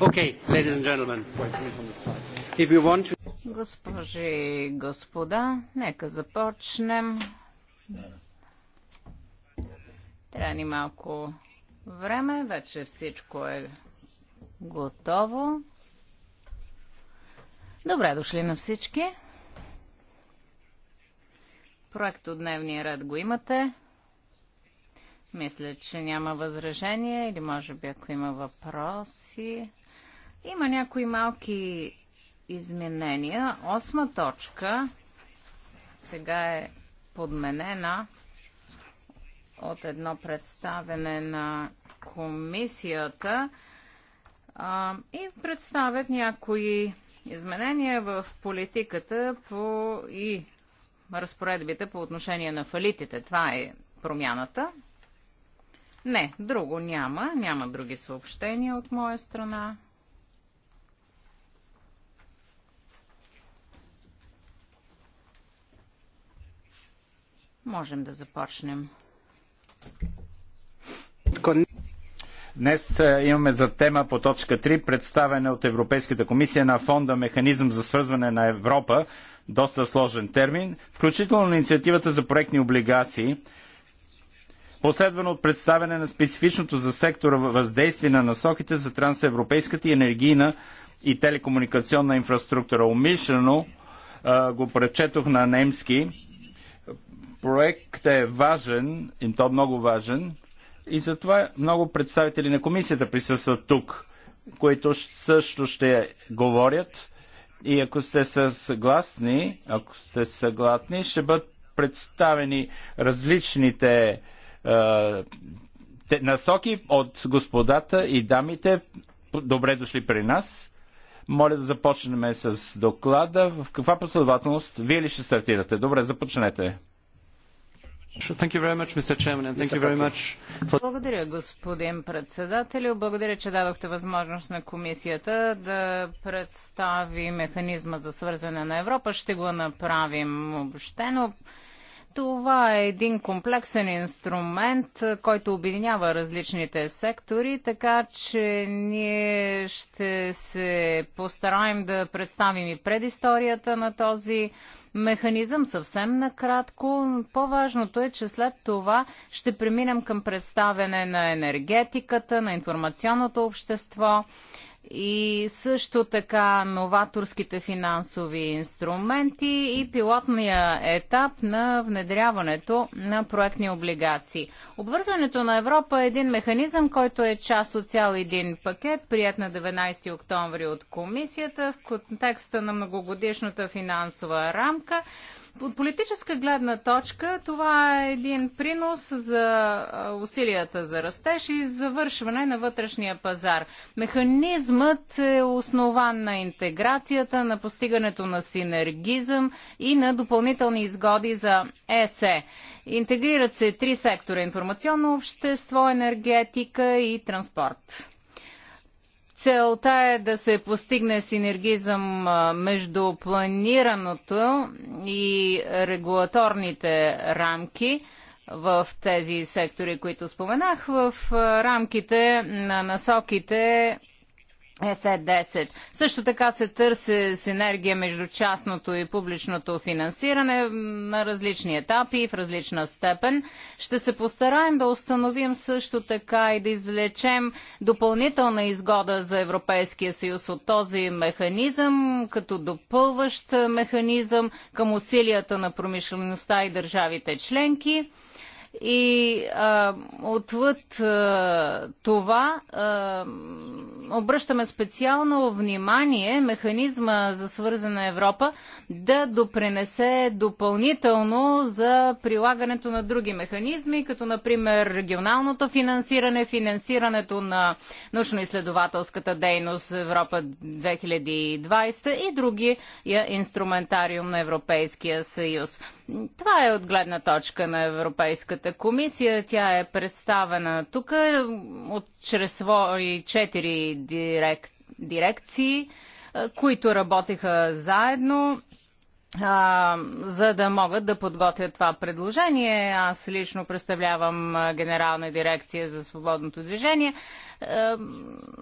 Okay, ladies and gentlemen. If you want to... Госпожи и господа, нека започнем. Трябва ни малко време, вече всичко е готово. Добре дошли на всички. Проект от дневния ред го имате. Мисля, че няма възражение или може би ако има въпроси. Има някои малки изменения. Осма точка сега е подменена от едно представене на комисията а, и представят някои изменения в политиката по и разпоредбите по отношение на фалитите. Това е промяната. Не, друго няма. Няма други съобщения от моя страна. Можем да започнем. Днес е, имаме за тема по точка 3 представяне от Европейската комисия на фонда Механизъм за свързване на Европа, доста сложен термин, включително на инициативата за проектни облигации – последвано от представяне на специфичното за сектора въздействие на насоките за трансевропейската и енергийна и телекомуникационна инфраструктура. Умишлено го прочетох на немски. Проектът е важен, и то много важен, и затова много представители на комисията присъстват тук, които също ще говорят. И ако сте съгласни, ако сте съгласни, ще бъдат представени различните е, насоки от господата и дамите. Добре дошли при нас. Моля да започнем с доклада. В каква последователност вие ли ще стартирате? Добре, започнете. Благодаря, господин председател, Благодаря, че дадохте възможност на комисията да представи механизма за свързане на Европа. Ще го направим обобщено. Това е един комплексен инструмент, е, който обединява различните сектори, така че ние ще се постараем да представим и предисторията на този механизъм съвсем накратко. По-важното е, че след това ще преминем към представяне на енергетиката, на информационното общество и също така новаторските финансови инструменти и пилотния етап на внедряването на проектни облигации. Обвързването на Европа е един механизъм, който е част от цял един пакет, прият на 19 октомври от комисията в контекста на многогодишната финансова рамка от политическа гледна точка това е един принос за усилията за растеж и завършване на вътрешния пазар. Механизмът е основан на интеграцията, на постигането на синергизъм и на допълнителни изгоди за ЕСЕ. Интегрират се три сектора – информационно общество, енергетика и транспорт. Целта е да се постигне синергизъм между планираното и регулаторните рамки в тези сектори, които споменах, в рамките на насоките е, е ЕС-10. Също така се търси синергия между частното и публичното финансиране на различни етапи и в различна степен. Ще се постараем да установим също така и да извлечем допълнителна изгода за Европейския съюз от този механизъм, като допълващ механизъм към усилията на промишлеността и държавите членки. И а, отвъд а, това а, обръщаме специално внимание механизма за свързана Европа да допренесе допълнително за прилагането на други механизми, като например регионалното финансиране, финансирането на научно-изследователската дейност Европа 2020 и други инструментариум на Европейския съюз. Това е от гледна точка на Европейската комисия. Тя е представена тук от чрез свои четири дирек, дирекции, е, които работеха заедно, а, е, за да могат да подготвят това предложение. Аз лично представлявам е, Генерална дирекция за свободното движение.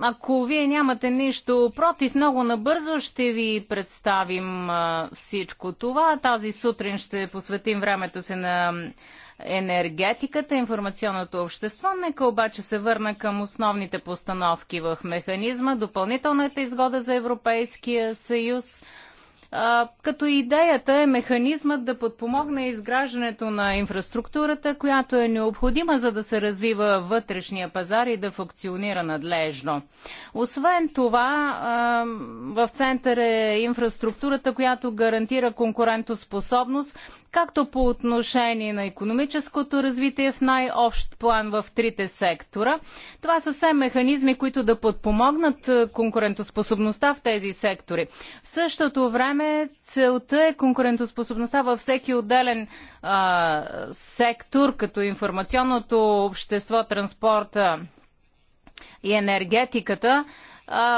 Ако вие нямате нищо против, много набързо ще ви представим всичко това. Тази сутрин ще посветим времето си на енергетиката, информационното общество. Нека обаче се върна към основните постановки в механизма, допълнителната изгода за Европейския съюз като идеята е механизмът да подпомогне изграждането на инфраструктурата, която е необходима за да се развива вътрешния пазар и да функционира надлежно. Освен това, в център е инфраструктурата, която гарантира конкурентоспособност както по отношение на економическото развитие в най-общ план в трите сектора. Това са все механизми, които да подпомогнат е, конкурентоспособността в тези сектори. В същото време целта е конкурентоспособността във всеки отделен а, е, сектор, като информационното общество, транспорта и енергетиката,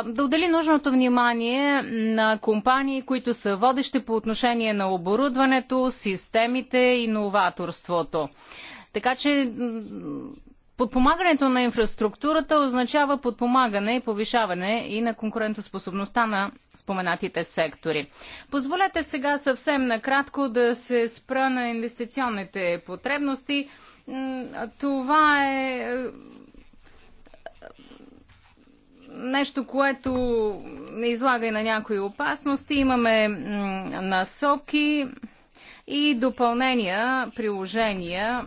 да отдели нужното внимание на компании, които са водещи по отношение на оборудването, системите и новаторството. Така че подпомагането на инфраструктурата означава подпомагане и повишаване и на конкурентоспособността на споменатите сектори. Позволете сега съвсем накратко да се спра на инвестиционните потребности. Това е нещо, което не излага и на някои опасности. Имаме насоки и допълнения, приложения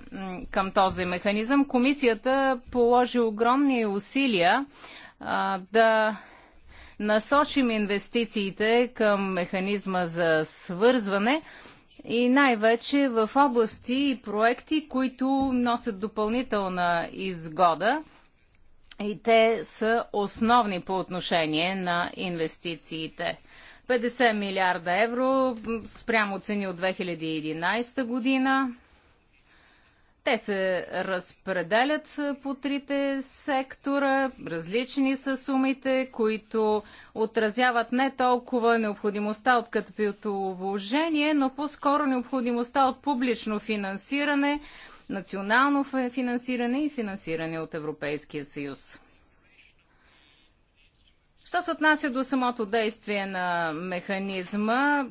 към този механизъм. Комисията положи огромни усилия а, да насочим инвестициите към механизма за свързване и най-вече в области и проекти, които носят допълнителна изгода – и те са основни по отношение на инвестициите. 50 милиарда евро спрямо цени от 2011 година. Те се разпределят по трите сектора, различни са сумите, които отразяват не толкова необходимостта от капиталовложение, но по-скоро необходимостта от публично финансиране национално финансиране и финансиране от Европейския съюз. Що се отнася до самото действие на механизма,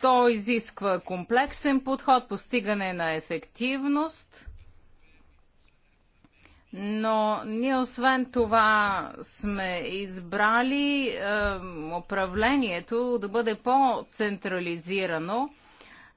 то изисква комплексен подход, постигане на ефективност, но ние освен това сме избрали е, управлението да бъде по-централизирано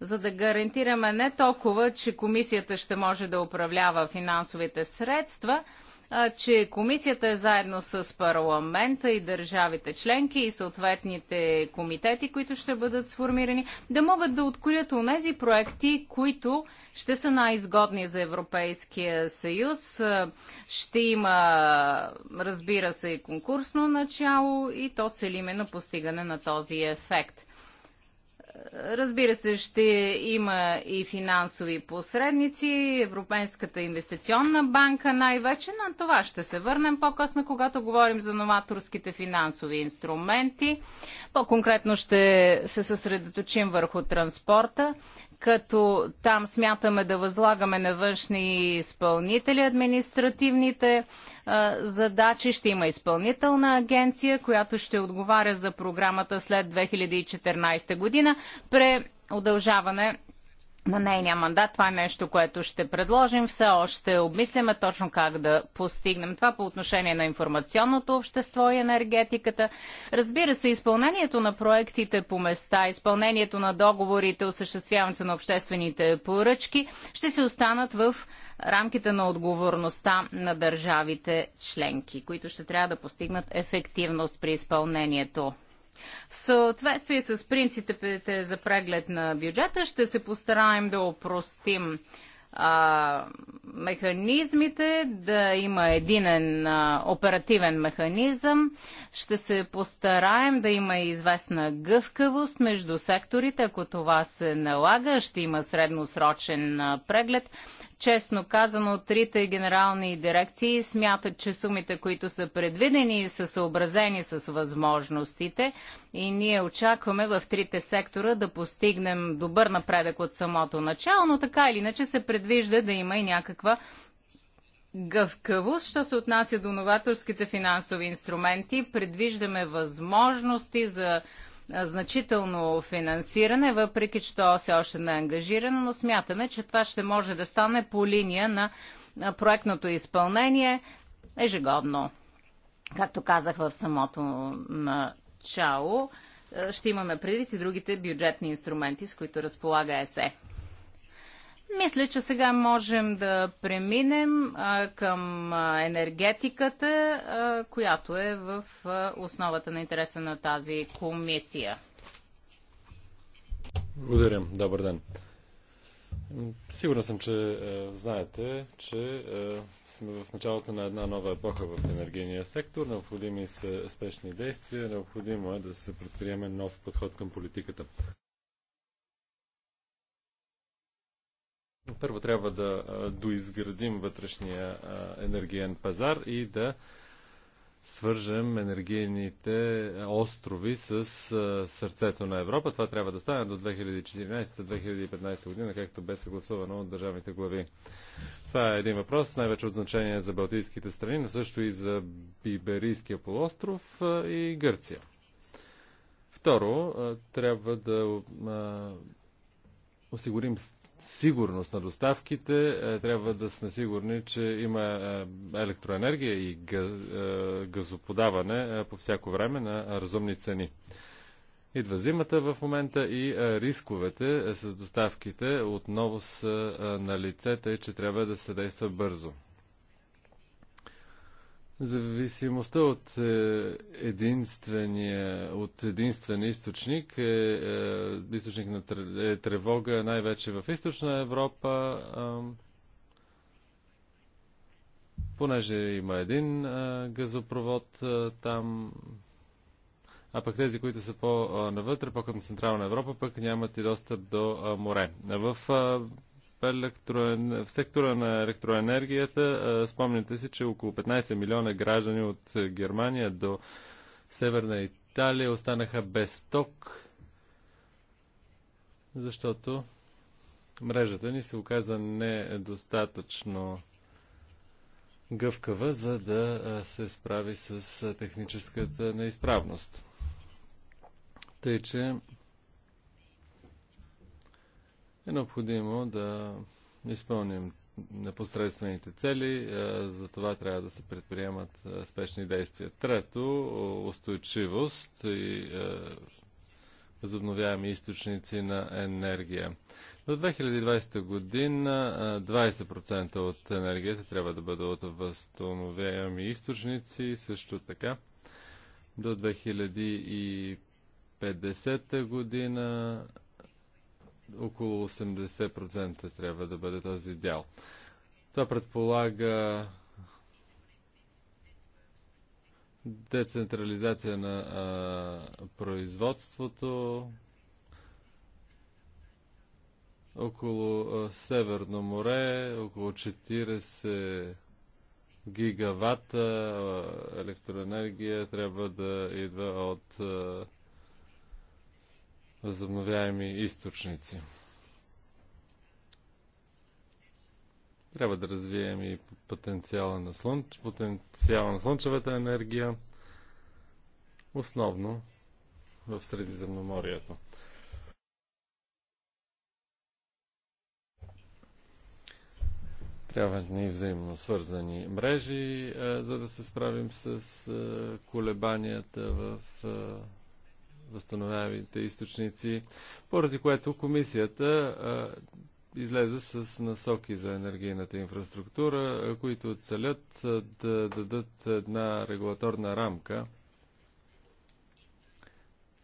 за да гарантираме не толкова, че комисията ще може да управлява финансовите средства, а, че комисията е заедно с парламента и държавите членки и съответните комитети, които ще бъдат сформирани, да могат да откорят онези проекти, които ще са най-изгодни за Европейския съюз. Ще има, разбира се, и конкурсно начало и то целиме на постигане на този ефект. Разбира се, ще има и финансови посредници, Европейската инвестиционна банка най-вече. На това ще се върнем по-късно, когато говорим за новаторските финансови инструменти. По-конкретно ще се съсредоточим върху транспорта като там смятаме да възлагаме на външни изпълнители административните а, задачи. Ще има изпълнителна агенция, която ще отговаря за програмата след 2014 година. Пре удължаване на нейния мандат. Това е нещо, което ще предложим. Все още обмисляме точно как да постигнем това по отношение на информационното общество и енергетиката. Разбира се, изпълнението на проектите по места, изпълнението на договорите, осъществяването на обществените поръчки ще се останат в рамките на отговорността на държавите членки, които ще трябва да постигнат ефективност при изпълнението. В съответствие с принципите за преглед на бюджета ще се постараем да опростим а, механизмите, да има единен а, оперативен механизъм. Ще се постараем да има известна гъвкавост между секторите, ако това се налага. Ще има средносрочен а, преглед. Честно казано, трите генерални дирекции смятат, че сумите, които са предвидени, са съобразени с възможностите и ние очакваме в трите сектора да постигнем добър напредък от самото начало, но така или иначе се предвижда да има и някаква гъвкавост, що се отнася до новаторските финансови инструменти. Предвиждаме възможности за значително финансиране, въпреки че то все още не е ангажирано, но смятаме, че това ще може да стане по линия на проектното изпълнение ежегодно. Както казах в самото начало, ще имаме предвид и другите бюджетни инструменти, с които разполага ЕСЕ. Мисля, че сега можем да преминем а, към енергетиката, а, която е в а, основата на интереса на тази комисия. Благодаря. Добър ден. Сигурен съм, че е, знаете, че е, сме в началото на една нова епоха в енергийния сектор. Необходими са спешни действия, необходимо е да се предприеме нов подход към политиката. Първо трябва да доизградим вътрешния енергиен пазар и да свържем енергийните острови с сърцето на Европа. Това трябва да стане до 2014-2015 година, както бе съгласувано от държавните глави. Това е един въпрос, най-вече от значение за Балтийските страни, но също и за Биберийския полуостров и Гърция. Второ, трябва да осигурим сигурност на доставките, е, трябва да сме сигурни, че има е, електроенергия и е, газоподаване по всяко време на разумни цени. Идва зимата в момента и рисковете с доставките отново са на лице, и че трябва да се действа бързо. Зависимостта от е, единствения, от единствен източник е, е източник на е тревога най-вече в източна Европа, е, понеже има един е, газопровод е, там, а пък тези, които са по-навътре, по-към Централна Европа, пък нямат и достъп до море. В електро... в сектора на електроенергията, спомняте си, че около 15 милиона граждани от Германия до Северна Италия останаха без ток, защото мрежата ни се оказа недостатъчно гъвкава, за да се справи с техническата неизправност. Тъй, че е необходимо да изпълним непосредствените цели, е, за това трябва да се предприемат е, спешни действия. Трето, устойчивост и е, възобновяеми източници на енергия. До 2020 година 20% от енергията трябва да бъде от възстановяеми източници, също така до 2050 година около 80% трябва да бъде този дял. Това предполага децентрализация на а, производството около а, Северно море, около 40 гигавата електроенергия трябва да идва от а, възобновяеми източници. Трябва да развием и потенциала на, слънч, потенциала на слънчевата енергия, основно в Средиземноморието. Трябва ни взаимно свързани мрежи, за да се справим с колебанията в възстановяемите източници, поради което комисията а, излезе с насоки за енергийната инфраструктура, които целят да дадат една регулаторна рамка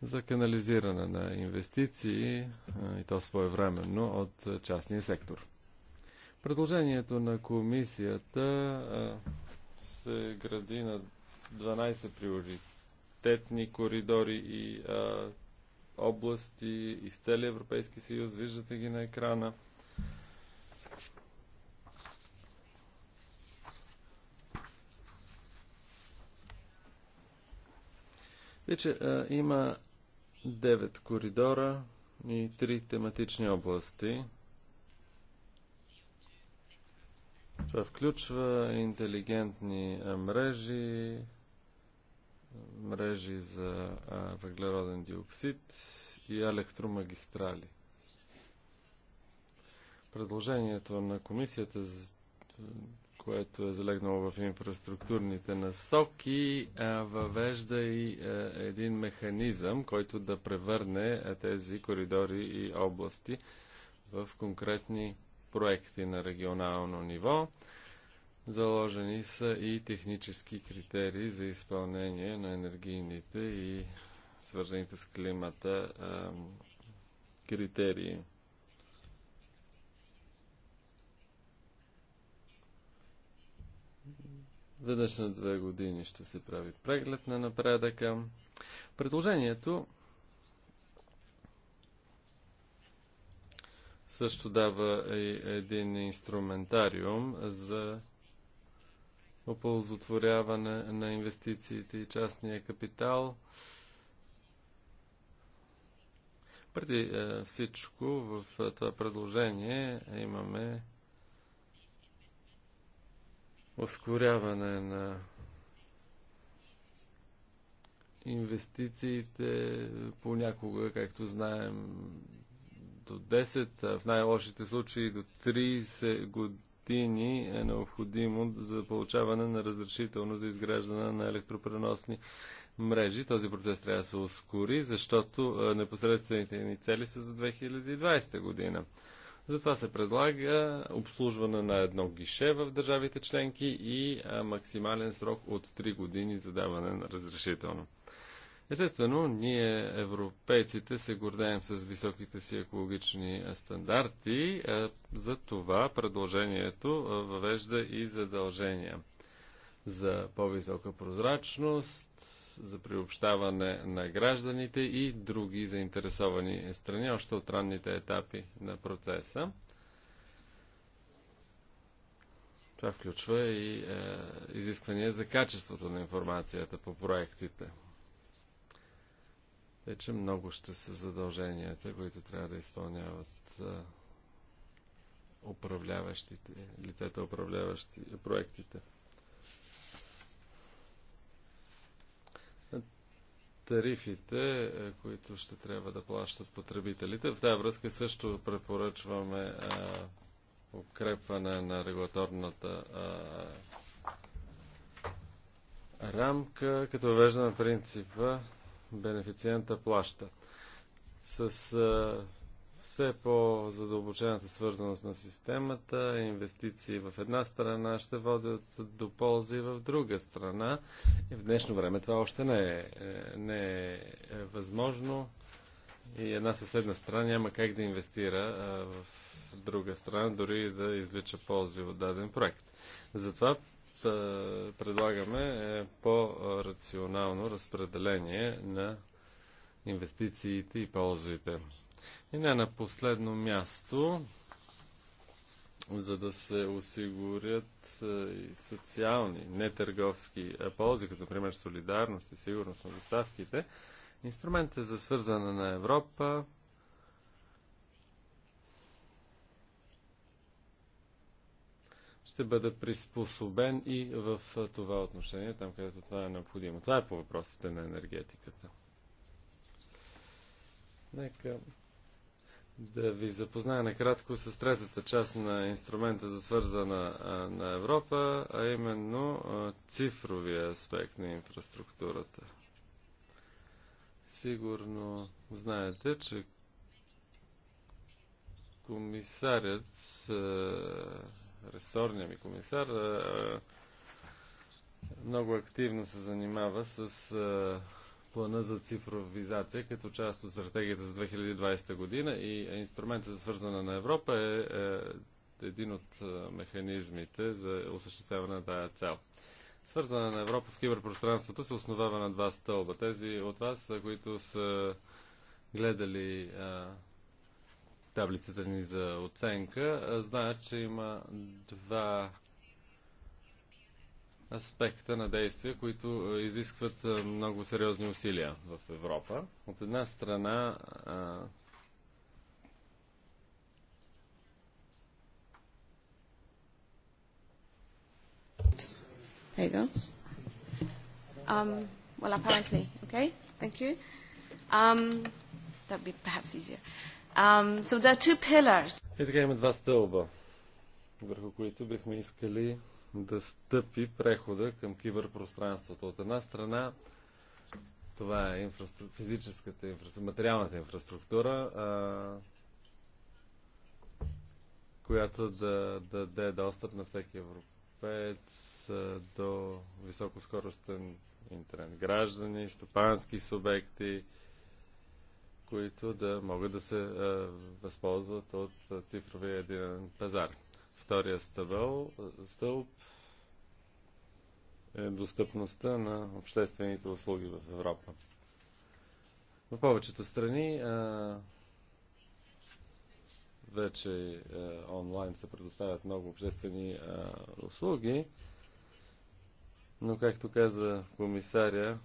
за канализиране на инвестиции и то своевременно от частния сектор. Предложението на комисията се гради на 12 приоритети приоритетни коридори и а, области из целия Европейски съюз. Виждате ги на екрана. Вече има 9 коридора и 3 тематични области. Това включва интелигентни мрежи, мрежи за въглероден диоксид и електромагистрали. Предложението на комисията, което е залегнало в инфраструктурните насоки, въвежда и един механизъм, който да превърне тези коридори и области в конкретни проекти на регионално ниво Заложени са и технически критерии за изпълнение на енергийните и свързаните с климата критерии. Веднъж на две години ще се прави преглед на напредъка. Предложението също дава и един инструментариум за оползотворяване на инвестициите и частния капитал. Преди е, всичко в е, това предложение имаме ускоряване на инвестициите понякога, както знаем, до 10, а в най-лошите случаи до 30 години години е необходимо за получаване на разрешително за изграждане на електропреносни мрежи. Този процес трябва да се ускори, защото е, непосредствените ни цели са за 2020 година. Затова се предлага обслужване на едно гише в държавите членки и е, максимален срок от 3 години за даване на разрешително. Естествено, ние европейците се гордеем с високите си екологични стандарти, за това предложението въвежда и задължения за по-висока прозрачност, за приобщаване на гражданите и други заинтересовани страни, още от ранните етапи на процеса. Това включва и е, изисквания за качеството на информацията по проектите. Тъй, е, че много ще са задълженията, които трябва да изпълняват управляващите, лицата управляващи проектите. тарифите, които ще трябва да плащат потребителите. В тази връзка също препоръчваме а, укрепване на регулаторната а, рамка, като е въвеждаме принципа бенефициента плаща. С а, все по-задълбочената свързаност на системата, инвестиции в една страна ще водят до ползи в друга страна. И в днешно време това още не е, е не е, е възможно. И една съседна страна няма как да инвестира а, в друга страна, дори и да излича ползи от даден проект. Затова предлагаме е по-рационално разпределение на инвестициите и ползите. И не на последно място, за да се осигурят е, и социални, нетърговски е, ползи, като например солидарност и сигурност на доставките, инструментът за свързване на Европа ще бъде приспособен и в това отношение, там където това е необходимо. Това е по въпросите на енергетиката. Нека да ви запозная накратко с третата част на инструмента за свързана на Европа, а именно цифровия аспект на инфраструктурата. Сигурно знаете, че комисарят ресорния ми комисар много активно се занимава с плана за цифровизация като част от стратегията за 2020 година и инструмента за свързана на Европа е, е един от механизмите за осъществяване на тая цел. Свързана на Европа в киберпространството се основава на два стълба. Тези от вас, които са гледали таблицата ни за оценка, знаят, че има два аспекта на действия, които изискват много сериозни усилия в Европа. От една страна There you go. Um, well, apparently, okay, thank you. Um, that'd be perhaps easier. Um, so there are two pillars. И така има два стълба, върху които бихме искали да стъпи прехода към киберпространството. От една страна, това е инфраструк... физическата, инфра... материалната инфраструктура, а... която да, да даде достъп на всеки европеец до високоскоростен интернет. Граждани, стопански субекти, които да могат да се възползват от цифровия един пазар. Втория стъбъл, стълб е достъпността на обществените услуги в Европа. В повечето страни а, вече а, онлайн се предоставят много обществени а, услуги, но както каза комисаря,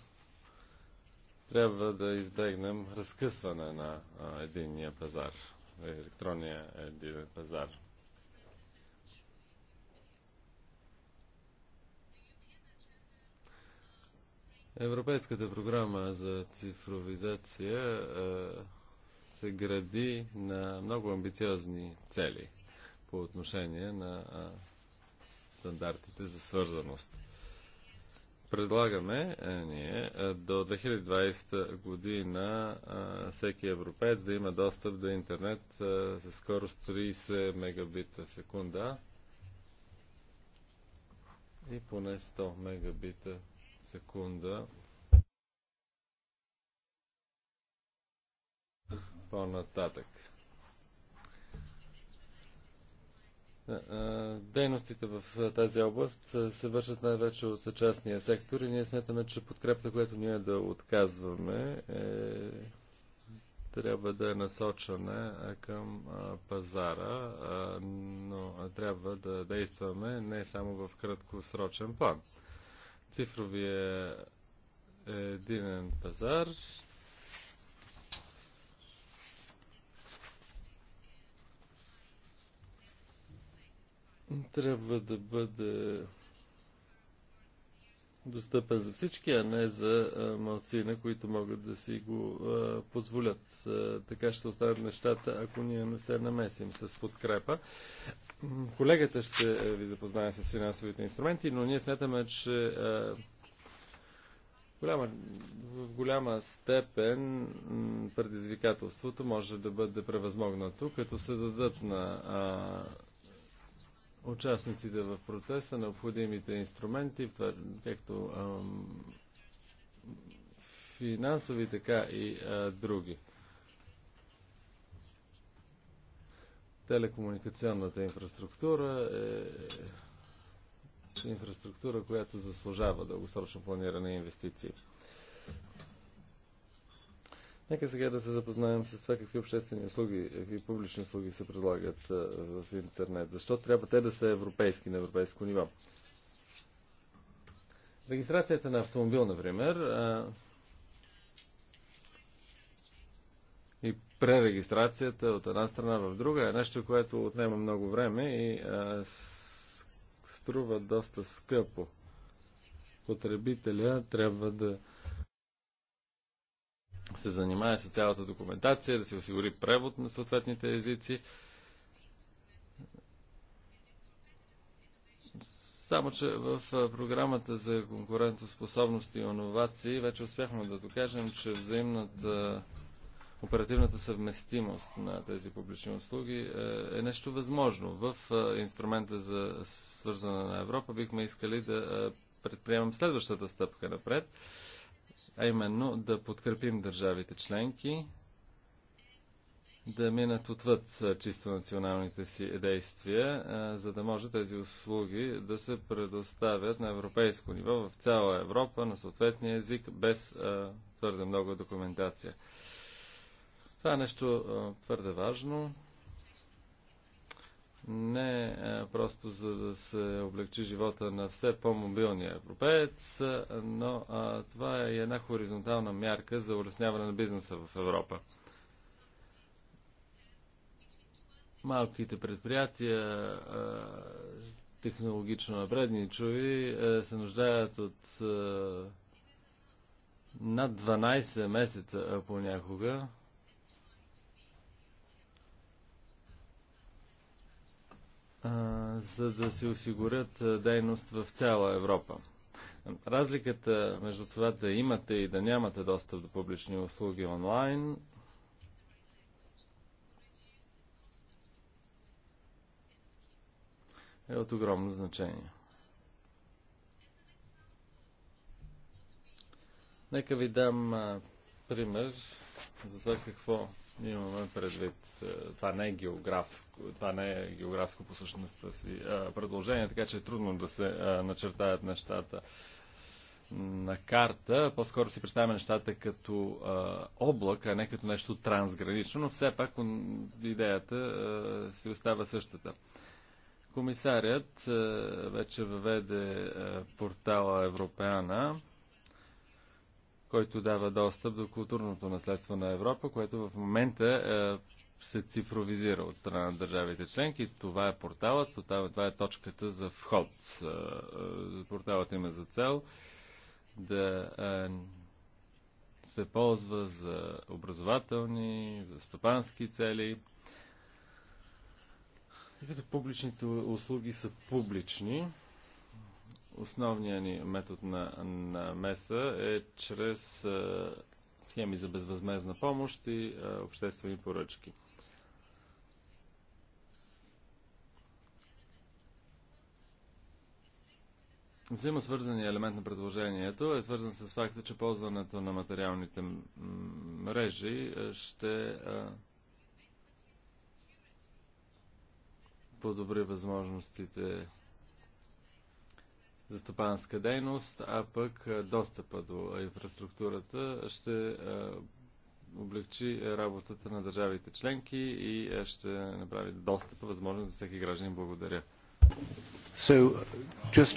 трябва да избегнем разкъсване на единния пазар, електронния един пазар. Европейската програма за цифровизация е, се гради на много амбициозни цели по отношение на е, стандартите за свързаност. Предлагаме е, ние е, до 2020 година а, е, всеки европеец да има достъп до интернет е, със скорост 30 мегабита в секунда и поне 100 мегабита в секунда по-нататък. Е, е, дейностите в е, тази област се вършат най-вече от частния сектор и ние сметаме, че подкрепата, която ние да отказваме, е... трябва да е насочена към пазара, но трябва да действаме не само в краткосрочен план. Цифровия единен пазар трябва да бъде достъпен за всички, а не за малцина, които могат да си го а, позволят. А, така ще оставят нещата, ако ние не се намесим с подкрепа. Колегата ще е, ви запознае с финансовите инструменти, но ние смятаме, че а, голяма, в голяма степен предизвикателството може да бъде превъзмогнато, като се дадат на участниците в процеса, необходимите инструменти, както финансови, така и други. Телекомуникационната инфраструктура е инфраструктура, която заслужава дългосрочно планиране и инвестиции. Нека сега да се запознаем с това какви обществени услуги, какви публични услуги се предлагат в интернет. Защо трябва те да са европейски на европейско ниво? Регистрацията на автомобил, например, и пререгистрацията от една страна в друга е нещо, което отнема много време и струва доста скъпо. Потребителя трябва да се занимае с цялата документация, да се осигури превод на съответните езици. Само, че в програмата за конкурентоспособност и иновации вече успяхме да докажем, че взаимната оперативната съвместимост на тези публични услуги е, е нещо възможно. В инструмента за свързване на Европа бихме искали да предприемам следващата стъпка напред а именно да подкрепим държавите членки да минат отвъд чисто националните си действия, за да може тези услуги да се предоставят на европейско ниво в цяла Европа на съответния език без твърде много документация. Това е нещо твърде важно не е, просто за да се облегчи живота на все по-мобилния европеец, е, но е, това е и една хоризонтална мярка за улесняване на бизнеса в Европа. Малките предприятия, технологично напредничови, се нуждаят от над 12 месеца понякога за да се осигурят дейност в цяла Европа. Разликата между това да имате и да нямате достъп до публични услуги онлайн е от огромно значение. Нека ви дам пример за това какво Имаме предвид, е, това не е географско, това не е географско по същността си е, предложение, така че е трудно да се е, начертаят нещата на карта. По-скоро си представяме нещата като а, облак, а не като нещо трансгранично, но все пак идеята а, си остава същата. Комисарият а, вече въведе а, портала Европеана който дава достъп до културното наследство на Европа, което в момента е, се цифровизира от страна на държавите членки. Това е порталът, това е точката за вход. Е, е, порталът има за цел да се ползва за образователни, за стопански цели. Тъй като публичните услуги са публични, Основният ни метод на, на меса е чрез а, схеми за безвъзмезна помощ и а, обществени поръчки. Взаимосвързания елемент на предложението е свързан с факта, че ползването на материалните мрежи ще а, подобри възможностите за стопанска дейност, а пък достъпа до инфраструктурата ще облегчи работата на държавите членки и ще направи достъпа възможно за всеки гражданин. Благодаря. So, just,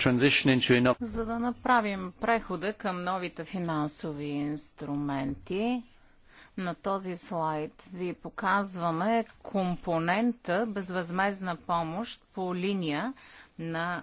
just into... За да направим прехода към новите финансови инструменти, на този слайд ви показваме компонента безвъзмезна помощ по линия на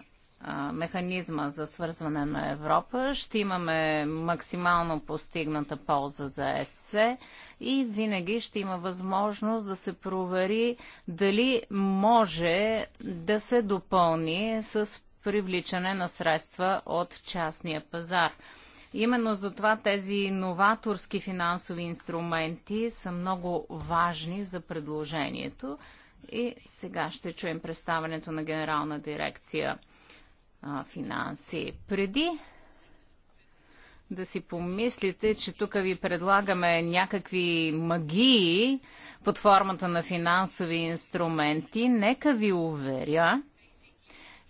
механизма за свързване на Европа, ще имаме максимално постигната полза за ЕССЕ и винаги ще има възможност да се провери дали може да се допълни с привличане на средства от частния пазар. Именно за това тези новаторски финансови инструменти са много важни за предложението. И сега ще чуем представането на Генерална дирекция а, финанси. Преди да си помислите, че тук ви предлагаме някакви магии под формата на финансови инструменти, нека ви уверя,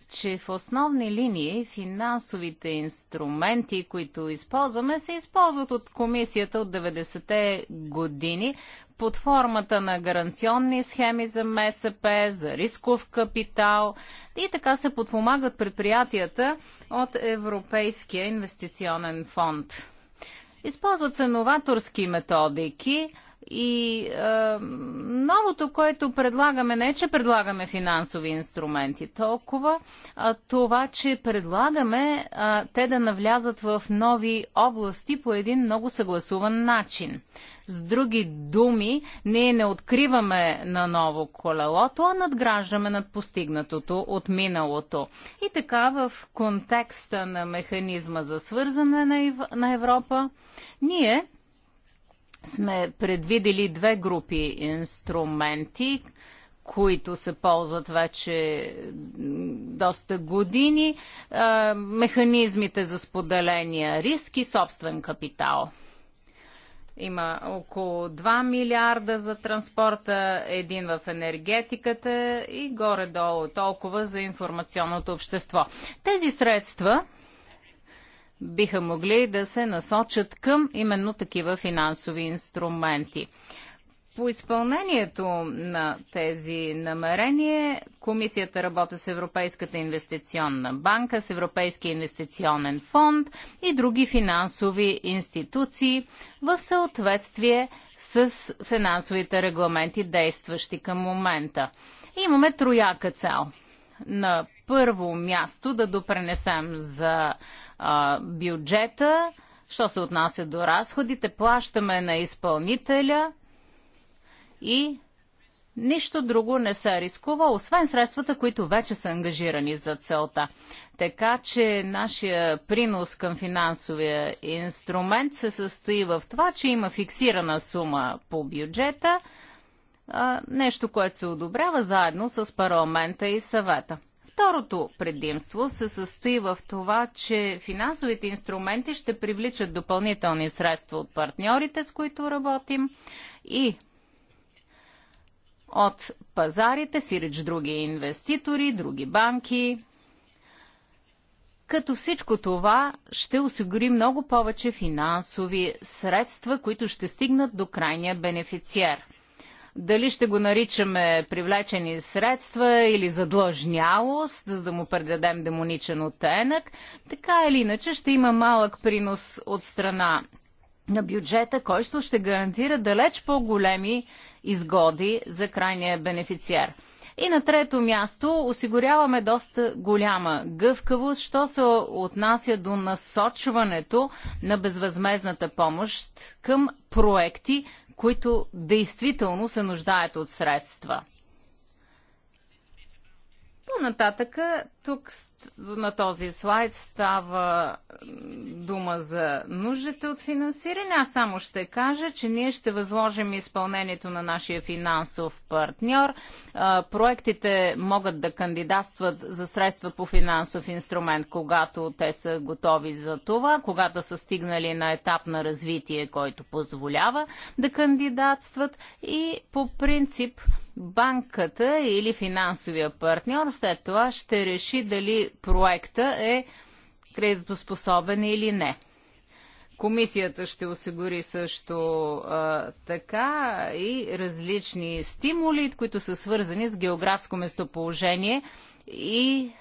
че в основни линии финансовите инструменти, които използваме, се използват от комисията от 90-те години под формата на гаранционни схеми за МСП, за рисков капитал и така се подпомагат предприятията от Европейския инвестиционен фонд. Използват се новаторски методики – и е, новото, което предлагаме, не е, че предлагаме финансови инструменти толкова, а това, че предлагаме а, е, те да навлязат в нови области по един много съгласуван начин. С други думи, ние не откриваме на ново колелото, а надграждаме над постигнатото от миналото. И така в контекста на механизма за свързане на Европа, ние сме предвидели две групи инструменти, които се ползват вече доста години. Е, механизмите за споделения риск и собствен капитал. Има около 2 милиарда за транспорта, един в енергетиката и горе-долу толкова за информационното общество. Тези средства биха могли да се насочат към именно такива финансови инструменти. По изпълнението на тези намерения, комисията работи с Европейската инвестиционна банка, с Европейския инвестиционен фонд и други финансови институции в съответствие с финансовите регламенти, действащи към момента. Имаме трояка цел – на първо място да допренесем за а, бюджета, що се отнася до разходите, плащаме на изпълнителя и Нищо друго не се рискува, освен средствата, които вече са ангажирани за целта. Така че нашия принос към финансовия инструмент се състои в това, че има фиксирана сума по бюджета – а, нещо, което се одобрява заедно с парламента и съвета. Второто предимство се състои в това, че финансовите инструменти ще привличат допълнителни средства от партньорите, с които работим и от пазарите, реч други инвеститори, други банки. Като всичко това ще осигури много повече финансови средства, които ще стигнат до крайния бенефициер – дали ще го наричаме привлечени средства или задлъжнялост, за да му предадем демоничен оттенък, така или иначе ще има малък принос от страна на бюджета, който ще гарантира далеч по-големи изгоди за крайния бенефициер. И на трето място осигуряваме доста голяма гъвкавост, що се отнася до насочването на безвъзмезната помощ към проекти, които действително се нуждаят от средства. По-нататък, тук на този слайд става дума за нуждите от финансиране. Аз само ще кажа, че ние ще възложим изпълнението на нашия финансов партньор. Проектите могат да кандидатстват за средства по финансов инструмент, когато те са готови за това, когато са стигнали на етап на развитие, който позволява да кандидатстват и по принцип банката или финансовия партньор след това ще реши дали проекта е кредитоспособен или не. Комисията ще осигури също а, така и различни стимули, които са свързани с географско местоположение и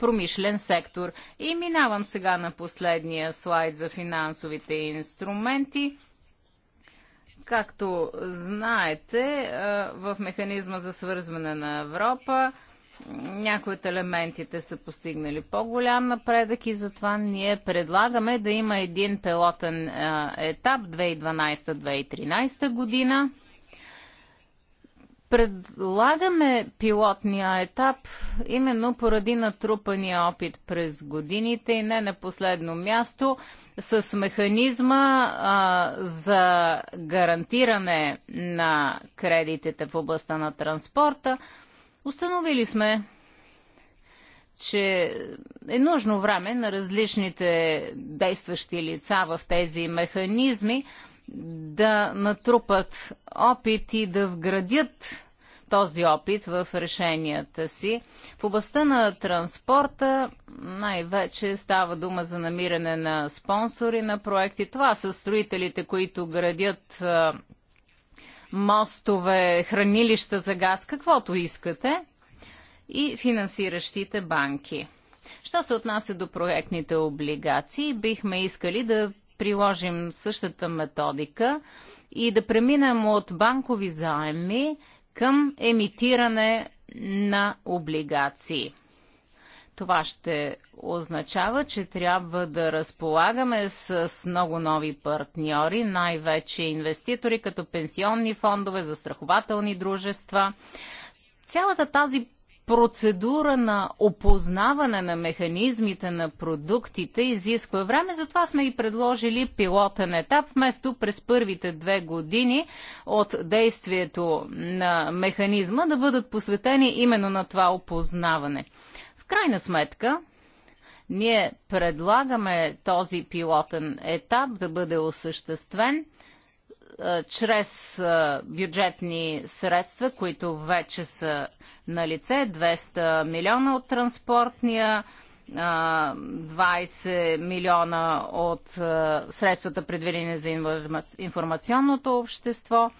промишлен сектор. И минавам сега на последния слайд за финансовите инструменти. Както знаете, в механизма за свързване на Европа някои от елементите са постигнали по-голям напредък и затова ние предлагаме да има един пилотен етап 2012-2013 година Предлагаме пилотния етап именно поради натрупания опит през годините и не на последно място с механизма а, за гарантиране на кредитите в областта на транспорта. Установили сме, че е нужно време на различните действащи лица в тези механизми да натрупат опит и да вградят този опит в решенията си. В областта на транспорта най-вече става дума за намиране на спонсори на проекти. Това са строителите, които градят мостове, хранилища за газ, каквото искате, и финансиращите банки. Що се отнася до проектните облигации, бихме искали да приложим същата методика и да преминем от банкови заеми към емитиране на облигации. Това ще означава, че трябва да разполагаме с много нови партньори, най-вече инвеститори като пенсионни фондове, застрахователни дружества. Цялата тази процедура на опознаване на механизмите на продуктите изисква време, затова сме и предложили пилотен етап, вместо през първите две години от действието на механизма да бъдат посветени именно на това опознаване. В крайна сметка, ние предлагаме този пилотен етап да бъде осъществен чрез бюджетни средства, които вече са на лице, 200 милиона от транспортния, 20 милиона от средствата предвидени за информационното общество.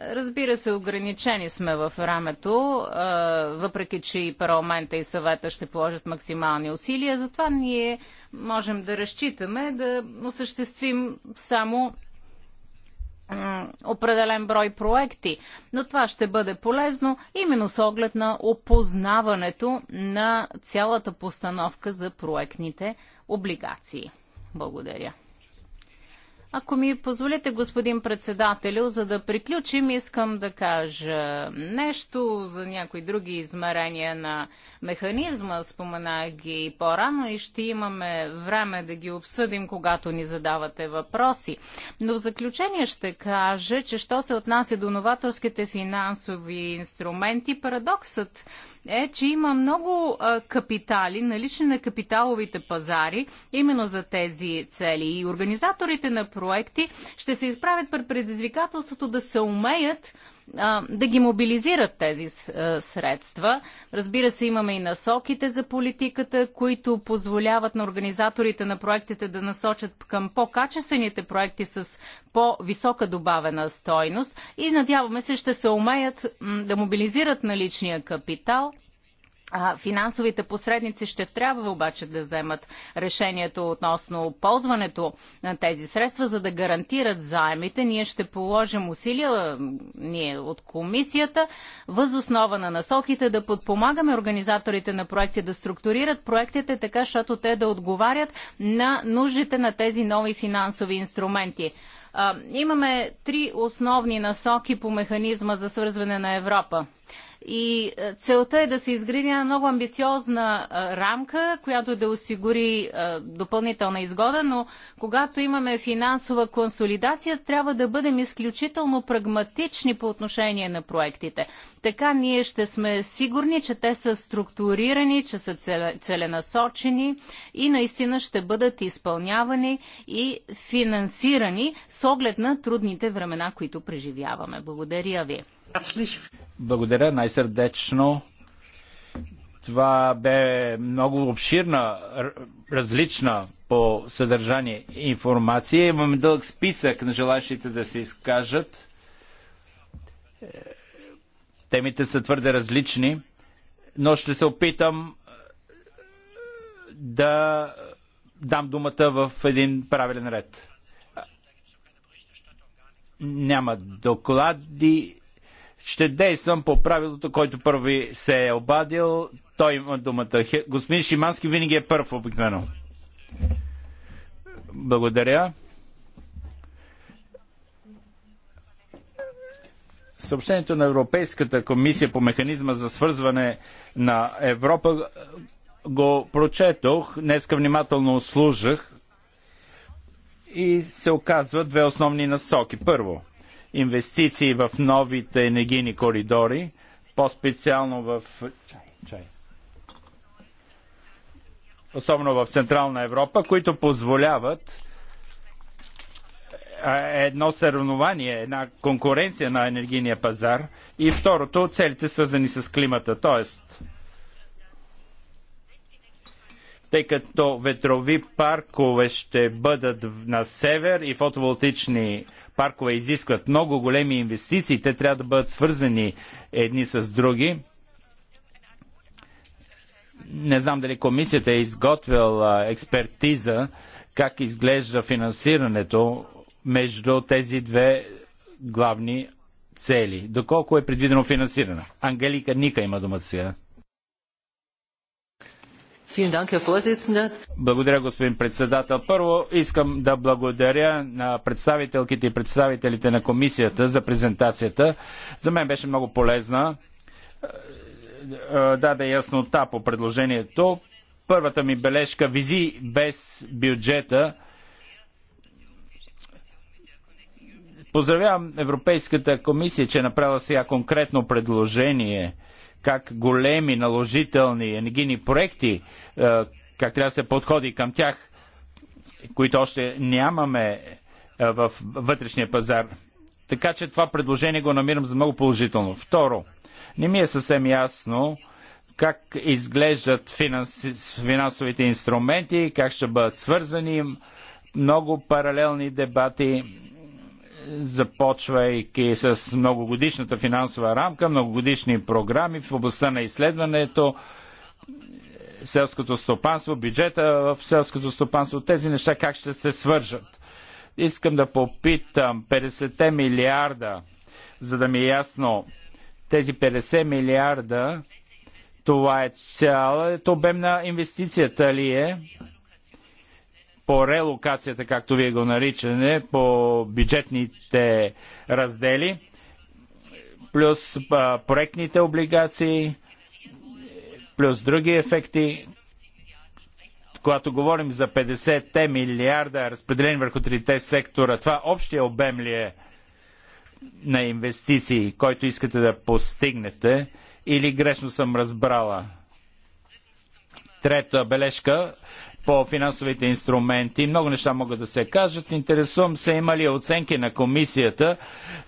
Разбира се, ограничени сме в времето, въпреки че и парламента и съвета ще положат максимални усилия, затова ние можем да разчитаме да осъществим само определен брой проекти, но това ще бъде полезно именно с оглед на опознаването на цялата постановка за проектните облигации. Благодаря. Ако ми позволите, господин председателю, за да приключим, искам да кажа нещо за някои други измерения на механизма. Споменах ги по-рано и ще имаме време да ги обсъдим, когато ни задавате въпроси. Но в заключение ще кажа, че що се отнася до новаторските финансови инструменти, парадоксът е, че има много капитали, налични на капиталовите пазари, именно за тези цели. И организаторите на проекти, ще се изправят пред предизвикателството да се умеят да ги мобилизират тези средства. Разбира се, имаме и насоките за политиката, които позволяват на организаторите на проектите да насочат към по-качествените проекти с по-висока добавена стойност и надяваме се ще се умеят да мобилизират наличния капитал Финансовите посредници ще трябва обаче да вземат решението относно ползването на тези средства, за да гарантират заемите. Ние ще положим усилия, ние от комисията, възоснова на насоките да подпомагаме организаторите на проекти, да структурират проектите така, защото те да отговарят на нуждите на тези нови финансови инструменти имаме три основни насоки по механизма за свързване на Европа. И е, целта е да се изгради една много амбициозна е, рамка, която да осигури е, допълнителна изгода, но когато имаме финансова консолидация, трябва да бъдем изключително прагматични по отношение на проектите. Така ние ще сме сигурни, че те са структурирани, че са целенасочени и наистина ще бъдат изпълнявани и финансирани с оглед на трудните времена, които преживяваме. Благодаря ви. Благодаря най-сърдечно. Това бе много обширна, различна по съдържание информация. Имаме дълъг списък на желащите да се изкажат. Темите са твърде различни, но ще се опитам е, да дам думата в един правилен ред. Няма доклади. Ще действам по правилото, който първи се е обадил. Той има думата. Господин Шимански винаги е първ обикновено. Благодаря. съобщението на Европейската комисия по механизма за свързване на Европа е, го прочетох, днеска внимателно служах и се оказват две основни насоки. Първо, инвестиции в новите енергийни коридори, по-специално в чай. Особено в Централна Европа, които позволяват едно съревнование, една конкуренция на енергийния пазар и второто целите свързани с климата, т.е. тъй като ветрови паркове ще бъдат на север и фотоволтични паркове изискват много големи инвестиции, те трябва да бъдат свързани едни с други. Не знам дали комисията е изготвила експертиза как изглежда финансирането между тези две главни цели? Доколко е предвидено финансиране? Ангелика Ника има думата сега. Благодаря, господин председател. Първо искам да благодаря на представителките и представителите на комисията за презентацията. За мен беше много полезна. Е, е, даде яснота по предложението. Първата ми бележка визи без бюджета – Поздравявам Европейската комисия, че е направила сега конкретно предложение как големи наложителни енергийни проекти, е, как трябва да се подходи към тях, които още нямаме е, в вътрешния пазар. Така че това предложение го намирам за много положително. Второ, не ми е съвсем ясно как изглеждат финансовите инструменти, как ще бъдат свързани. Много паралелни дебати започвайки с многогодишната финансова рамка, многогодишни програми в областта на изследването, селското стопанство, бюджета в селското стопанство, тези неща как ще се свържат. Искам да попитам 50 милиарда, за да ми е ясно, тези 50 милиарда, това е цялата обем на инвестицията ли е? по релокацията, както вие го наричане, по бюджетните раздели, плюс а, проектните облигации, плюс други ефекти. Когато говорим за 50-те милиарда, разпределени върху трите сектора, това общия обем ли е на инвестиции, който искате да постигнете, или грешно съм разбрала? Трета бележка по финансовите инструменти. Много неща могат да се кажат. Интересувам се има ли оценки на комисията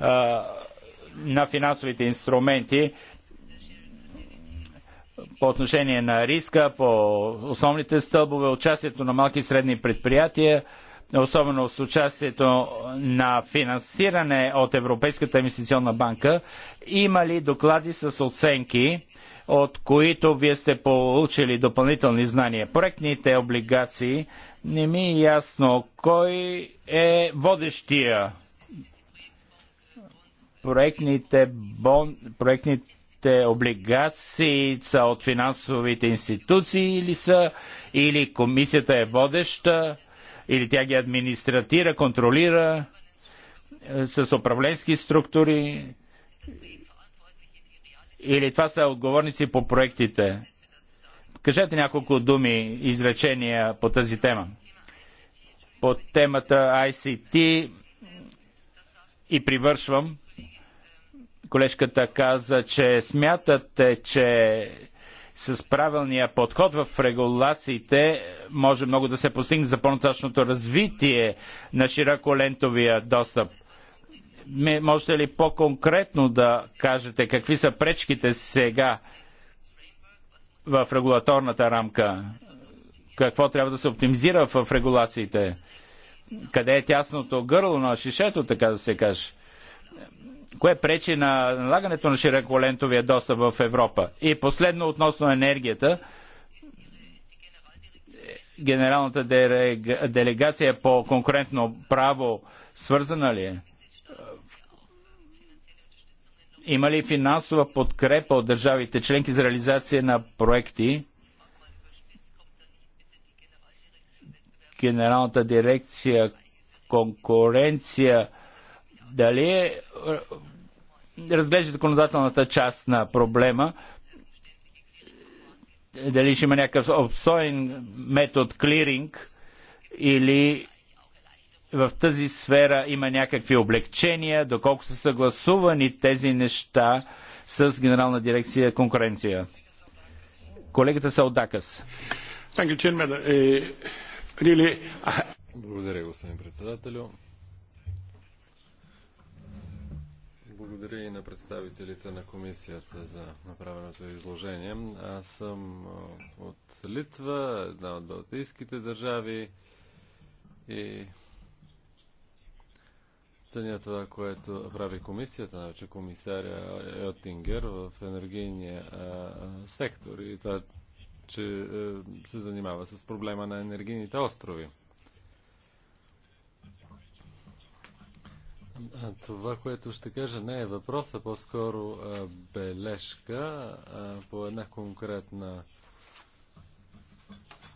а, на финансовите инструменти по отношение на риска, по основните стълбове, участието на малки и средни предприятия, особено с участието на финансиране от Европейската инвестиционна банка. Има ли доклади с оценки? от които вие сте получили допълнителни знания. Проектните облигации не ми е ясно кой е водещия. Проектните, бон... проектните облигации са от финансовите институции или са, или комисията е водеща, или тя ги администратира, контролира е, с управленски структури, или това са отговорници по проектите. Кажете няколко думи, изречения по тази тема. По темата ICT и привършвам. Колежката каза, че смятате, че с правилния подход в регулациите може много да се постигне за по-нататъчното развитие на широколентовия достъп можете ли по-конкретно да кажете какви са пречките сега в регулаторната рамка? Какво трябва да се оптимизира в регулациите? Къде е тясното гърло на шишето, така да се каже? Кое пречи на налагането на широколентовия достъп в Европа? И последно относно енергията генералната делегация е по конкурентно право свързана ли е? Има ли финансова подкрепа от държавите членки за реализация на проекти? Генералната дирекция конкуренция дали е разглежда законодателната част на проблема, дали ще има някакъв обстоен метод клиринг или в тази сфера има някакви облегчения, доколко са съгласувани тези неща с Генерална дирекция конкуренция. Колегата Саудакас. Е, Благодаря, господин председателю. Благодаря и на представителите на комисията за направеното изложение. Аз съм от Литва, една от балтийските държави и Ценя това, което прави комисията, наче комисаря Йотингер в енергийния а, сектор и това, че а, се занимава с проблема на енергийните острови. Това, което ще кажа, не е въпрос, а по-скоро бележка а, по една конкретна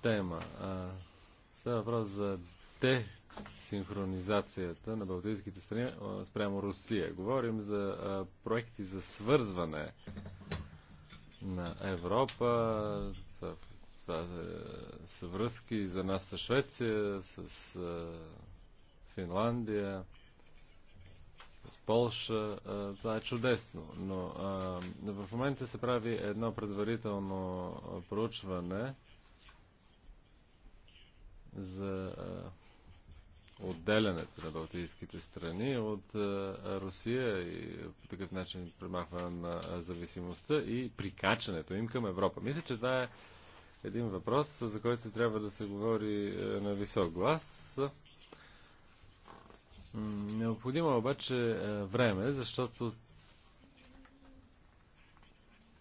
тема. А, става въпрос за де синхронизацията на балтийските страни спрямо Русия. Говорим за проекти за свързване на Европа, това е, връзки за нас с Швеция, с Финландия, с Полша. Това е чудесно, но в момента се прави едно предварително проучване за отделянето на балтийските страни от Русия и по такъв начин премахване на зависимостта и прикачането им към Европа. Мисля, че това е един въпрос, за който трябва да се говори на висок глас. Необходимо е обаче време, защото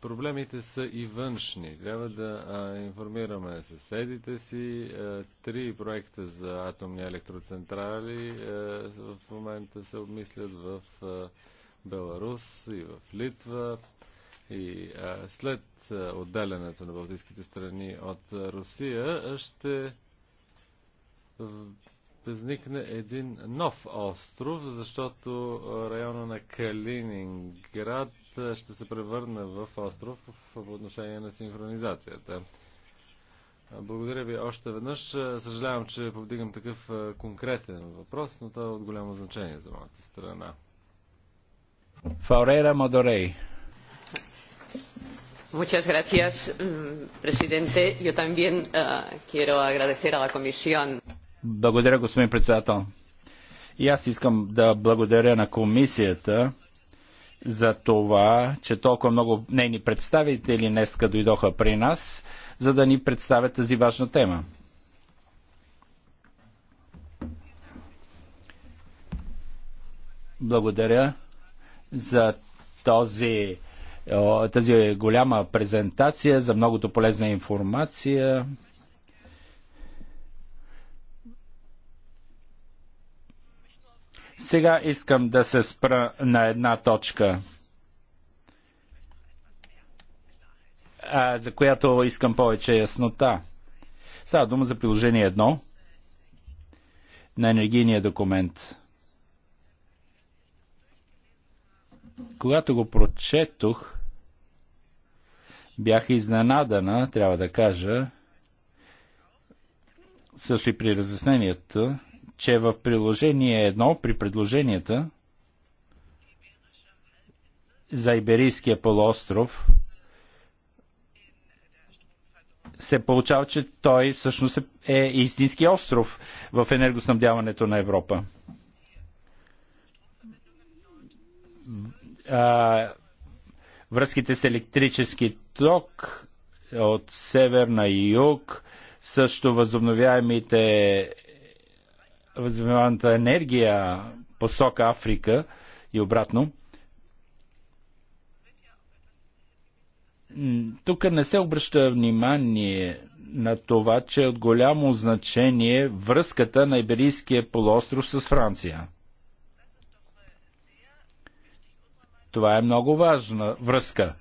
Проблемите са и външни. Трябва да а, информираме съседите си. А, е, три проекта за атомни електроцентрали а, е, в момента се обмислят в а, е, Беларус и в Литва. И а, след а, отделянето на Балтийските страни от а, Русия ще възникне един нов остров, защото района на Калининград ще се превърне в остров в отношение на синхронизацията. Благодаря ви още веднъж. Съжалявам, че повдигам такъв конкретен въпрос, но това е от голямо значение за моята страна. Фаурера Мадорей. Muchas gracias, presidente. Yo también uh, quiero agradecer a la Comisión. Благодаря, господин председател. И аз искам да благодаря на комисията за това, че толкова много нейни представители днеска дойдоха при нас, за да ни представят тази важна тема. Благодаря за този, тази голяма презентация, за многото полезна информация. Сега искам да се спра на една точка, за която искам повече яснота. Става дума за приложение 1 на енергийния документ. Когато го прочетох, бях изненадана, трябва да кажа, също и при разяснението, че в приложение 1, при предложенията за Иберийския полуостров, се получава, че той всъщност е истински остров в енергоснабдяването на Европа. А, връзките с електрически ток от север на юг, също възобновяемите възобновяемата енергия посока Африка и обратно, тук не се обръща внимание на това, че е от голямо значение връзката на Иберийския полуостров с Франция. Това е много важна връзка.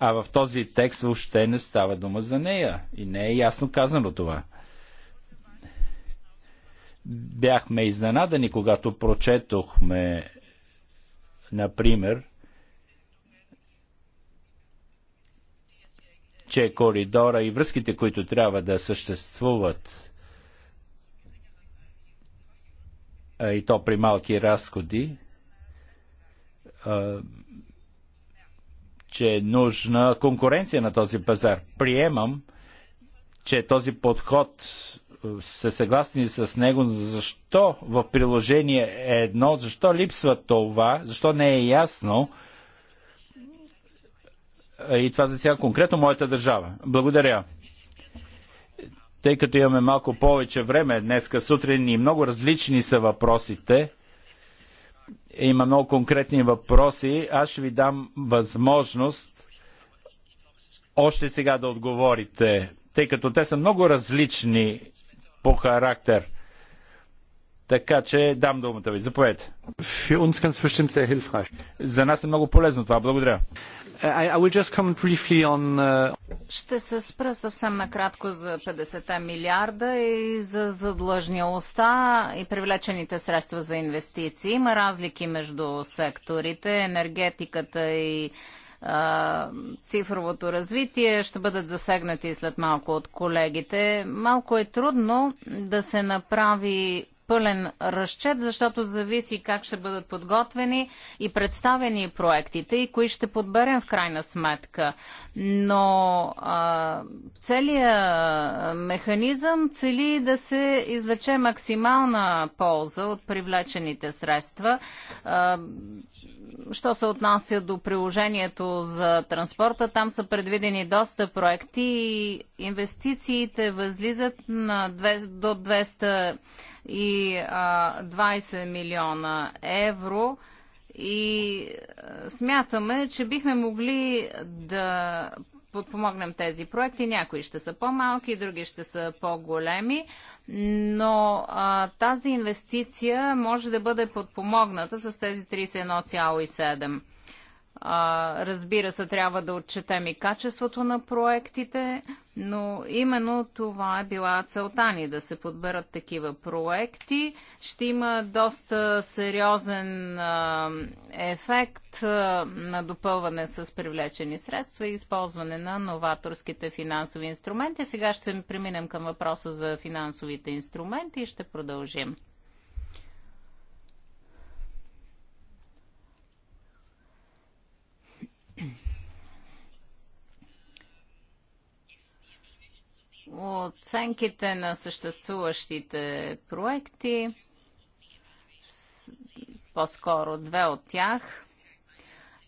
А в този текст въобще не става дума за нея. И не е ясно казано това бяхме изненадани, когато прочетохме, например, че коридора и връзките, които трябва да съществуват и то при малки разходи, че е нужна конкуренция на този пазар. Приемам, че този подход са съгласни с него, защо в приложение е едно, защо липсва това, защо не е ясно. И това за сега конкретно моята държава. Благодаря. Тъй като имаме малко повече време днеска сутрин и много различни са въпросите, има много конкретни въпроси, аз ще ви дам възможност още сега да отговорите, тъй като те са много различни по характер. Така че дам думата ви. Заповедайте. За нас е много полезно това. Благодаря. Uh, Ще се спра съвсем накратко за 50 милиарда и за задлъжнялостта и привлечените средства за инвестиции. Има разлики между секторите, енергетиката и цифровото развитие. Ще бъдат засегнати след малко от колегите. Малко е трудно да се направи пълен разчет, защото зависи как ще бъдат подготвени и представени проектите и кои ще подберем в крайна сметка. Но а, целият механизъм цели да се извлече максимална полза от привлечените средства. А, що се отнася до приложението за транспорта, там са предвидени доста проекти и инвестициите възлизат на 2, до 200 и а, 20 милиона евро и смятаме, че бихме могли да подпомогнем тези проекти. Някои ще са по-малки, други ще са по-големи, но а, тази инвестиция може да бъде подпомогната с тези 31,7 а, разбира се, трябва да отчетем и качеството на проектите, но именно това е била целта ни да се подберат такива проекти. Ще има доста сериозен а, ефект а, на допълване с привлечени средства и използване на новаторските финансови инструменти. Сега ще преминем към въпроса за финансовите инструменти и ще продължим. оценките на съществуващите проекти, по-скоро две от тях,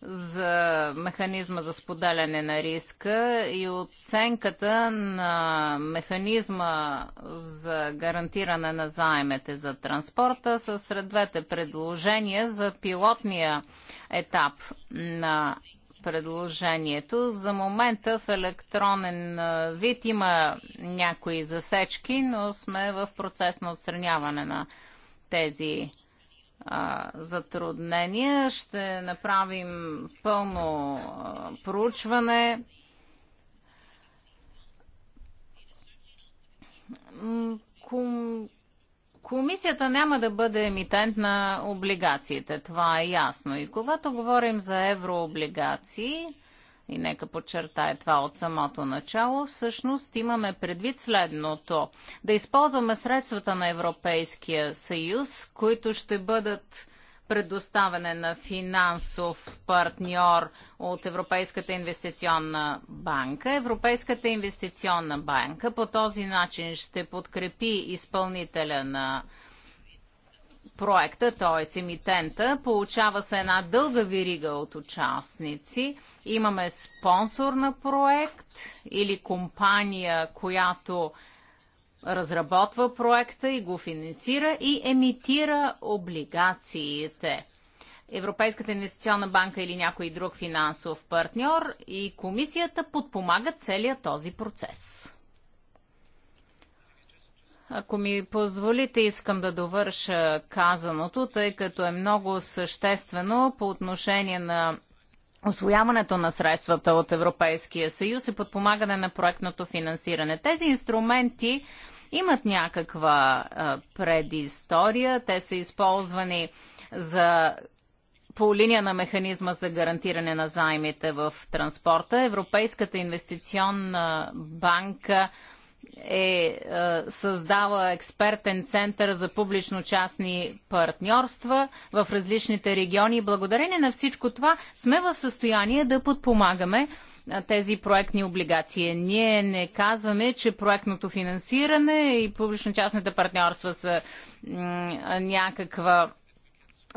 за механизма за споделяне на риска и оценката на механизма за гарантиране на заемете за транспорта са сред двете предложения за пилотния етап на предложението. За момента в електронен вид има някои засечки, но сме в процес на отстраняване на тези а, затруднения. Ще направим пълно а, проучване. Ком Комисията няма да бъде емитент на облигациите, това е ясно. И когато говорим за еврооблигации, и нека подчертая това от самото начало, всъщност имаме предвид следното. Да използваме средствата на Европейския съюз, които ще бъдат предоставяне на финансов партньор от Европейската инвестиционна банка. Европейската инвестиционна банка по този начин ще подкрепи изпълнителя на проекта, т.е. емитента, получава се една дълга вирига от участници. Имаме спонсор на проект или компания, която разработва проекта и го финансира и емитира облигациите. Европейската инвестиционна банка или някой друг финансов партньор и комисията подпомагат целият този процес. Ако ми позволите, искам да довърша казаното, тъй като е много съществено по отношение на освояването на средствата от Европейския съюз и подпомагане на проектното финансиране. Тези инструменти имат някаква а, предистория. Те са използвани за по линия на механизма за гарантиране на заемите в транспорта. Европейската инвестиционна банка е, е създала експертен център за публично-частни партньорства в различните региони. Благодарение на всичко това сме в състояние да подпомагаме тези проектни облигации. Ние не казваме, че проектното финансиране и публично-частните партньорства са някаква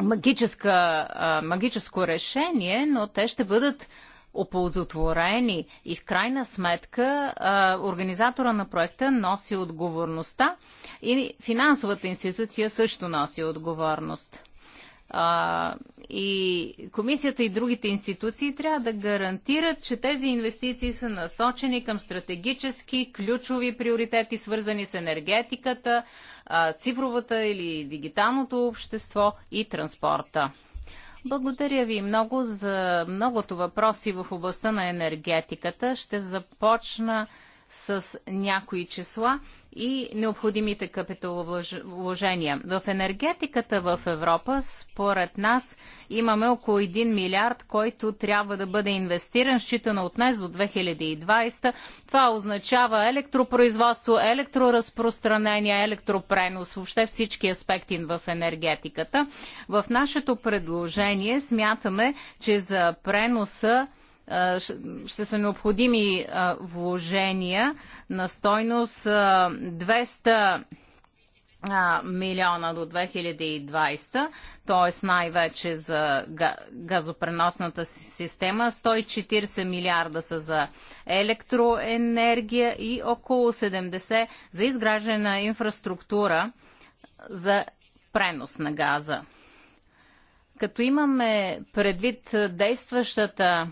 магическа, магическо решение, но те ще бъдат оползотворени и в крайна сметка организатора на проекта носи отговорността и финансовата институция също носи отговорност. и комисията и другите институции трябва да гарантират, че тези инвестиции са насочени към стратегически ключови приоритети, свързани с енергетиката, цифровата или дигиталното общество и транспорта. Благодаря ви много за многото въпроси в областта на енергетиката. Ще започна с някои числа и необходимите капиталовложения. В енергетиката в Европа, според нас, имаме около 1 милиард, който трябва да бъде инвестиран, считано от днес до 2020. Това означава електропроизводство, електроразпространение, електропренос, въобще всички аспекти в енергетиката. В нашето предложение смятаме, че за преноса ще са необходими вложения на стойност 200 милиона до 2020, т.е. най-вече за газопреносната система. 140 милиарда са за електроенергия и около 70 за изграждане на инфраструктура за пренос на газа. Като имаме предвид действащата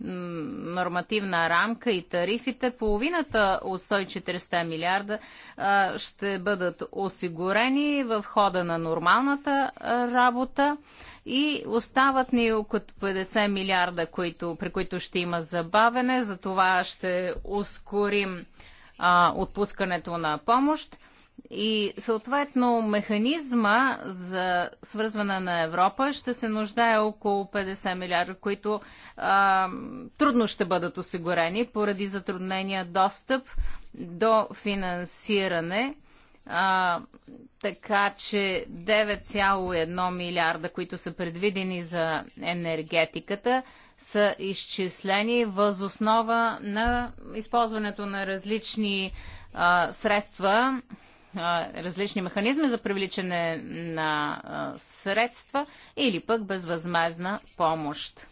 нормативна рамка и тарифите, половината от 140 милиарда ще бъдат осигурени в хода на нормалната работа и остават ни около 50 милиарда, които, при които ще има забавене, за това ще ускорим отпускането на помощ. И съответно механизма за свързване на Европа ще се нуждае около 50 милиарда, които а, трудно ще бъдат осигурени поради затруднения достъп до финансиране. А, така че 9,1 милиарда, които са предвидени за енергетиката, са изчислени възоснова на използването на различни а, средства различни механизми за привличане на средства или пък безвъзмезна помощ.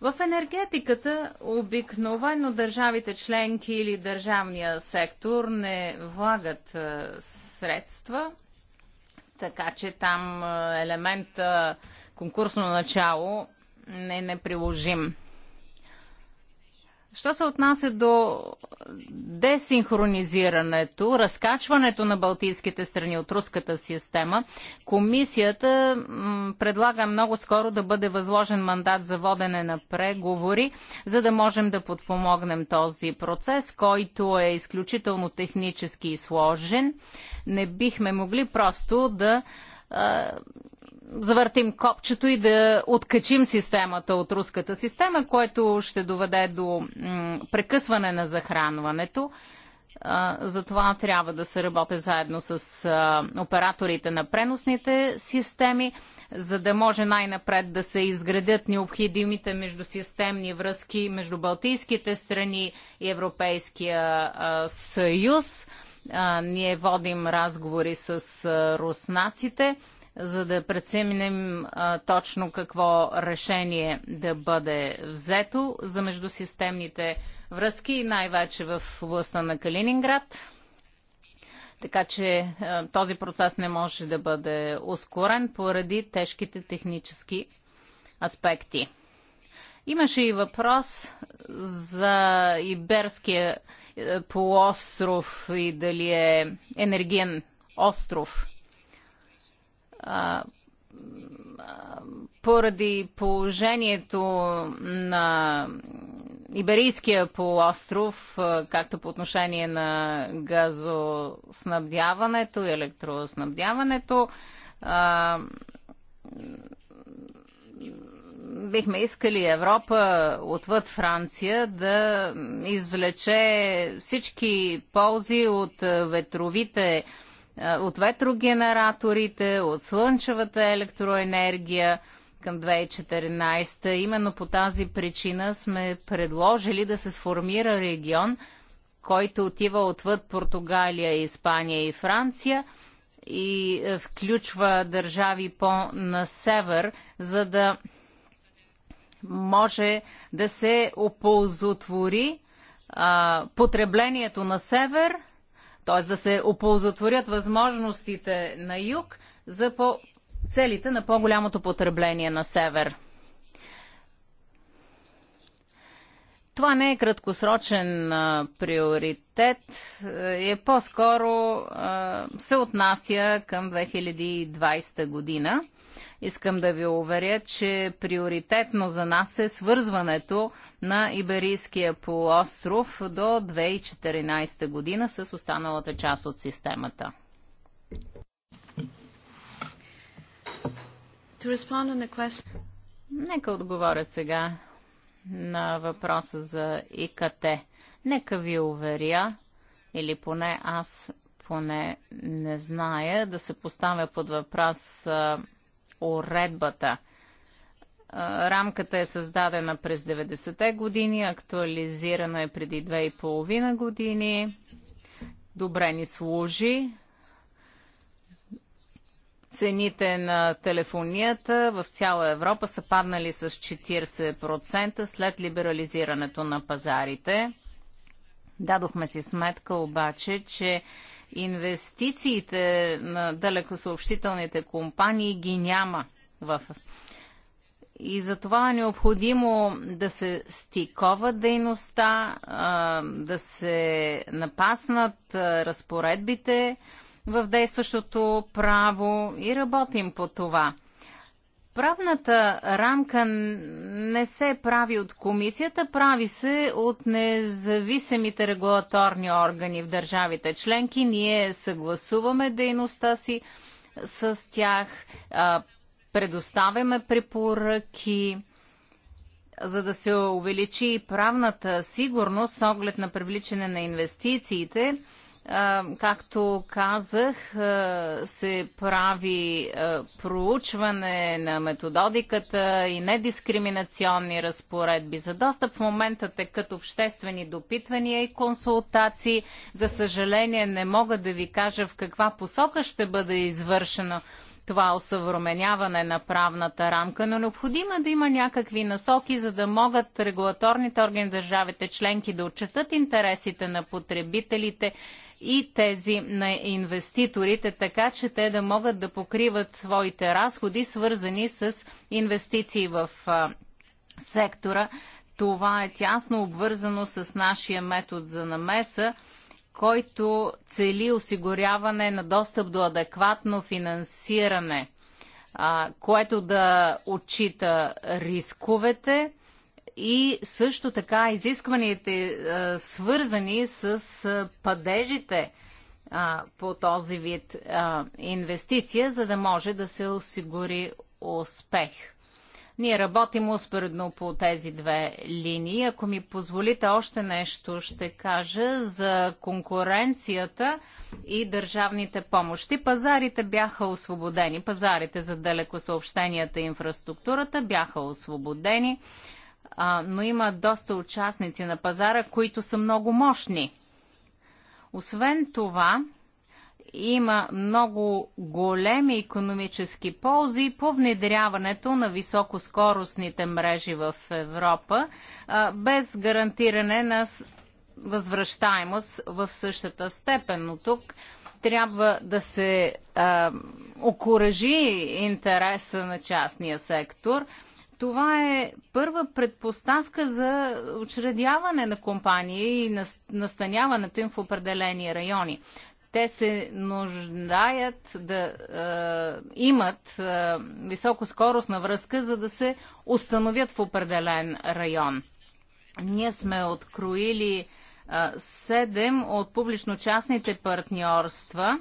В енергетиката обикновено държавите членки или държавния сектор не влагат средства, така че там елемента конкурсно начало не е неприложим. Що се отнася до десинхронизирането, разкачването на балтийските страни от руската система, комисията предлага много скоро да бъде възложен мандат за водене на преговори, за да можем да подпомогнем този процес, който е изключително технически и сложен. Не бихме могли просто да завъртим копчето и да откачим системата от руската система, което ще доведе до прекъсване на захранването. Затова трябва да се работи заедно с операторите на преносните системи, за да може най-напред да се изградят необходимите междусистемни връзки между Балтийските страни и Европейския съюз. Ние водим разговори с руснаците за да преценим точно какво решение да бъде взето за междусистемните връзки, най-вече в областта на Калининград. Така че този процес не може да бъде ускорен поради тежките технически аспекти. Имаше и въпрос за Иберския е, полуостров и дали е енергиен остров – поради положението на Иберийския полуостров, както по отношение на газоснабдяването и електроснабдяването, бихме искали Европа отвъд Франция да извлече всички ползи от ветровите от ветрогенераторите, от слънчевата електроенергия към 2014. Именно по тази причина сме предложили да се сформира регион, който отива отвъд Португалия, Испания и Франция и е, включва държави по-на север, за да може да се оползотвори а, потреблението на север – т.е. да се оползотворят възможностите на юг за по целите на по-голямото потребление на север. Това не е краткосрочен а, приоритет, е, е по-скоро се отнася към 2020 година Искам да ви уверя, че приоритетно за нас е свързването на Иберийския полуостров до 2014 година с останалата част от системата. Нека отговоря сега на въпроса за ИКТ. Нека ви уверя, или поне аз поне не зная, да се поставя под въпрос уредбата. Рамката е създадена през 90-те години, актуализирана е преди 2,5 години. Добре ни служи. Цените на телефонията в цяла Европа са паднали с 40% след либерализирането на пазарите. Дадохме си сметка обаче, че Инвестициите на далекосъобщителните компании ги няма в и това е необходимо да се стикова дейността, да се напаснат разпоредбите в действащото право и работим по това. Правната рамка не се прави от комисията, прави се от независимите регулаторни органи в държавите членки. Ние съгласуваме дейността си с тях, предоставяме препоръки, за да се увеличи правната сигурност с оглед на привличане на инвестициите Както казах, се прави проучване на метододиката и недискриминационни разпоредби за достъп. В момента текат обществени допитвания и консултации. За съжаление, не мога да ви кажа в каква посока ще бъде извършено това осъвременяване на правната рамка, но необходимо е да има някакви насоки, за да могат регулаторните органи държавите членки да отчетат интересите на потребителите и тези на инвеститорите, така че те да могат да покриват своите разходи, свързани с инвестиции в сектора. Това е тясно обвързано с нашия метод за намеса, който цели осигуряване на достъп до адекватно финансиране, което да отчита рисковете и също така изискваните свързани с падежите по този вид инвестиция, за да може да се осигури успех. Ние работим успоредно по тези две линии. Ако ми позволите още нещо, ще кажа за конкуренцията и държавните помощи. Пазарите бяха освободени. Пазарите за далекосъобщенията и инфраструктурата бяха освободени а, но има доста участници на пазара, които са много мощни. Освен това, има много големи економически ползи по внедряването на високоскоростните мрежи в Европа, а, без гарантиране на възвръщаемост в същата степен. Но тук трябва да се а, окоръжи интереса на частния сектор – това е първа предпоставка за учредяване на компании и настаняването им в определени райони. Те се нуждаят да е, имат е, високоскоростна връзка, за да се установят в определен район. Ние сме откроили седем от публично-частните партньорства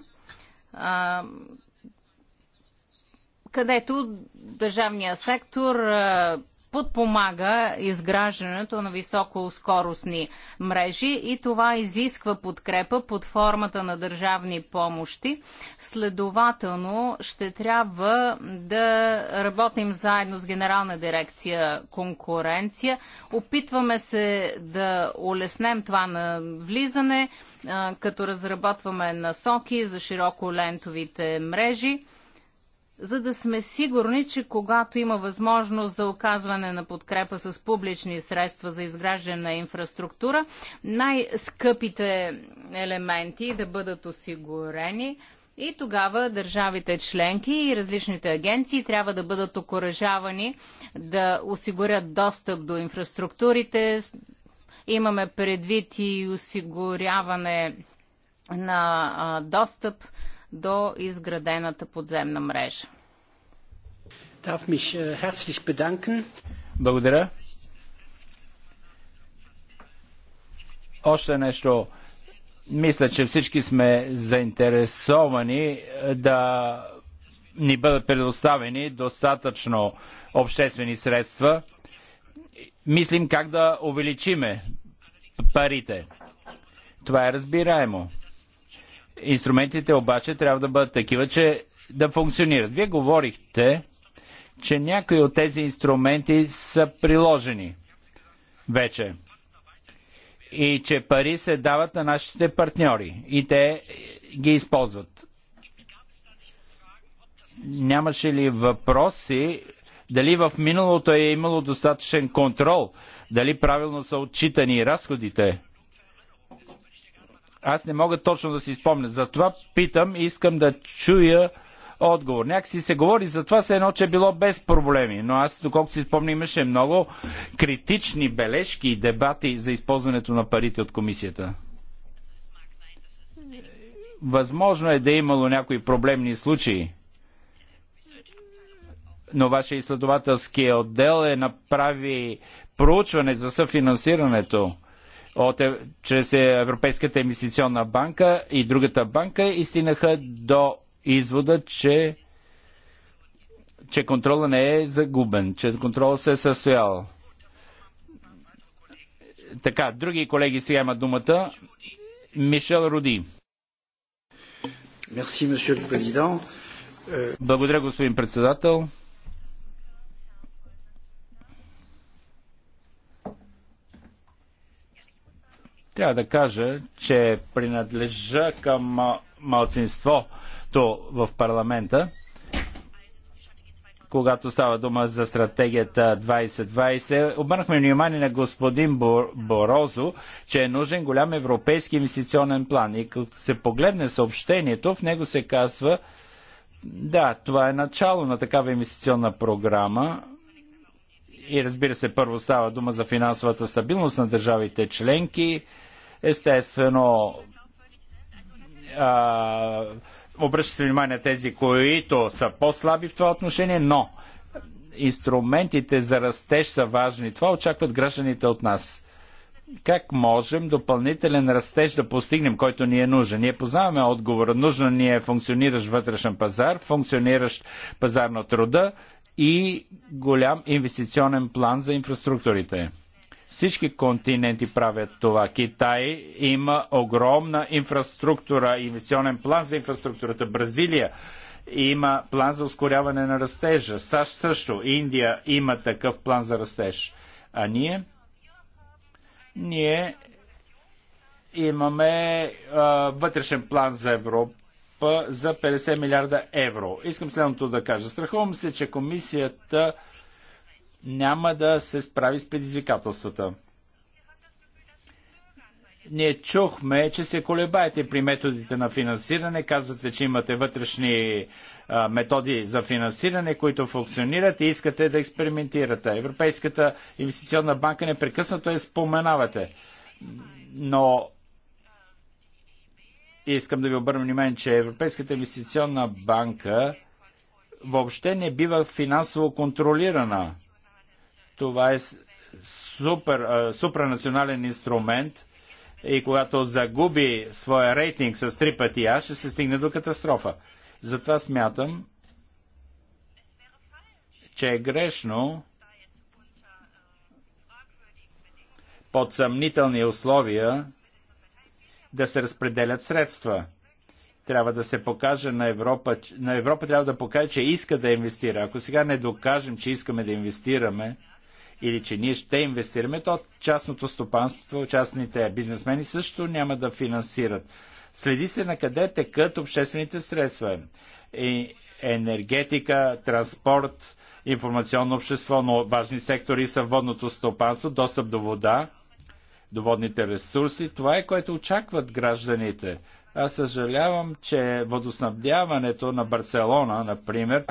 където държавния сектор подпомага изграждането на високоскоростни мрежи и това изисква подкрепа под формата на държавни помощи. Следователно ще трябва да работим заедно с Генерална дирекция конкуренция. Опитваме се да улеснем това на влизане, като разработваме насоки за широколентовите мрежи за да сме сигурни, че когато има възможност за оказване на подкрепа с публични средства за изграждане на инфраструктура, най-скъпите елементи да бъдат осигурени. И тогава държавите членки и различните агенции трябва да бъдат окоръжавани да осигурят достъп до инфраструктурите. Имаме предвид и осигуряване на достъп до изградената подземна мрежа. Äh, Благодаря. Още нещо. Мисля, че всички сме заинтересовани е, да ни бъдат предоставени достатъчно обществени средства. Мислим как да увеличиме парите. Това е разбираемо. Инструментите обаче трябва да бъдат такива, че да функционират. Вие говорихте, че някои от тези инструменти са приложени вече и че пари се дават на нашите партньори и те ги използват. Нямаше ли въпроси дали в миналото е имало достатъчен контрол, дали правилно са отчитани разходите? Аз не мога точно да си спомня. Затова питам и искам да чуя отговор. Някакси се говори за това, се едно, че е било без проблеми. Но аз, доколкото си спомня, имаше много критични бележки и дебати за използването на парите от комисията. Възможно е да е имало някои проблемни случаи. Но вашия изследователски отдел е направи проучване за съфинансирането от, чрез Европейската инвестиционна банка и другата банка и стигнаха до извода, че, че контрола не е загубен, че контрола се е състоял. Така, други колеги сега имат думата. Мишел Руди. Благодаря, господин председател. Трябва да кажа, че принадлежа към малцинството в парламента, когато става дума за стратегията 2020. Обърнахме внимание на господин Борозо, че е нужен голям европейски инвестиционен план. И като се погледне съобщението, в него се казва, да, това е начало на такава инвестиционна програма, и разбира се, първо става дума за финансовата стабилност на държавите членки. Естествено, а, обръща се внимание на тези, които са по-слаби в това отношение, но инструментите за растеж са важни. Това очакват гражданите от нас. Как можем допълнителен растеж да постигнем, който ни е нужен? Ние познаваме отговора. Нужно ни е функциониращ вътрешен пазар, функциониращ пазар на труда и голям инвестиционен план за инфраструктурите. Всички континенти правят това. Китай има огромна инфраструктура, инвестиционен план за инфраструктурата. Бразилия има план за ускоряване на растежа. САЩ също. Индия има такъв план за растеж. А ние? Ние имаме а, вътрешен план за Европа за 50 милиарда евро. Искам следното да кажа. Страхувам се, че комисията няма да се справи с предизвикателствата. Ние чухме, че се колебаете при методите на финансиране. Казвате, че имате вътрешни а, методи за финансиране, които функционират и искате да експериментирате. Европейската инвестиционна банка непрекъснато я споменавате. Но и искам да ви обърна внимание, че Европейската инвестиционна банка въобще не бива финансово контролирана. Това е супер, супранационален инструмент и когато загуби своя рейтинг с три пъти А, ще се стигне до катастрофа. Затова смятам, че е грешно под съмнителни условия да се разпределят средства. Трябва да се покаже на Европа, на Европа трябва да покаже, че иска да инвестира. Ако сега не докажем, че искаме да инвестираме или че ние ще инвестираме, то частното стопанство, частните бизнесмени също няма да финансират. Следи се на къде текат обществените средства. И е, енергетика, транспорт, информационно общество, но важни сектори са водното стопанство, достъп до вода, до водните ресурси. Това е което очакват гражданите. Аз съжалявам, че водоснабдяването на Барселона, например,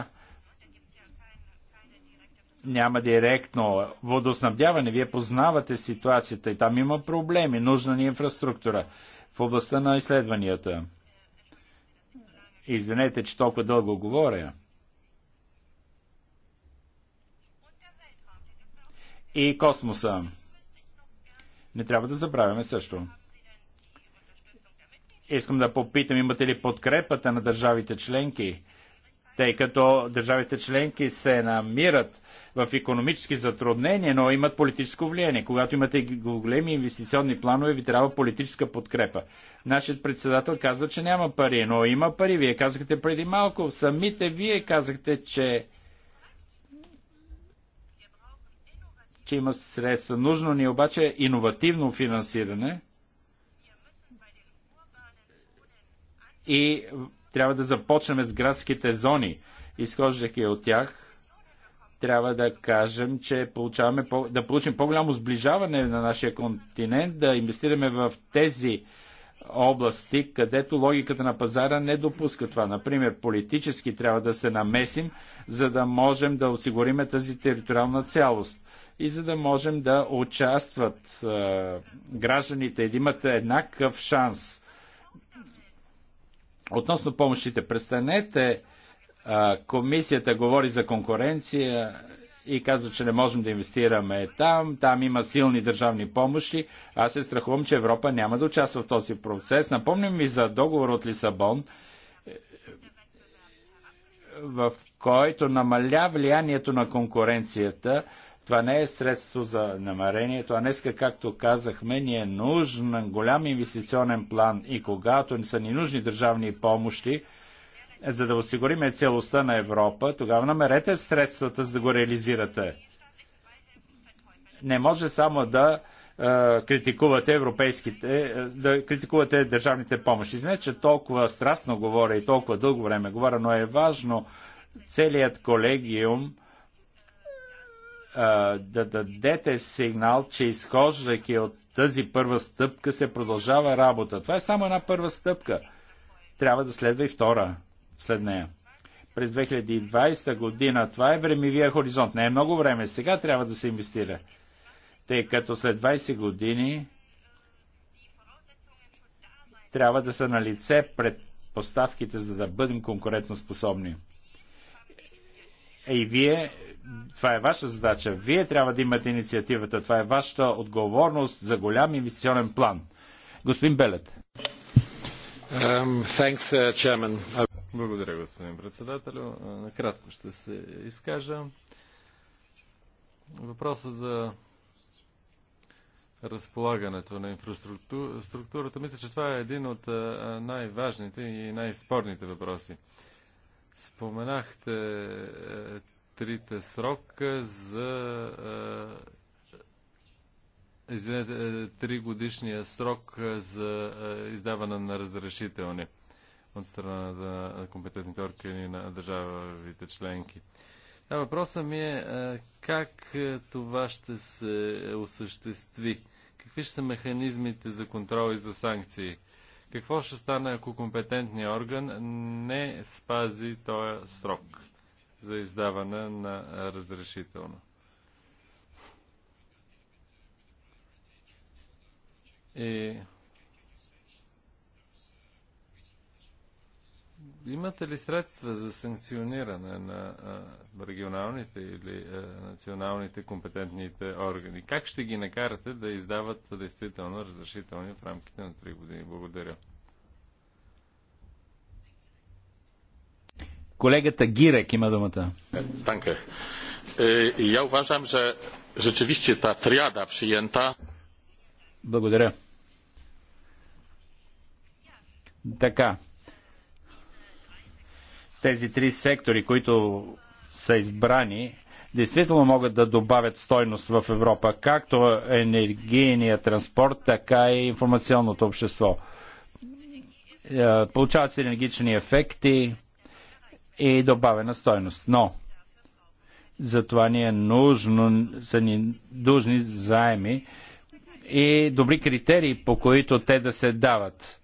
няма директно водоснабдяване. Вие познавате ситуацията и там има проблеми. Нужна ни е инфраструктура в областта на изследванията. Извинете, че толкова дълго говоря. И космоса. Не трябва да забравяме също. Искам да попитам, имате ли подкрепата на държавите членки, тъй като държавите членки се намират в економически затруднения, но имат политическо влияние. Когато имате големи инвестиционни планове, ви трябва политическа подкрепа. Нашият председател казва, че няма пари, но има пари. Вие казахте преди малко, самите вие казахте, че че има средства. Нужно ни е обаче иновативно финансиране и трябва да започнем с градските зони. Изхождайки от тях, трябва да кажем, че получаваме по, да получим по-голямо сближаване на нашия континент, да инвестираме в тези области, където логиката на пазара не допуска това. Например, политически трябва да се намесим, за да можем да осигуриме тази териториална цялост и за да можем да участват гражданите и да имат еднакъв шанс. Относно помощите, престанете, комисията говори за конкуренция и казва, че не можем да инвестираме там, там има силни държавни помощи. Аз се страхувам, че Европа няма да участва в този процес. Напомням ми за договор от Лисабон, в който намаля влиянието на конкуренцията това не е средство за намерението, а днеска, както казахме, ни е нужен голям инвестиционен план и когато са ни нужни държавни помощи, за да осигуриме целостта на Европа, тогава намерете средствата, за да го реализирате. Не може само да е, критикувате европейските, е, да критикувате държавните помощи. Знаете, че толкова страстно говоря и толкова дълго време говоря, но е важно целият колегиум, да дадете сигнал, че изхождайки от тази първа стъпка се продължава работа. Това е само една първа стъпка. Трябва да следва и втора след нея. През 2020 година това е времевия хоризонт. Не е много време. Сега трябва да се инвестира. Тъй като след 20 години трябва да са на лице предпоставките, за да бъдем конкурентоспособни. Е, и вие това е ваша задача. Вие трябва да имате инициативата. Това е вашата отговорност за голям инвестиционен план. Господин Белет. Um, thanks, uh, Благодаря, господин председател. Накратко ще се изкажа. Въпросът за разполагането на инфраструктурата. Мисля, че това е един от най-важните и най-спорните въпроси. Споменахте е, трите срока за е, извинете, е, три годишния срок е, за издаване на разрешителни от страна на компетентните органи на държавите членки. А въпросът ми е как това ще се осъществи? Какви ще са механизмите за контрол и за санкции? Какво ще стане, ако компетентният орган не спази този срок? за издаване на разрешително. И имате ли средства за санкциониране на а, регионалните или а, националните компетентните органи? Как ще ги накарате да издават действително разрешителни в рамките на 3 години? Благодаря. Колегата Гирек има думата. Танка. Е, я уважам, че rzeczywiście ta triada przyjęta. Благодаря. Така. Тези три сектори, които са избрани, действително могат да добавят стойност в Европа, както енергийния транспорт, така и информационното общество. Е, получават се енергични ефекти, и добавена стойност. Но това ни е нужно, са ни нужни заеми и добри критерии, по които те да се дават.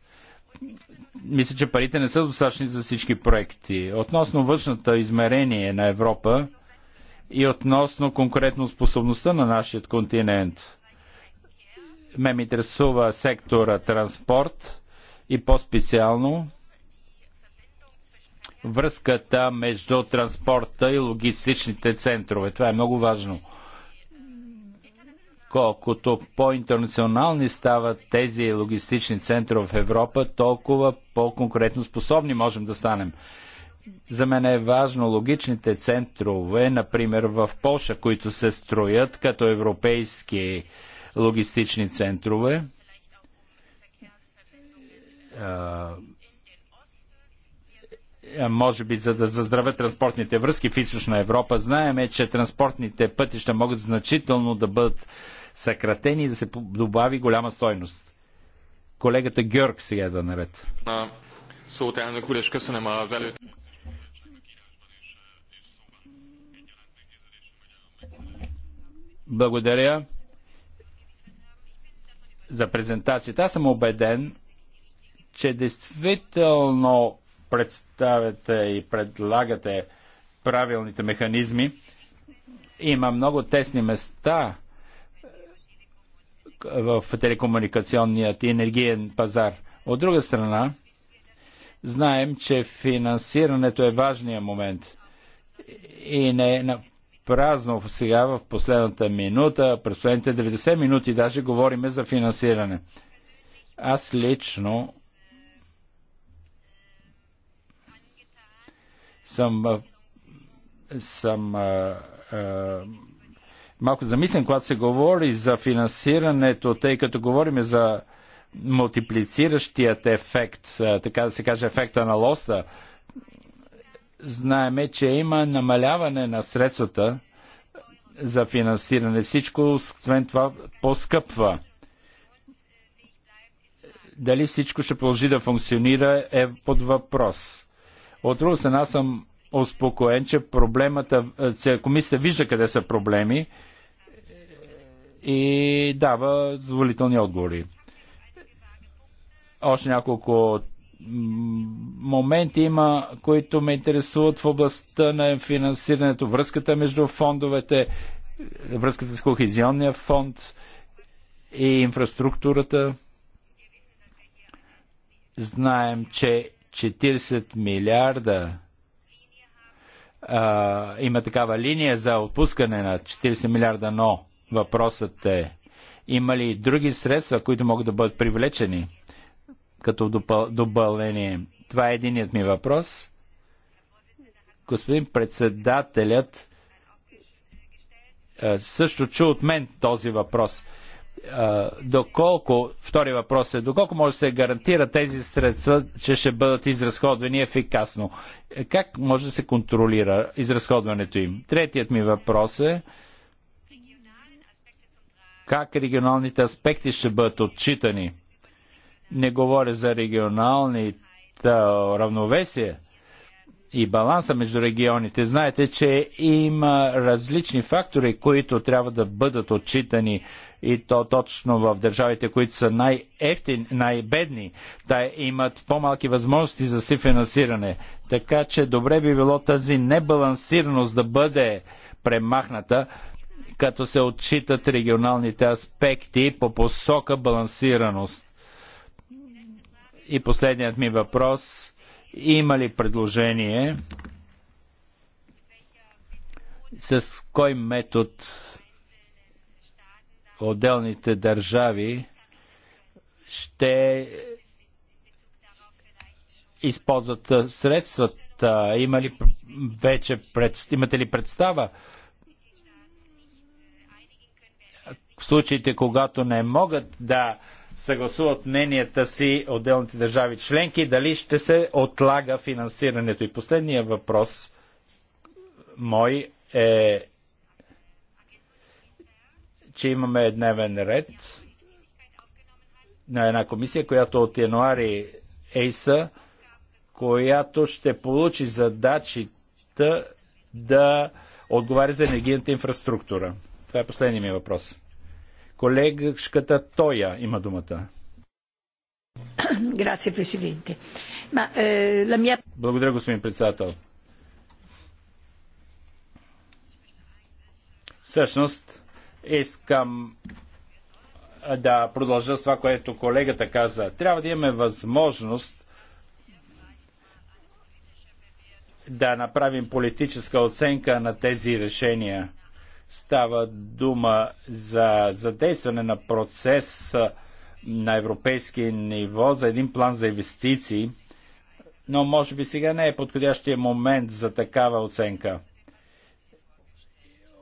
Мисля, че парите не са достатъчни за всички проекти. Относно външната измерение на Европа и относно конкретно способността на нашия континент, ме ми интересува сектора транспорт и по-специално връзката между транспорта и логистичните центрове. Това е много важно. Колкото по-интернационални стават тези логистични центрове в Европа, толкова по-конкретно способни можем да станем. За мен е важно логичните центрове, например в Польша, които се строят като европейски логистични центрове, е, може би за да заздравят транспортните връзки в източна Европа. Знаеме, че транспортните пътища могат значително да бъдат съкратени и да се добави голяма стойност. Колегата Георг сега е да наред. Благодаря за презентацията. Аз съм убеден, че действително представяте и предлагате правилните механизми. Има много тесни места в телекомуникационният и енергиен пазар. От друга страна, знаем, че финансирането е важният момент и не е на празно сега в последната минута, през последните 90 минути даже говориме за финансиране. Аз лично съм, съм а, а, малко замислен, когато се говори за финансирането, тъй като говорим за мултиплициращият ефект, така да се каже ефекта на лоста, знаеме, че има намаляване на средствата за финансиране. Всичко, освен това, по-скъпва. Дали всичко ще продължи да функционира е под въпрос. От друга страна съм успокоен, че проблемата, е, комисията вижда къде са проблеми е, и дава задоволителни отговори. Още няколко моменти има, които ме интересуват в областта на финансирането, връзката между фондовете, връзката с Кохезионния фонд и инфраструктурата. Знаем, че 40 милиарда а, има такава линия за отпускане на 40 милиарда, но въпросът е има ли други средства, които могат да бъдат привлечени като допъл... допълнение? Това е единият ми въпрос. Господин председателят също чу от мен този въпрос доколко, втори въпрос е, доколко може да се гарантира тези средства, че ще бъдат изразходвани ефикасно? Е, как може да се контролира изразходването им? Третият ми въпрос е, как регионалните аспекти ще бъдат отчитани? Не говоря за регионалните равновесие и баланса между регионите. Знаете, че има различни фактори, които трябва да бъдат отчитани и то точно в държавите, които са най-ефтини, най-бедни, да имат по-малки възможности за си финансиране. Така че добре би било тази небалансираност да бъде премахната, като се отчитат регионалните аспекти по посока балансираност. И последният ми въпрос. Има ли предложение с кой метод отделните държави ще използват средствата? Има ли вече пред... имате ли представа? В случаите, когато не могат да съгласуват мненията си отделните държави членки, дали ще се отлага финансирането. И последния въпрос мой е че имаме дневен ред на една комисия, която от януари ЕЙСА, която ще получи задачите да отговаря за енергийната инфраструктура. Това е последният ми въпрос. Колегашката Тоя има думата. Грация, президенте. Е, Благодаря, господин председател. Всъщност, Искам да продължа с това, което колегата каза. Трябва да имаме възможност да направим политическа оценка на тези решения. Става дума за задействане на процес на европейски ниво, за един план за инвестиции, но може би сега не е подходящия момент за такава оценка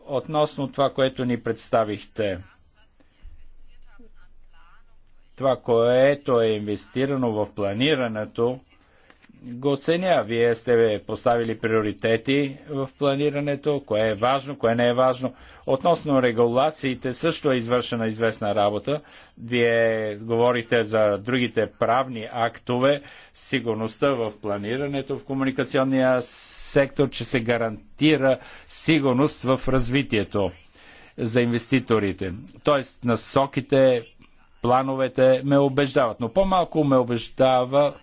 относно това, което ни представихте. Това, което е инвестирано в планирането, го оценя. Вие сте поставили приоритети в планирането, кое е важно, кое не е важно. Относно регулациите също е извършена известна работа. Вие говорите за другите правни актове, сигурността в планирането в комуникационния сектор, че се гарантира сигурност в развитието за инвеститорите. Тоест насоките, плановете ме убеждават, но по-малко ме убеждава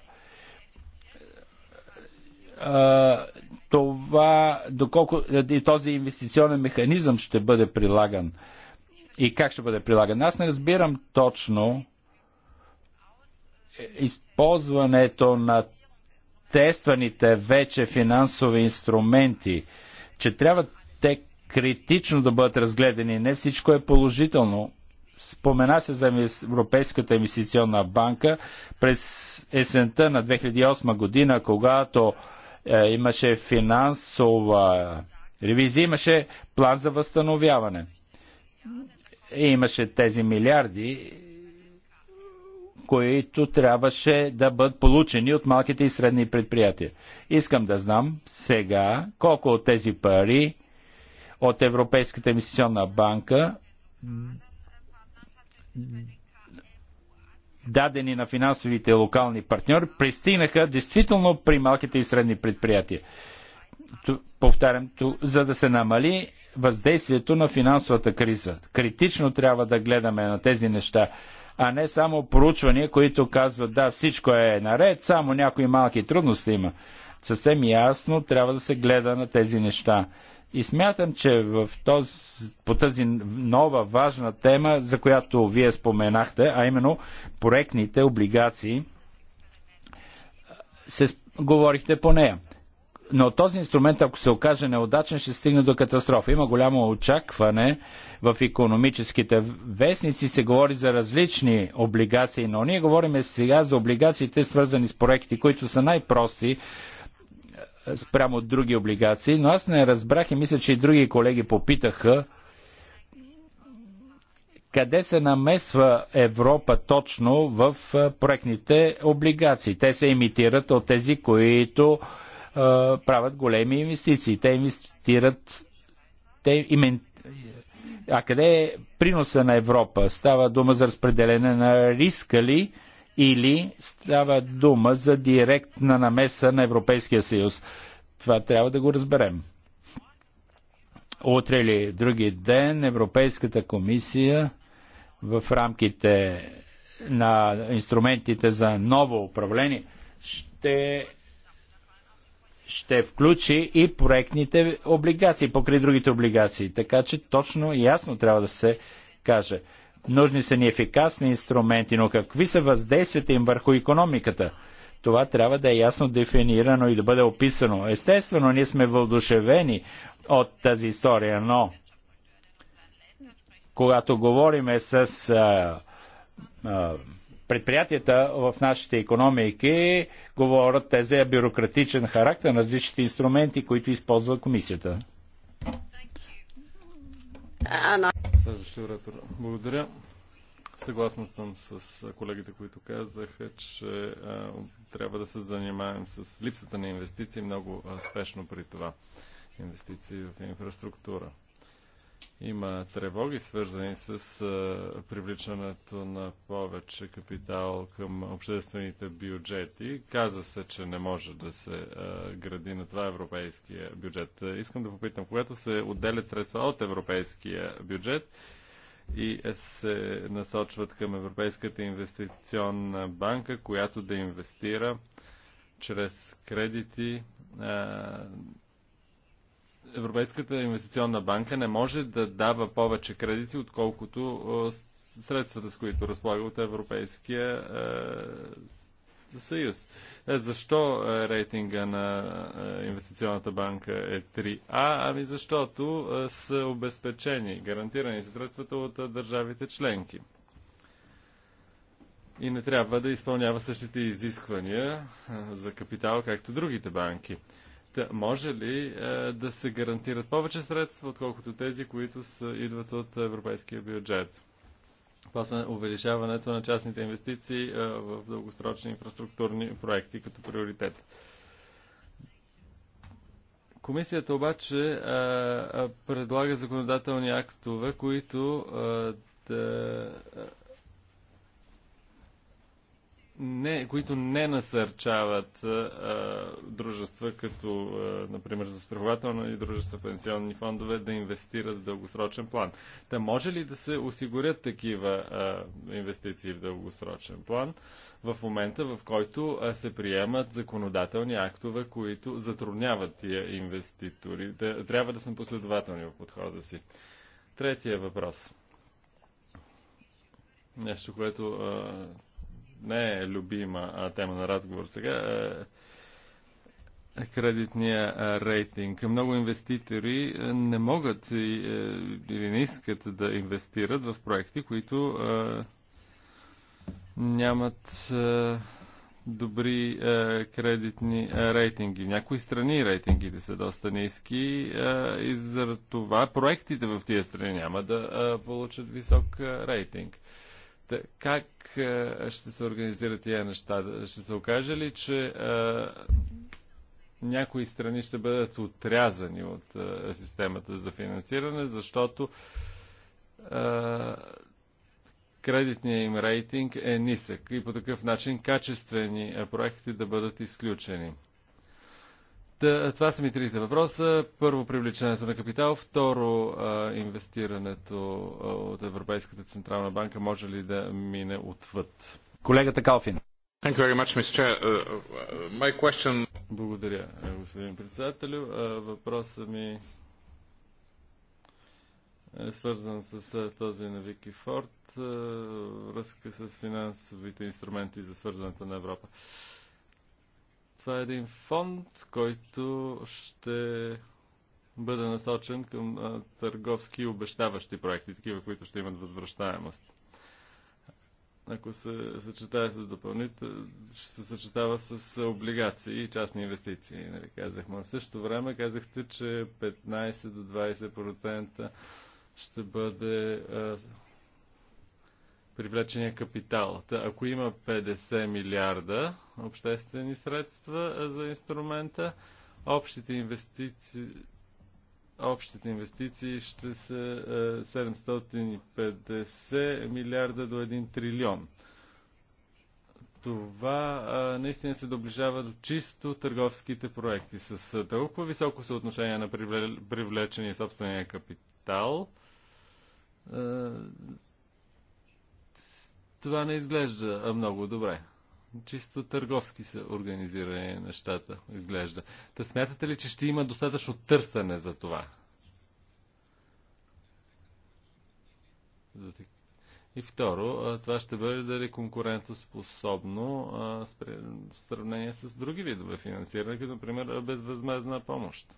това, доколко и този инвестиционен механизъм ще бъде прилаган и как ще бъде прилаган. Аз не разбирам точно е, използването на тестваните вече финансови инструменти, че трябва те критично да бъдат разгледани. Не всичко е положително. Спомена се за Европейската инвестиционна банка през есента на 2008 година, когато е, имаше финансова ревизия, имаше план за възстановяване. И имаше тези милиарди, които трябваше да бъдат получени от малките и средни предприятия. Искам да знам сега колко от тези пари от Европейската инвестиционна банка дадени на финансовите локални партньори, пристигнаха действително при малките и средни предприятия. Ту, повтарям, ту, за да се намали въздействието на финансовата криза. Критично трябва да гледаме на тези неща, а не само проучвания, които казват да, всичко е наред, само някои малки трудности има. Съвсем ясно трябва да се гледа на тези неща. И смятам, че в този, по тази нова важна тема, за която вие споменахте, а именно проектните облигации, се говорихте по нея. Но този инструмент, ако се окаже неудачен, ще стигне до катастрофа. Има голямо очакване в економическите вестници. Се говори за различни облигации, но ние говорим сега за облигациите, свързани с проекти, които са най-прости спрямо от други облигации, но аз не разбрах и мисля, че и други колеги попитаха къде се намесва Европа точно в проектните облигации. Те се имитират от тези, които е, правят големи инвестиции. Те инвестират. Те имен... А къде е приноса на Европа? Става дума за разпределение на риска ли? или става дума за директна намеса на Европейския съюз. Това трябва да го разберем. Утре или други ден Европейската комисия в рамките на инструментите за ново управление ще ще включи и проектните облигации, покри другите облигации. Така че точно и ясно трябва да се каже. Нужни са ни ефикасни инструменти, но какви са въздействията им върху економиката? Това трябва да е ясно дефинирано и да бъде описано. Естествено, ние сме въодушевени от тази история, но когато говориме с а, а, предприятията в нашите економики, говорят тези бюрократичен характер на различните инструменти, които използва комисията. Следващия оратор. Благодаря. Съгласна съм с колегите, които казаха, че а, трябва да се занимаем с липсата на инвестиции много а, спешно при това. Инвестиции в инфраструктура. Има тревоги, свързани с а, привличането на повече капитал към обществените бюджети. Каза се, че не може да се а, гради на това европейския бюджет. Искам да попитам, когато се отделят средства от европейския бюджет, и се насочват към Европейската инвестиционна банка, която да инвестира чрез кредити а, Европейската инвестиционна банка не може да дава повече кредити, отколкото средствата, с които разполага от Европейския съюз. Е, защо рейтинга на инвестиционната банка е 3А? Ами защото са обезпечени, гарантирани са средствата от държавите членки. И не трябва да изпълнява същите изисквания за капитал, както другите банки. Та, може ли е, да се гарантират повече средства, отколкото тези, които са, идват от европейския бюджет? После увеличаването на частните инвестиции е, в дългосрочни инфраструктурни проекти като приоритет. Комисията обаче е, е предлага законодателни актове, които е, да не, които не насърчават а, дружества, като, а, например, застрахователни дружества, пенсионни фондове, да инвестират в дългосрочен план. Та може ли да се осигурят такива а, инвестиции в дългосрочен план в момента, в който а, се приемат законодателни актове, които затрудняват тия инвеститори? Да, трябва да сме последователни в подхода си. Третия въпрос. Нещо, което а, не е любима а, тема на разговор сега. А, е, е кредитния а, рейтинг. Много инвеститори не могат е, или не искат да инвестират в проекти, които нямат добри а, кредитни а, рейтинги. В някои страни рейтингите са доста ниски а, и за това проектите в тия страни няма да а, получат висок а, рейтинг. Как е, ще се организират тия неща? Ще се окаже ли, че е, някои страни ще бъдат отрязани от а, е, системата за финансиране, защото а, кредитният им рейтинг е нисък и по такъв начин качествени проекти да бъдат изключени това са ми трите въпроса. Първо, привличането на капитал. Второ, инвестирането от Европейската Централна банка може ли да мине отвъд? Колегата Калфин. Much, uh, uh, question... Благодаря, е, господин председател. Въпросът ми е свързан с този на Вики Форд, връзка с финансовите инструменти за свързването на Европа. Това е един фонд, който ще бъде насочен към търговски обещаващи проекти, такива, които ще имат възвръщаемост. Ако се съчетава с допълнително, ще се съчетава с облигации и частни инвестиции, нали, казахме. В същото време казахте, че 15 до 20% ще бъде а, привлечения капитал. Та, ако има 50 милиарда обществени средства за инструмента, общите инвестиции общите инвестиции ще са 750 милиарда до 1 трилион. Това а, наистина се доближава до чисто търговските проекти. С толкова високо съотношение на привлечения собствения капитал, а, това не изглежда много добре. Чисто търговски са организирани е, нещата, изглежда. Та смятате ли, че ще има достатъчно търсене за това? И второ, това ще бъде дали конкурентоспособно в сравнение с други видове финансиране, като например безвъзмезна помощ.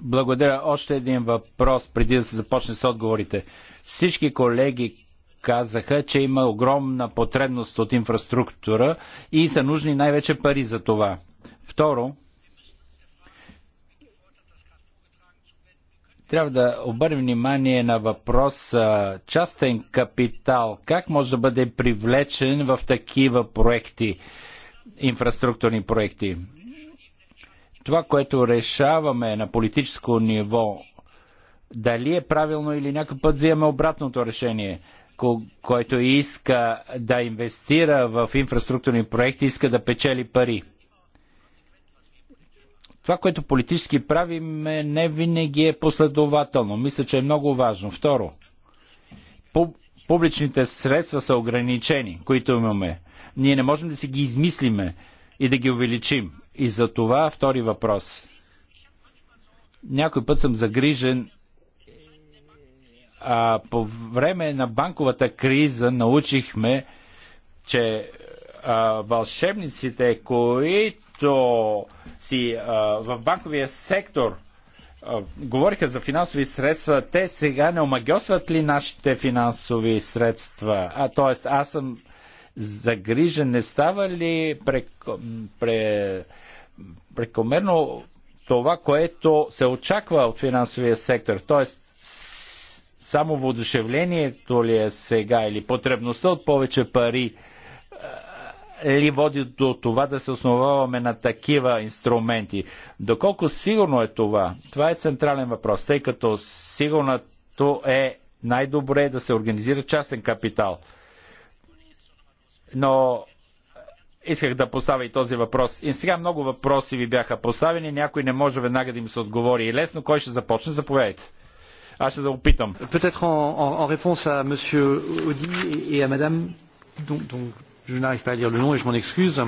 Благодаря. Още един въпрос преди да се започне с отговорите. Всички колеги казаха, че има огромна потребност от инфраструктура и са нужни най-вече пари за това. Второ, трябва да обърнем внимание на въпрос частен капитал. Как може да бъде привлечен в такива проекти, инфраструктурни проекти? Това, което решаваме на политическо ниво, дали е правилно или някакъв път взимаме обратното решение – който иска да инвестира в инфраструктурни проекти, иска да печели пари. Това, което политически правим, е, не винаги е последователно. Мисля, че е много важно. Второ, публичните средства са ограничени, които имаме. Ние не можем да си ги измислиме и да ги увеличим. И за това втори въпрос. Някой път съм загрижен а, по време на банковата криза научихме, че а, вълшебниците, които си а, в банковия сектор а, говориха за финансови средства, те сега не омагосват ли нашите финансови средства? А, тоест, аз съм загрижен, не става ли прек, пре, прекомерно това, което се очаква от финансовия сектор? Тоест, само воодушевлението ли е сега или потребността от повече пари е, е, ли води до това да се основаваме на такива инструменти? Доколко сигурно е това? Това е централен въпрос, тъй като сигурното е най-добре да се организира частен капитал. Но исках да поставя и този въпрос. И сега много въпроси ви бяха поставени, някой не може веднага да им се отговори. И лесно, кой ще започне? Заповядайте. Аз ще се опитам. Peut-être en, en, en réponse à monsieur Audi et à madame, donc, donc je n'arrive pas à lire le nom et je m'en excuse,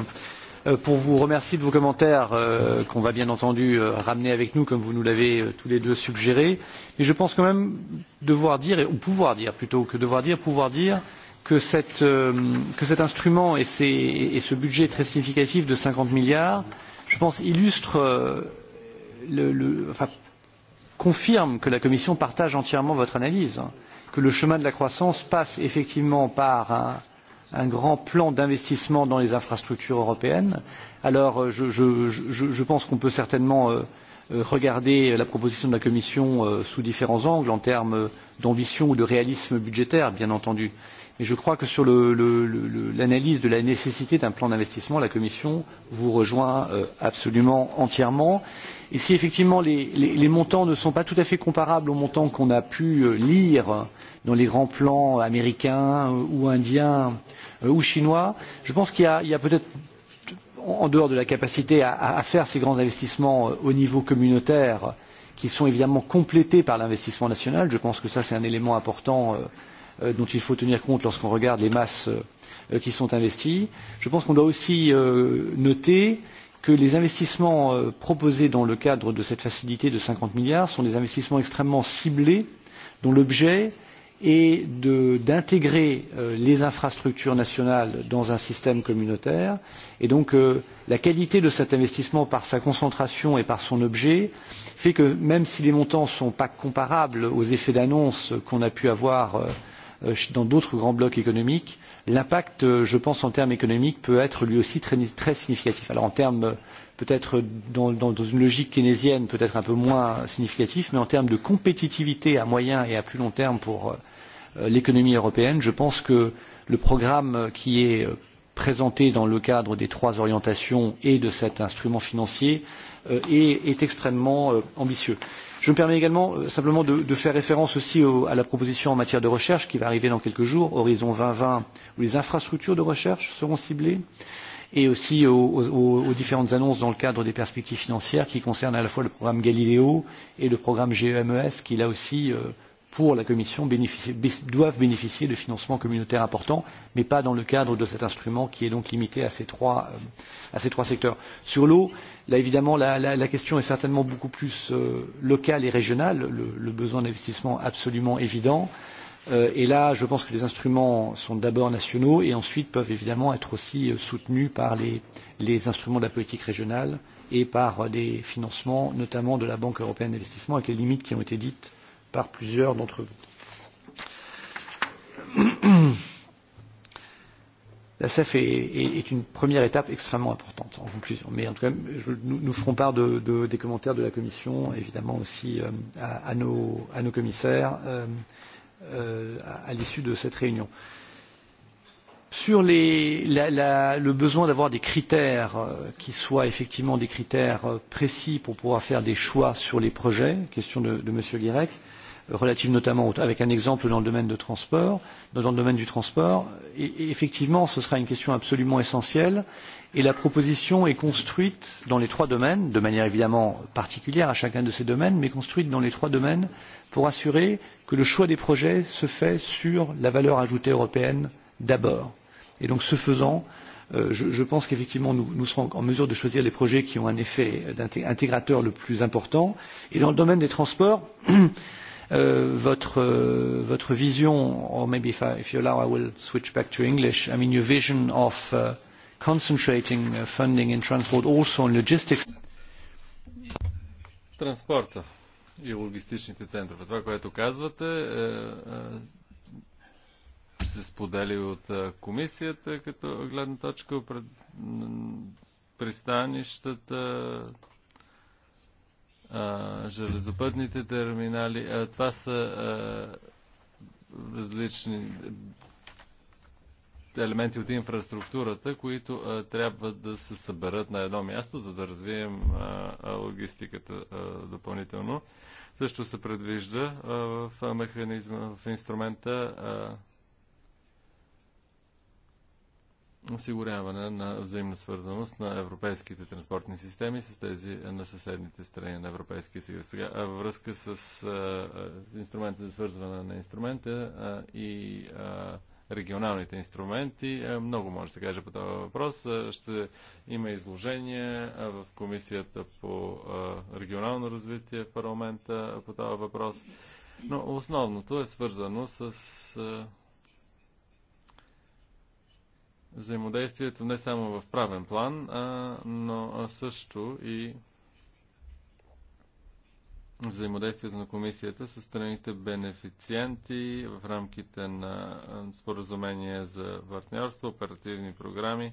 pour vous remercier de vos commentaires euh, qu'on va bien entendu euh, ramener avec nous comme vous nous l'avez euh, tous les deux suggéré. Mais je pense quand même devoir dire, ou pouvoir dire plutôt que devoir dire, pouvoir dire que, cet instrument et, ce budget très significatif de cinquante milliards, je pense, illustrent confirme que la Commission partage entièrement votre analyse, que le chemin de la croissance passe effectivement par un, un grand plan d'investissement dans les infrastructures européennes. Alors je, je, je, je pense qu'on peut certainement regarder la proposition de la Commission sous différents angles en termes d'ambition ou de réalisme budgétaire, bien entendu. Mais je crois que sur l'analyse de la nécessité d'un plan d'investissement, la Commission vous rejoint absolument entièrement. Et si effectivement les, les, les montants ne sont pas tout à fait comparables aux montants qu'on a pu lire dans les grands plans américains ou indiens ou chinois, je pense qu'il y a, a peut-être en dehors de la capacité à, à faire ces grands investissements au niveau communautaire, qui sont évidemment complétés par l'investissement national, je pense que ça c'est un élément important dont il faut tenir compte lorsqu'on regarde les masses qui sont investies. Je pense qu'on doit aussi noter que les investissements proposés dans le cadre de cette facilité de cinquante milliards sont des investissements extrêmement ciblés dont l'objet est d'intégrer les infrastructures nationales dans un système communautaire et donc la qualité de cet investissement par sa concentration et par son objet fait que même si les montants ne sont pas comparables aux effets d'annonce qu'on a pu avoir dans d'autres grands blocs économiques, l'impact, je pense, en termes économiques, peut être lui aussi très, très significatif. Alors en termes peut-être dans, dans, dans une logique keynésienne, peut-être un peu moins significatif, mais en termes de compétitivité à moyen et à plus long terme pour l'économie européenne, je pense que le programme qui est présenté dans le cadre des trois orientations et de cet instrument financier est, extrêmement ambitieux. Je me permets également simplement de, faire référence aussi à la proposition en matière de recherche qui va arriver dans quelques jours, Horizon deux mille vingt, où les infrastructures de recherche seront ciblées et aussi aux, différentes annonces dans le cadre des perspectives financières qui concernent à la fois le programme Galileo et le programme GEMES qui là aussi pour la Commission doivent bénéficier de financements communautaires importants, mais pas dans le cadre de cet instrument qui est donc limité à ces trois, secteurs. Sur l'eau, là évidemment, la, question est certainement beaucoup plus locale et régionale, le, besoin d'investissement absolument évident. et là, je pense que les instruments sont d'abord nationaux et ensuite peuvent évidemment être aussi soutenus par les, instruments de la politique régionale et par des financements, notamment de la Banque européenne d'investissement, avec les limites qui ont été dites par plusieurs d'entre vous. La CEF est, est, est une première étape extrêmement importante en conclusion. Mais en tout cas, je, nous, nous ferons part de, de, des commentaires de la Commission, évidemment aussi euh, à, à, nos, à nos commissaires euh, euh, à, à l'issue de cette réunion. Sur les, la, la, le besoin d'avoir des critères qui soient effectivement des critères précis pour pouvoir faire des choix sur les projets, question de, de M. Guirec, euh, relative notamment avec un exemple dans le domaine de transport, dans le domaine du transport. Et, effectivement, ce sera une question absolument essentielle. Et la proposition est construite dans les trois domaines, de manière évidemment particulière à chacun de ces domaines, mais construite dans les trois domaines pour assurer que le choix des projets se fait sur la valeur ajoutée européenne d'abord. Et donc, ce faisant, je, pense qu'effectivement, nous, serons en mesure de choisir les projets qui ont un effet intégrateur le plus important. Et dans le domaine des transports, votre vision, or maybe if I if you allow, I will switch back to English. I mean, your vision of concentrating funding in transport also on logistics. Транспорта и логистичните центрове. Това, което казвате, се сподели от комисията като гледна точка пред пристанищата, железопътните терминали. А, това са а, различни е, елементи от инфраструктурата, които а, трябва да се съберат на едно място, за да развием а, а, логистиката а, допълнително. Също се предвижда а, в механизма, в инструмента а, осигуряване на взаимна свързаност на европейските транспортни системи с тези на съседните страни на Европейския съюз. Сега, във връзка с а, инструмента за свързване на инструмента а, и а, регионалните инструменти. Много може да се каже по този въпрос. Ще има изложение в Комисията по регионално развитие в парламента по този въпрос. Но основното е свързано с взаимодействието не само в правен план, а, но също и взаимодействието на комисията с страните бенефициенти в рамките на споразумение за партньорство, оперативни програми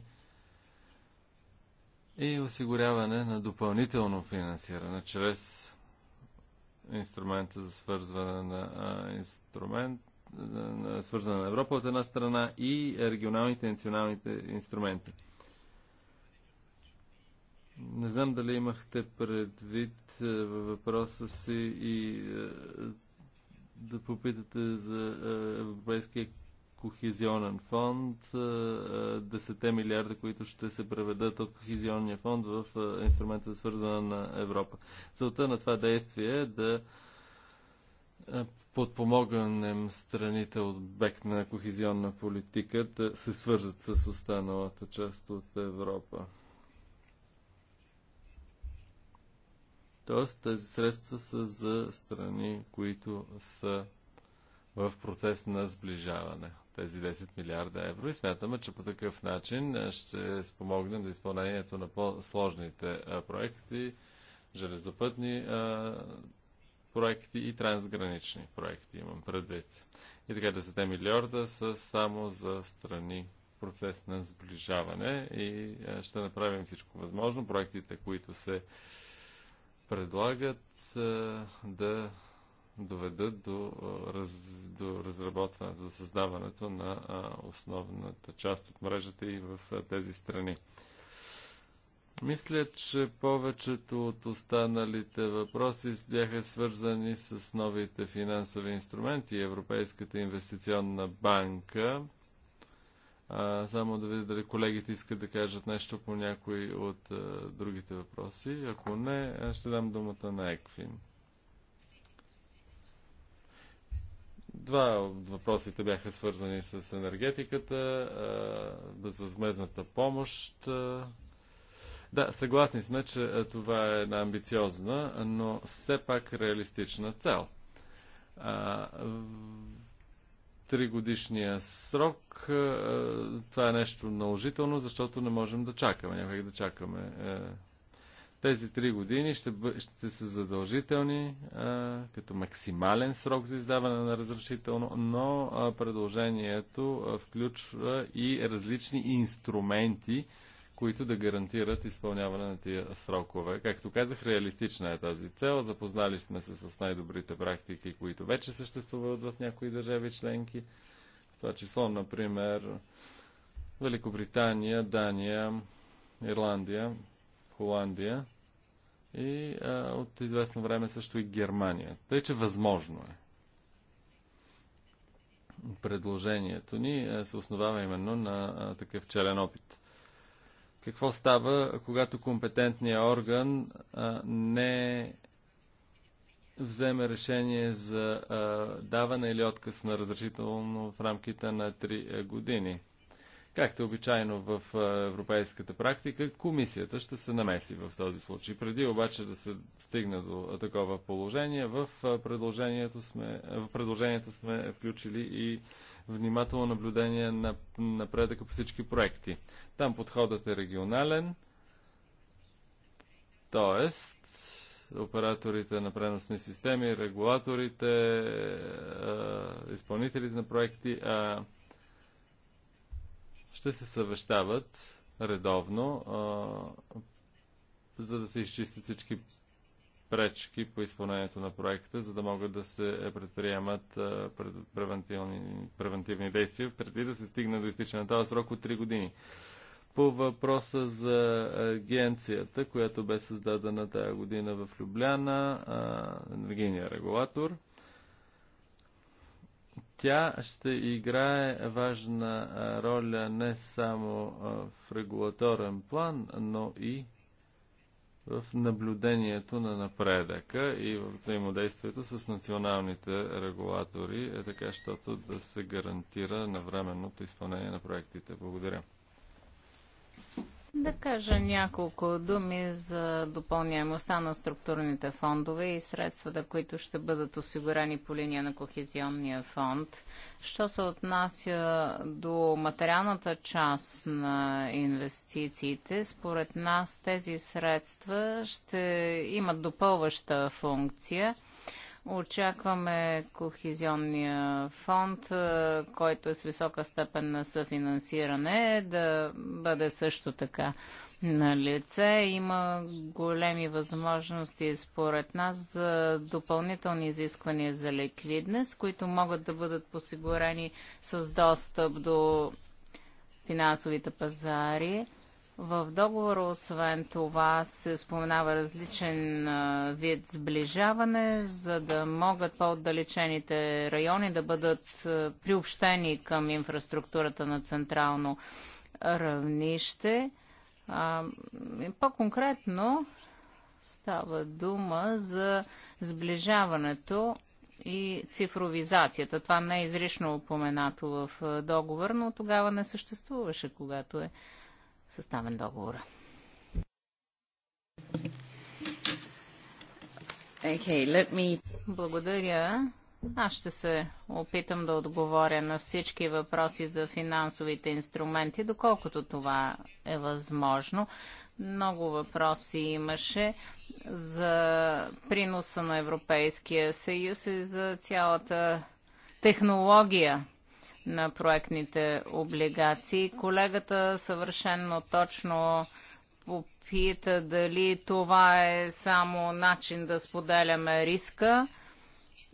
и осигуряване на допълнително финансиране чрез инструмента за свързване на инструмент свързана на Европа от една страна и регионалните и националните инструменти. Не знам дали имахте предвид във е, въпроса си и е, да попитате за е, Европейския кохезионен фонд, 10 милиарда, които ще се преведат от кохезионния фонд в инструмента за на Европа. Целта на това действие е да подпомогнем страните от бек на кохезионна политика да се свържат с останалата част от Европа. Тоест тези средства са за страни, които са в процес на сближаване. Тези 10 милиарда евро и смятаме, че по такъв начин ще спомогнем за изпълнението на по-сложните проекти, железопътни проекти и трансгранични проекти, имам предвид. И така 10 милиарда са само за страни процес на сближаване и е, ще направим всичко възможно проектите, които се предлагат е, да доведат до, е, раз, до разработването, до създаването на основната част от мрежата и в тези страни. Мисля, че повечето от останалите въпроси бяха свързани с новите финансови инструменти Европейската инвестиционна банка. А, само да видя дали колегите искат да кажат нещо по някои от а, другите въпроси. Ако не, ще дам думата на Еквин. Два от въпросите бяха свързани с енергетиката, а, безвъзмезната помощ. А, да, съгласни сме, че е, това е една амбициозна, но все пак реалистична цел. Тригодишния срок, е, това е нещо наложително, защото не можем да чакаме, някак да чакаме. Е, тези три години ще, бъ... ще са задължителни а, като максимален срок за издаване на разрешително, но а, предложението а, включва и различни инструменти, а, които да гарантират изпълняване на тия срокове. Както казах, реалистична е тази цел. Запознали сме се с най-добрите практики, които вече съществуват в някои държави членки. В това число, например, Великобритания, Дания, Ирландия, Холандия и а, от известно време също и Германия. Тъй, че възможно е. Предложението ни се основава именно на а, такъв челен опит какво става, когато компетентният орган а, не вземе решение за а, даване или отказ на разрешително в рамките на 3 е, години. Както обичайно в европейската практика, комисията ще се намеси в този случай. Преди обаче да се стигне до такова положение, в предложението сме, в предложението сме включили и внимателно наблюдение на напредъка по всички проекти. Там подходът е регионален, т.е. операторите на преносни системи, регулаторите, е, изпълнителите на проекти ще се съвещават редовно, за да се изчистят всички пречки по изпълнението на проекта, за да могат да се предприемат превентивни, действия, преди да се стигне до изтичане на този срок от 3 години. По въпроса за агенцията, която бе създадена тази година в Любляна, енергийния регулатор, тя ще играе важна роля не само в регулаторен план, но и в наблюдението на напредъка и в взаимодействието с националните регулатори, е така щото да се гарантира навременното изпълнение на проектите. Благодаря. Да кажа няколко думи за допълняемостта на структурните фондове и средствата, които ще бъдат осигурени по линия на Кохезионния фонд. Що се отнася до материалната част на инвестициите, според нас тези средства ще имат допълваща функция – Очакваме Кохизионния фонд, който е с висока степен на съфинансиране, да бъде също така на лице. Има големи възможности според нас за допълнителни изисквания за ликвидност, които могат да бъдат посигурени с достъп до финансовите пазари в договора, освен това, се споменава различен вид сближаване, за да могат по-отдалечените райони да бъдат приобщени към инфраструктурата на централно равнище. По-конкретно става дума за сближаването и цифровизацията. Това не е изрично упоменато в договор, но тогава не съществуваше, когато е съставен договор. Okay, let me... Благодаря. Аз ще се опитам да отговоря на всички въпроси за финансовите инструменти, доколкото това е възможно. Много въпроси имаше за приноса на Европейския съюз и за цялата технология на проектните облигации. Колегата съвършенно точно попита дали това е само начин да споделяме риска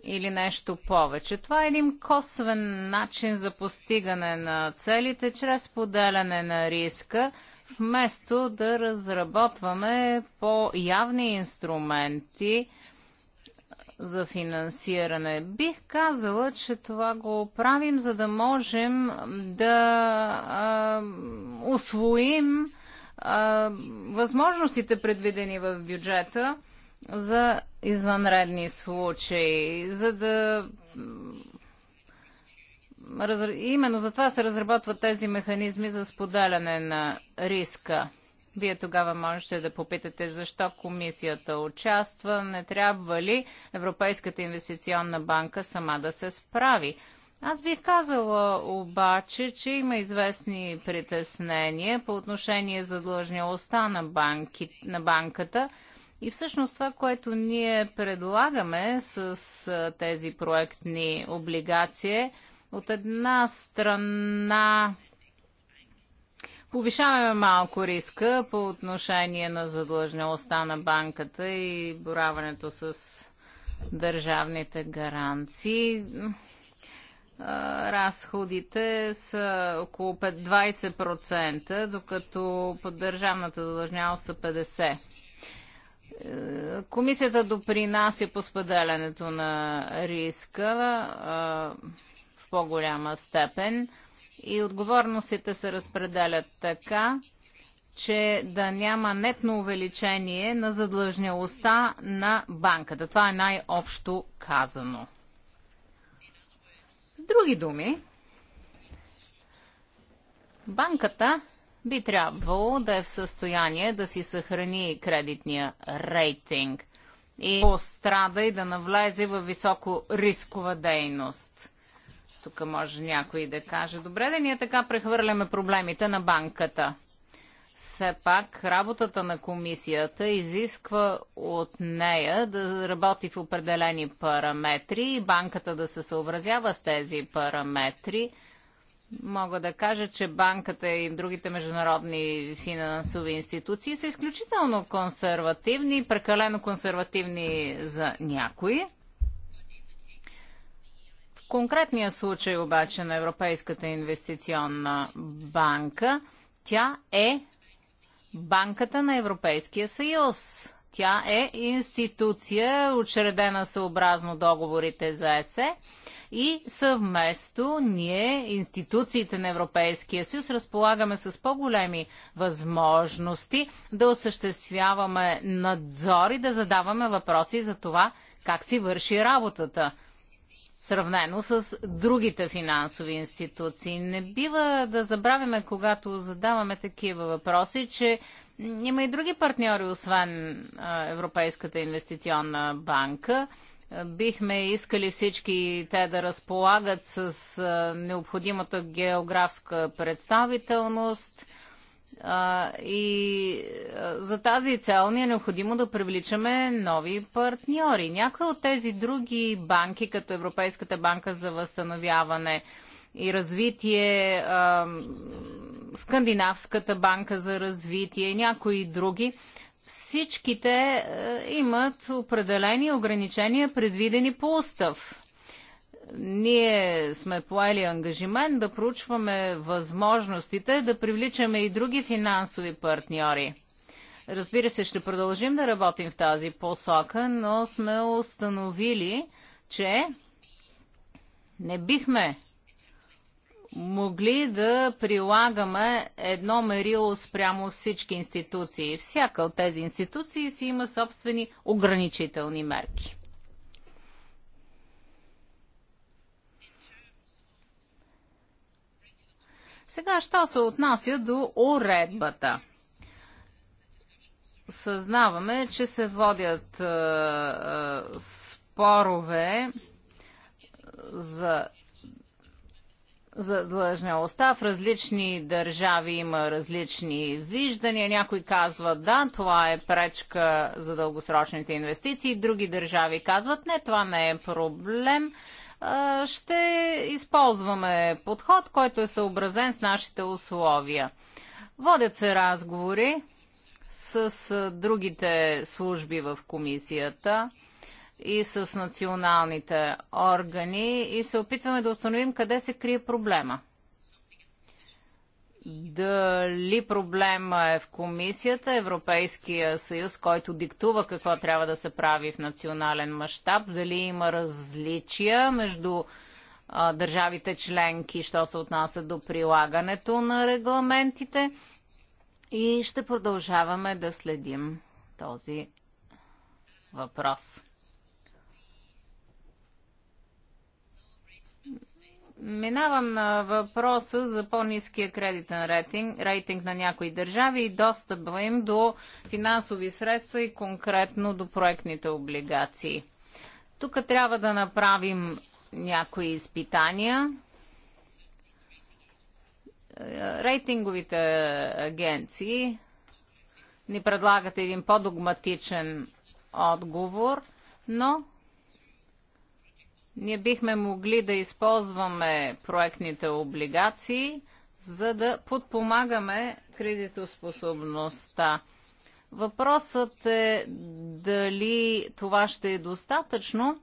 или нещо повече. Това е един косвен начин за постигане на целите чрез поделяне на риска, вместо да разработваме по-явни инструменти, за финансиране. Бих казала, че това го правим, за да можем да а, освоим а, възможностите, предвидени в бюджета за извънредни случаи, за да Именно за това се разработват тези механизми за споделяне на риска. Вие тогава можете да попитате защо комисията участва, не трябва ли Европейската инвестиционна банка сама да се справи. Аз бих казала обаче, че има известни притеснения по отношение задлъжнялостта на, банки, на банката. И всъщност това, което ние предлагаме с тези проектни облигации, е, от една страна повишаваме малко риска по отношение на задлъжнялостта на банката и бораването с държавните гаранции. Разходите са около 20%, докато под държавната задлъжнялост са 50%. Е, комисията допринася по споделянето на риска в по-голяма степен и отговорностите се разпределят така, че да няма нетно увеличение на задлъжнялостта на банката. Това е най-общо казано. С други думи, банката би трябвало да е в състояние да си съхрани кредитния рейтинг и пострада и да навлезе в високо рискова дейност. Тук може някой да каже, добре да ние така прехвърляме проблемите на банката. Все пак работата на комисията изисква от нея да работи в определени параметри и банката да се съобразява с тези параметри. Мога да кажа, че банката и другите международни финансови институции са изключително консервативни, прекалено консервативни за някои конкретния случай обаче на Европейската инвестиционна банка, тя е банката на Европейския съюз. Тя е институция, учредена съобразно договорите за ЕСЕ и съвместно ние, институциите на Европейския съюз, разполагаме с по-големи възможности да осъществяваме надзор и да задаваме въпроси за това как си върши работата сравнено с другите финансови институции. Не бива да забравяме, когато задаваме такива въпроси, че има и други партньори, освен Европейската инвестиционна банка. Бихме искали всички те да разполагат с необходимата географска представителност – и за тази цел ни е необходимо да привличаме нови партньори. Някои от тези други банки, като Европейската банка за възстановяване и развитие, Скандинавската банка за развитие и някои други, всичките е, имат определени ограничения, предвидени по устав ние сме поели ангажимент да проучваме възможностите да привличаме и други финансови партньори. Разбира се, ще продължим да работим в тази посока, но сме установили, че не бихме могли да прилагаме едно мерило спрямо всички институции. Всяка от тези институции си има собствени ограничителни мерки. Сега, що се отнася до уредбата? Съзнаваме, че се водят а, е, а, е, спорове за задлъжнялостта. В различни държави има различни виждания. Някои казват да, това е пречка за дългосрочните инвестиции. Други държави казват не, това не е проблем ще използваме подход, който е съобразен с нашите условия. Водят се разговори с другите служби в комисията и с националните органи и се опитваме да установим къде се крие проблема дали проблема е в комисията, Европейския съюз, който диктува какво трябва да се прави в национален мащаб, дали има различия между а, държавите членки, що се отнася до прилагането на регламентите. И ще продължаваме да следим този въпрос. Минавам на въпроса за по-низкия кредитен рейтинг, рейтинг на някои държави и достъпа им до финансови средства и конкретно до проектните облигации. Тук трябва да направим някои изпитания. Е, рейтинговите агенции ни предлагат един по-догматичен отговор, но ние бихме могли да използваме проектните облигации, за да подпомагаме кредитоспособността. Въпросът е дали това ще е достатъчно,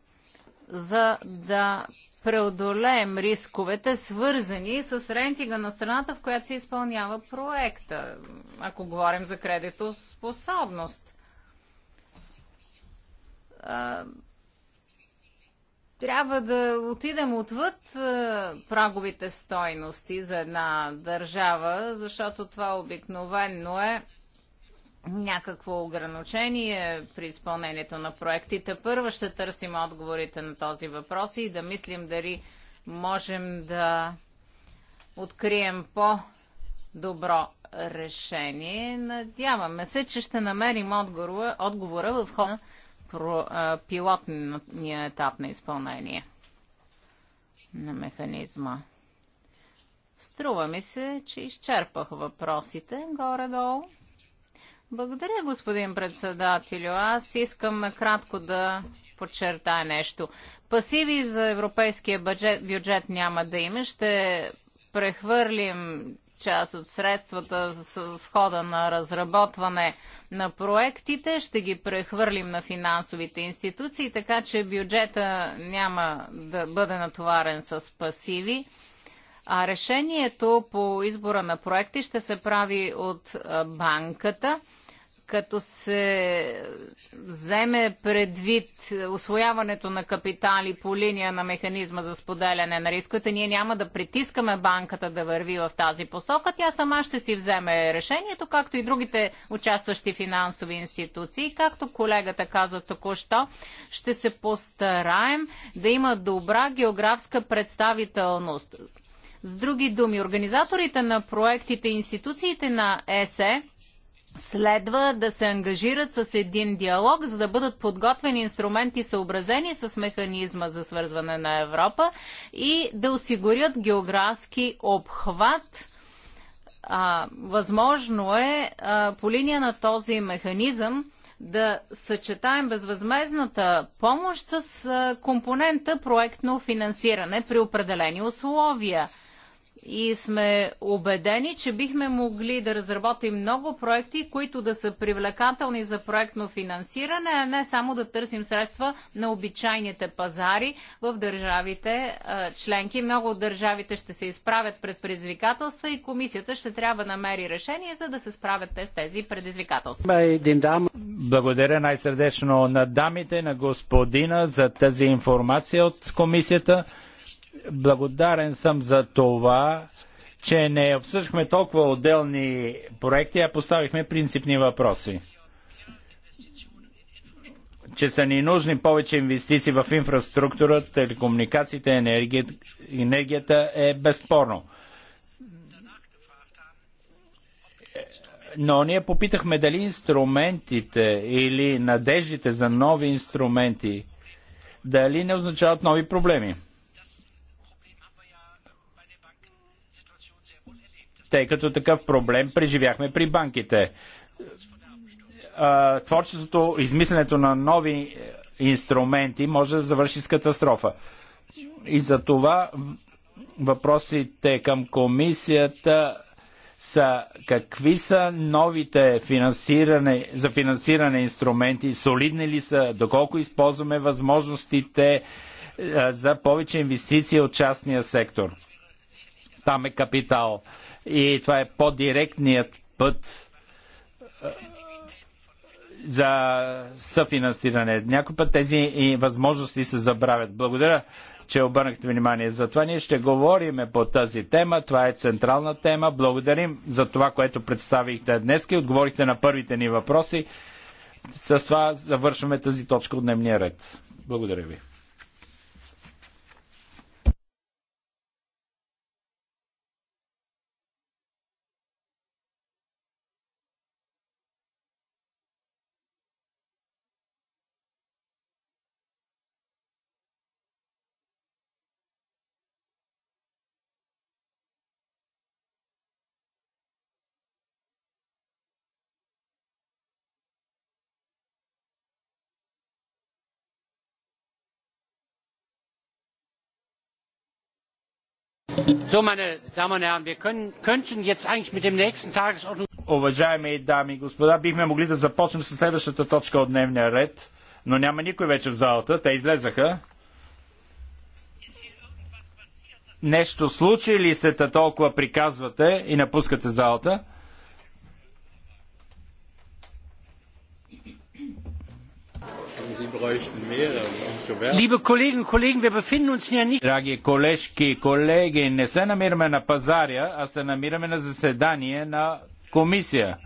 за да преодолеем рисковете, свързани с рентига на страната, в която се изпълнява проекта, ако говорим за кредитоспособност трябва да отидем отвъд е, праговите стойности за една държава, защото това обикновено е някакво ограничение при изпълнението на проектите. Първо ще търсим отговорите на този въпрос и да мислим дали можем да открием по-добро решение. Надяваме се, че ще намерим отговора, отговора в хода пилотния етап на изпълнение на механизма. Струва ми се, че изчерпах въпросите горе-долу. Благодаря, господин председателю. Аз искам кратко да подчертая нещо. Пасиви за европейския бюджет няма да има. Ще прехвърлим част от средствата с входа на разработване на проектите ще ги прехвърлим на финансовите институции, така че бюджета няма да бъде натоварен с пасиви. А решението по избора на проекти ще се прави от банката като се вземе предвид освояването на капитали по линия на механизма за споделяне на рисковете, ние няма да притискаме банката да върви в тази посока. Тя сама ще си вземе решението, както и другите участващи финансови институции. Както колегата каза току-що, ще се постараем да има добра географска представителност. С други думи, организаторите на проектите и институциите на ЕСЕ следва да се ангажират с един диалог, за да бъдат подготвени инструменти съобразени с механизма за свързване на Европа и да осигурят географски обхват. А, възможно е а, по линия на този механизъм да съчетаем безвъзмезната помощ с а, компонента проектно финансиране при определени условия – и сме убедени, че бихме могли да разработим много проекти, които да са привлекателни за проектно финансиране, а не само да търсим средства на обичайните пазари в държавите членки. Много от държавите ще се изправят пред предизвикателства и комисията ще трябва да намери решение, за да се справят те с тези предизвикателства. Благодаря най-сърдечно на дамите, на господина за тази информация от комисията благодарен съм за това, че не обсъждахме толкова отделни проекти, а поставихме принципни въпроси. Че са ни нужни повече инвестиции в инфраструктурата, телекомуникациите, енергията, енергията е безспорно. Но ние попитахме дали инструментите или надеждите за нови инструменти дали не означават нови проблеми. тъй като такъв проблем преживяхме при банките. Творчеството, измисленето на нови е, инструменти може да завърши с катастрофа. И за това въпросите към комисията са какви са новите финансиране, за финансиране инструменти, солидни ли са, доколко използваме възможностите е, за повече инвестиции от частния сектор. Там е капитал и това е по-директният път за съфинансиране. Някой път тези и възможности се забравят. Благодаря, че обърнахте внимание за това. Ние ще говорим по тази тема. Това е централна тема. Благодарим за това, което представихте днес и отговорихте на първите ни въпроси. С това завършваме тази точка от дневния ред. Благодаря ви. Уважаеми дами и господа, бихме могли да започнем с следващата точка от дневния ред, но няма никой вече в залата. Те излезаха. Нещо случи ли се, та толкова приказвате и напускате залата? Um Liebe Kolleginnen und Kollegen, wir befinden uns ja nicht... Драги колежки и колеги, не се намираме на пазаря, а се намираме на заседание на комисия.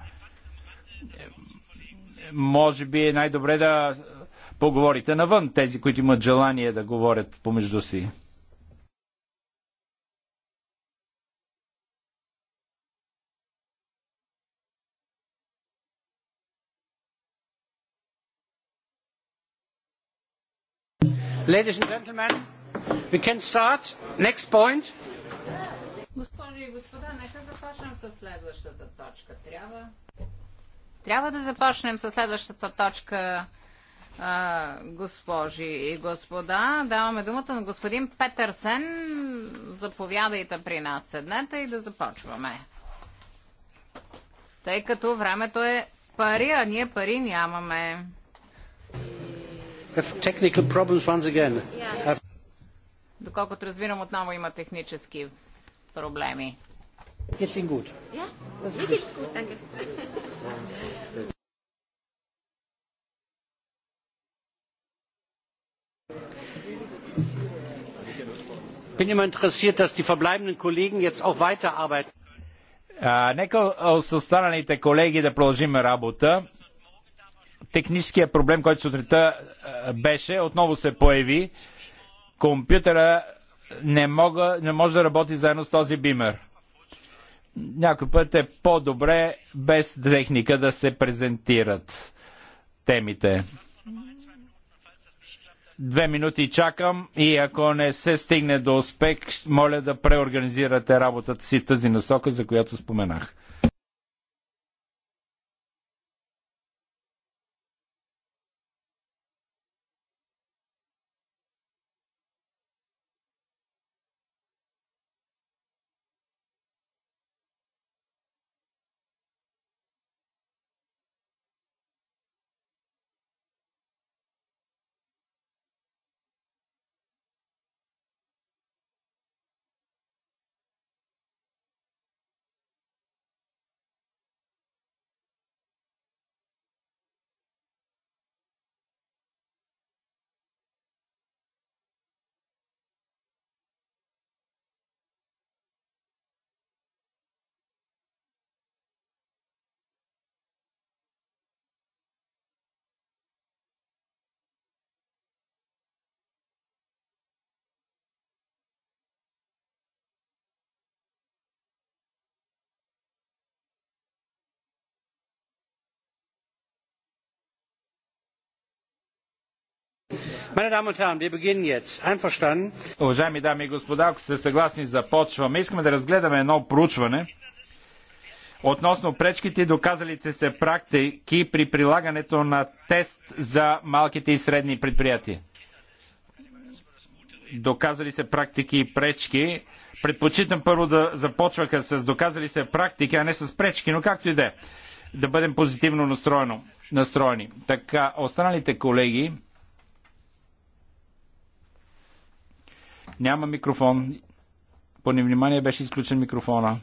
Може би е най-добре да поговорите навън, тези, които имат желание да говорят помежду си. Ladies and gentlemen, we can start. Next point. Госпожи и господа, нека започнем с следващата точка. Трябва, Трябва да започнем с следващата точка, а, госпожи и господа. Даваме думата на господин Петърсен. Заповядайте при нас, седнете и да започваме. Тъй като времето е пари, а ние пари нямаме. Доколкото разбирам, отново има технически проблеми. bin immer interessiert, dass die verbleibenden Kollegen jetzt auch weiterarbeiten. нека с останалите колеги да продължим работа техническия проблем, който сутринта е, беше, отново се появи. Компютъра не, мога, не може да работи заедно с този бимер. Някой път е по-добре без техника да се презентират темите. Две минути чакам и ако не се стигне до успех, моля да преорганизирате работата си тази насока, за която споменах. Уважаеми дами и господа, ако сте съгласни, започваме. Искаме да разгледаме едно проучване относно пречките и доказалите се практики при прилагането на тест за малките и средни предприятия. Доказали се практики и пречки. Предпочитам първо да започваха с доказали се практики, а не с пречки, но както и да е. Да бъдем позитивно настроено, настроени. Така, останалите колеги Няма микрофон. По невнимание беше изключен микрофона.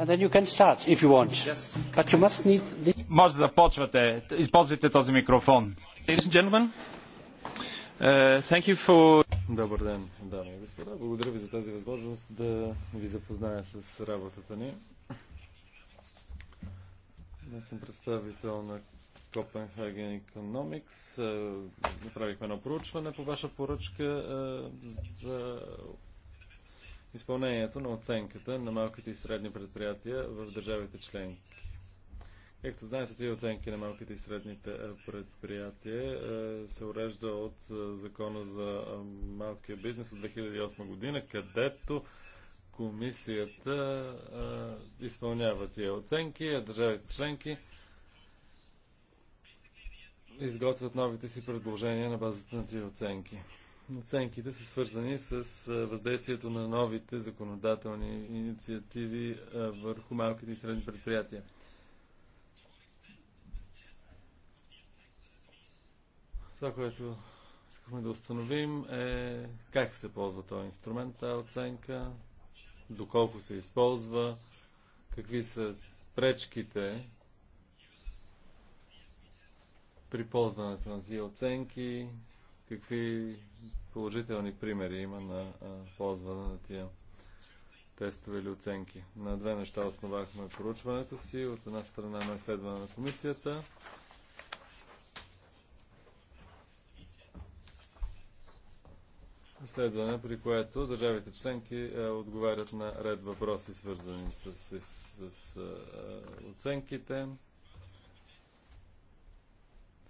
Start, yes. this. Може да започвате. Използвайте този микрофон. Uh, for... Добър ден, дами и господа. Благодаря ви за тази възможност да ви запозная с работата ни. Аз съм представител на Copenhagen Economics. Е, направихме едно проучване по ваша поръчка е, за изпълнението на оценката на малките и средни предприятия в държавите членки. Както знаете, тези оценки на малките и средните е, предприятия се урежда от Закона за малкия бизнес от 2008 година, където комисията изпълнява тия оценки, а държавите членки – изготвят новите си предложения на базата на тези оценки. Оценките са свързани с въздействието на новите законодателни инициативи върху малките и средни предприятия. Това, което искахме да установим е как се ползва този инструмент, тази оценка, доколко се използва, какви са пречките при ползването на тези оценки, какви положителни примери има на а, ползване на тия тестове или оценки. На две неща основахме проучването си. От една страна на изследване на комисията. Изследване, при което държавите членки е, отговарят на ред въпроси, свързани с, с, с, с е, оценките.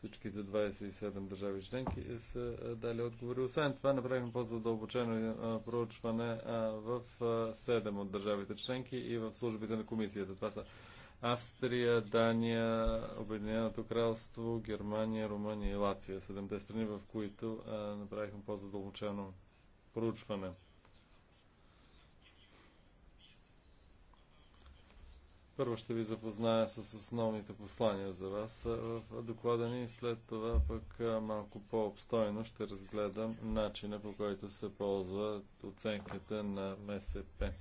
Всичките 27 държави членки са дали отговори. Освен това, направихме по-задълбочено проучване в 7 от държавите членки и в службите на комисията. Това са Австрия, Дания, Обединеното кралство, Германия, Румъния и Латвия. Седемте страни, в които направихме по-задълбочено проучване. Първо ще ви запозная с основните послания за вас в доклада ни, след това пък малко по-обстойно ще разгледам начина по който се ползва оценката на МСП.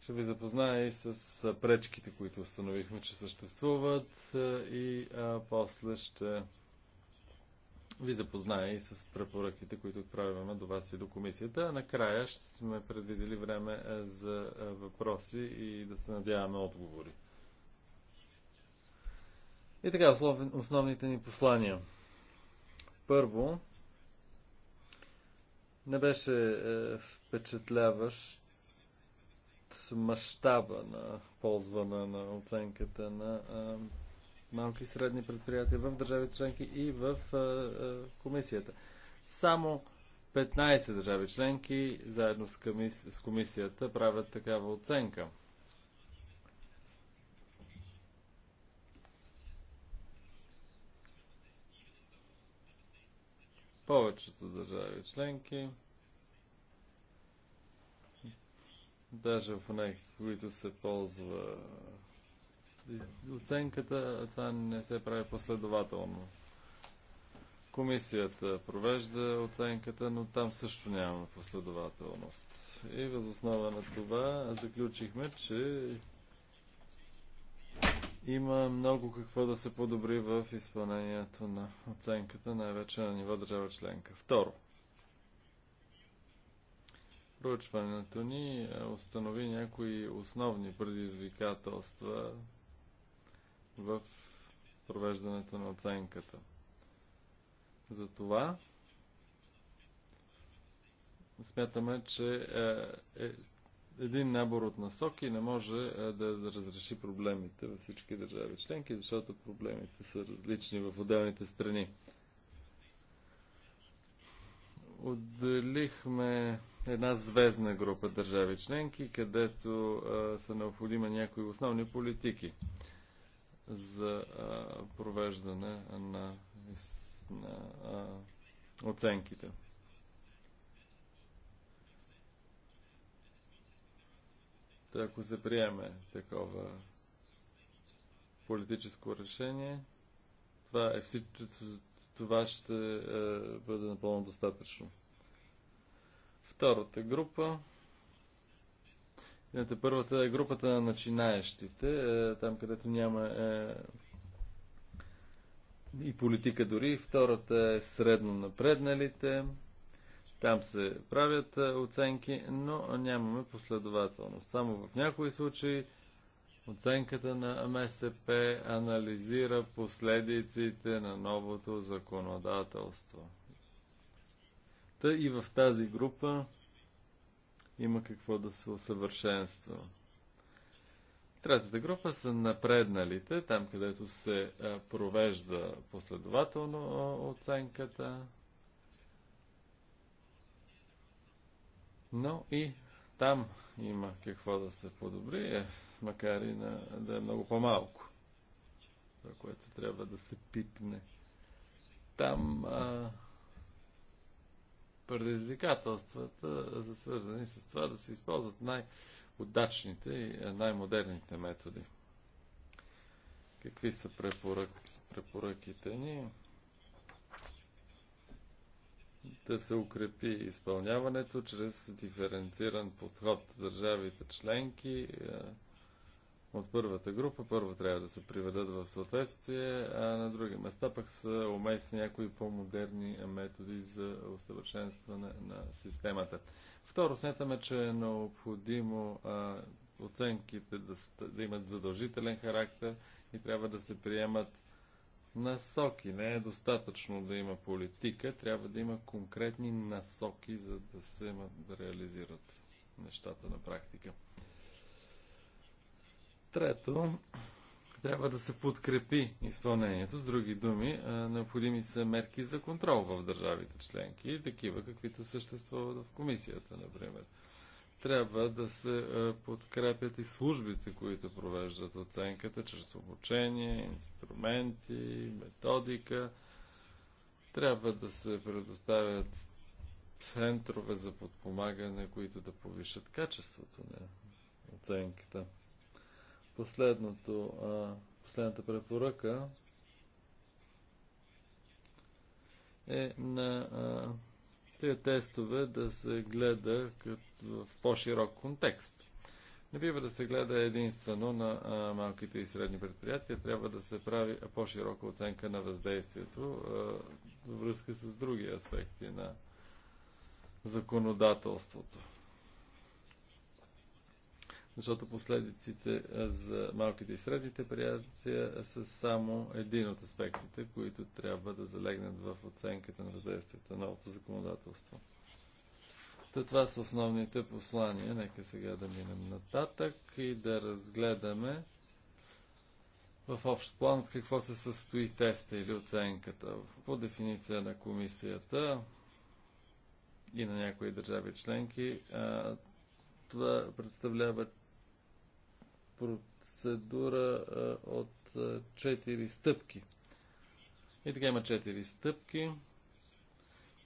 Ще ви запозная и с пречките, които установихме, че съществуват и а, после ще ви запознае и с препоръките, които отправяме до вас и до комисията. Накрая ще сме предвидели време е, за е, въпроси и да се надяваме отговори. И така, основните ни послания. Първо, не беше е, впечатляващ мащаба на ползване на оценката на малки и средни предприятия в държавите членки и в комисията. Само 15 държави членки заедно с, комис... с комисията правят такава оценка. Повечето държави членки, даже в някои, които се ползва оценката, това не се прави последователно. Комисията провежда оценката, но там също няма последователност. И възоснова на това заключихме, че има много какво да се подобри в изпълнението на оценката, най-вече на ниво държава членка. Второ, проучването ни установи някои основни предизвикателства в провеждането на оценката. Затова смятаме, че е, е, един набор от насоки не може е, да, да разреши проблемите във всички държави членки, защото проблемите са различни в отделните страни. Отделихме една звездна група държави членки, където е, са необходими някои основни политики за а, провеждане на, на а, оценките. Та, ако се приеме такова политическо решение, това, е всичко, това ще е, бъде напълно достатъчно. Втората група ето, първата е групата на начинаещите, е, там където няма е, и политика дори. Втората е средно напредналите. Там се правят е, оценки, но нямаме последователност. Само в някои случаи оценката на МСП анализира последиците на новото законодателство. Та и в тази група има какво да се усъвършенства. Третата група са напредналите, там където се провежда последователно оценката, но и там има какво да се подобри, е, макар и на, да е много по-малко. Това, което трябва да се пипне. Там а, предизвикателствата за свързани с това да се използват най-удачните и най-модерните методи. Какви са препорък... препоръките ни? Да се укрепи изпълняването чрез диференциран подход. Държавите членки от първата група. Първо трябва да се приведат в съответствие, а на други места пък са уместни някои по-модерни методи за усъвършенстване на системата. Второ, смятаме, че е необходимо а, оценките да, да имат задължителен характер и трябва да се приемат насоки. Не е достатъчно да има политика, трябва да има конкретни насоки, за да се реализират нещата на практика. Трето, трябва да се подкрепи изпълнението. С други думи, необходими са мерки за контрол в държавите членки, такива каквито съществуват в комисията, например. Трябва да се подкрепят и службите, които провеждат оценката чрез обучение, инструменти, методика. Трябва да се предоставят центрове за подпомагане, които да повишат качеството на оценката последното, а, последната препоръка е на а, тестове да се гледа в по-широк контекст. Не бива да се гледа единствено на а, малките и средни предприятия, трябва да се прави по-широка оценка на въздействието а, във връзка с други аспекти на законодателството защото последиците за малките и средните предприятия са само един от аспектите, които трябва да залегнат в оценката на въздействието на новото законодателство. Та това са основните послания. Нека сега да минем нататък и да разгледаме в общ план от какво се състои теста или оценката. По дефиниция на комисията и на някои държави членки, това представлява процедура от 4 стъпки. И така има 4 стъпки.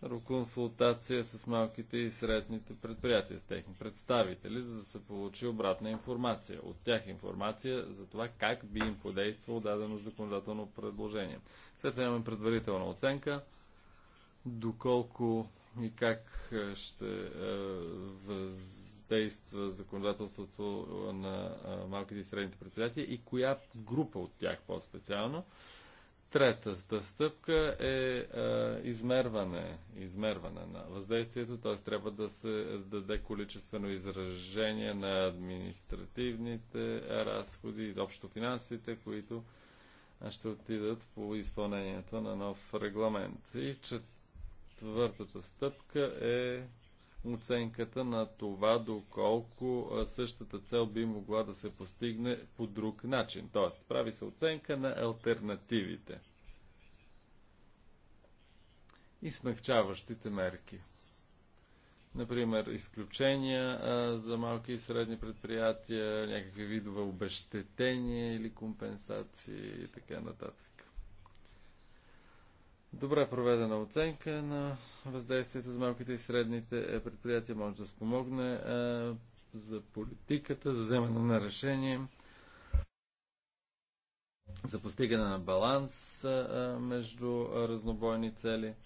Първо консултация с малките и средните предприятия, с техни представители, за да се получи обратна информация. От тях информация за това как би им подействало дадено законодателно предложение. След това имаме предварителна оценка, доколко и как ще въз действа законодателството на малките и средните предприятия и коя група от тях по-специално. Третата стъпка е измерване, измерване на въздействието, т.е. трябва да се даде количествено изражение на административните разходи, изобщо финансите, които ще отидат по изпълнението на нов регламент. И четвъртата стъпка е оценката на това доколко същата цел би могла да се постигне по друг начин. Тоест, прави се оценка на альтернативите и смягчаващите мерки. Например, изключения а, за малки и средни предприятия, някакви видове обещетения или компенсации и така нататък. Добре проведена оценка на въздействието с малките и средните е, предприятия може да спомогне е, за политиката, за вземане на решение, за постигане на баланс е, между разнобойни цели –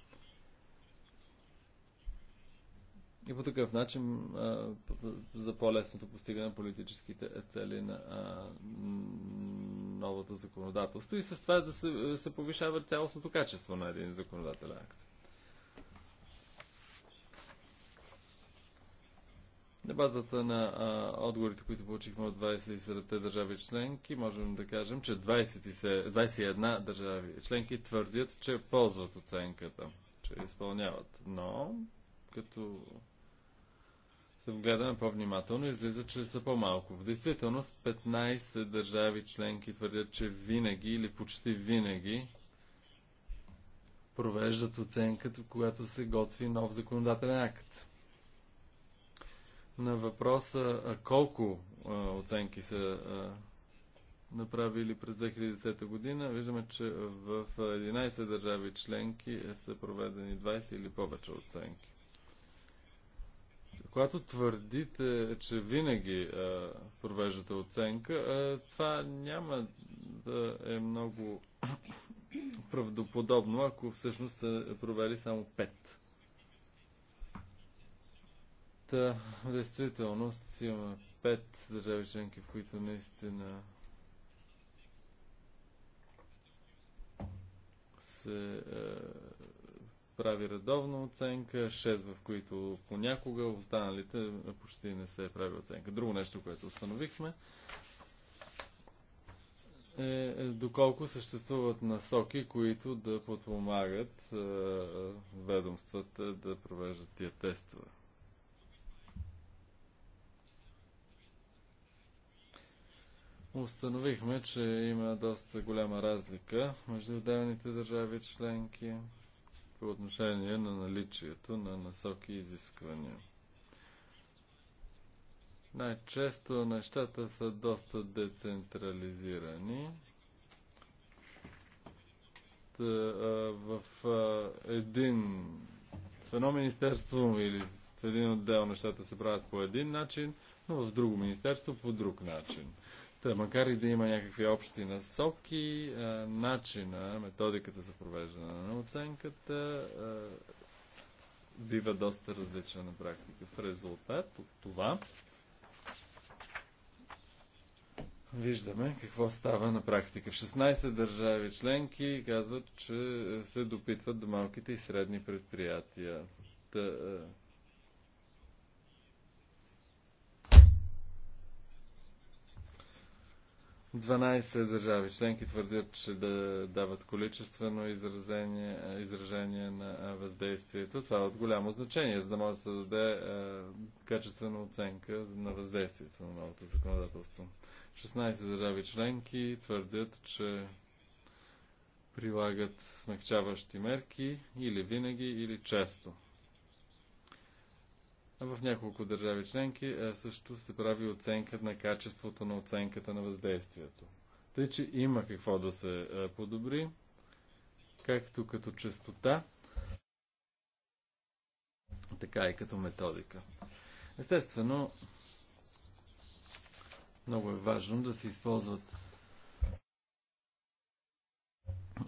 И по такъв начин за по-лесното постигане на политическите цели на новото законодателство и с това да се, се повишава цялостното качество на един законодателен акт. На базата на а, отговорите, които получихме от 27-те държави членки, можем да кажем, че 20, 21 държави членки твърдят, че ползват оценката, че изпълняват. Но, като се вгледаме по-внимателно, излиза, че са по-малко. В действителност 15 държави членки твърдят, че винаги или почти винаги провеждат оценката, когато се готви нов законодателен акт. На въпроса колко а, оценки са а, направили през 2010 година, виждаме, че в 11 държави членки са проведени 20 или повече оценки. Когато твърдите, че винаги а, е, провеждате оценка, а, е, това няма да е много правдоподобно, ако всъщност сте провели само пет. Та, в действителност има пет държави членки, в които наистина се е, прави редовна оценка, 6 в които понякога, останалите почти не се прави оценка. Друго нещо, което установихме, е, е доколко съществуват насоки, които да подпомагат е, ведомствата да провеждат тия тестове. Установихме, че има доста голяма разлика между отделните държави членки по отношение на наличието на насоки и изисквания. Най-често нещата са доста децентрализирани. Та, а, в а, един в едно министерство или в един отдел нещата се правят по един начин, но в друго министерство по друг начин. Та, макар и да има някакви общи насоки, а, начина, методиката за провеждане на оценката а, бива доста различна на практика. В резултат от това виждаме какво става на практика. В 16 държави членки казват, че се допитват до малките и средни предприятия. Та, 12 държави членки твърдят, че да дават количествено изражение, изражение на въздействието. Това е от голямо значение, за да може да се даде е, качествена оценка на въздействието на новото законодателство. 16 държави членки твърдят, че прилагат смягчаващи мерки или винаги, или често. В няколко държави членки е, също се прави оценка на качеството на оценката на въздействието. Тъй, че има какво да се е, подобри, както като частота, така и като методика. Естествено, много е важно да се използват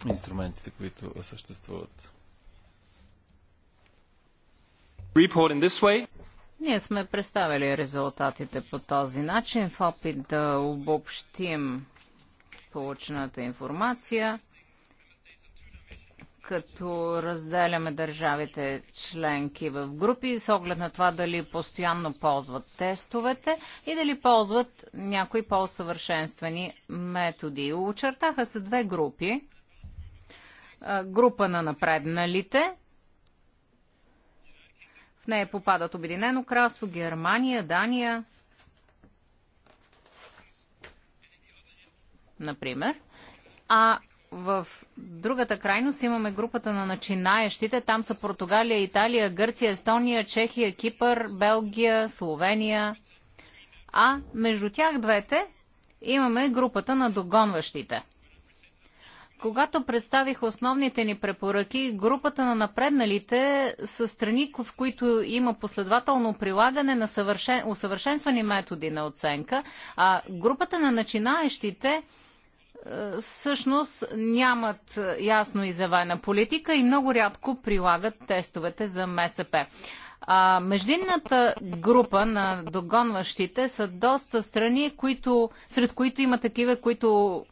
инструментите, които съществуват. Report in this way. Ние сме представили резултатите по този начин в опит да обобщим получената информация, като разделяме държавите членки в групи с оглед на това дали постоянно ползват тестовете и дали ползват някои по-съвършенствени методи. Очертаха се две групи. Група на напредналите – в нея попадат Обединено кралство, Германия, Дания, например. А в другата крайност имаме групата на начинаещите. Там са Португалия, Италия, Гърция, Естония, Чехия, Кипър, Белгия, Словения. А между тях двете имаме групата на догонващите. Когато представих основните ни препоръки, групата на напредналите са страни, в които има последователно прилагане на съвършен... усъвършенствани методи на оценка, а групата на начинаещите е, всъщност нямат ясно изявена политика и много рядко прилагат тестовете за МСП. А, междинната група на догонващите са доста страни, които, сред които има такива, които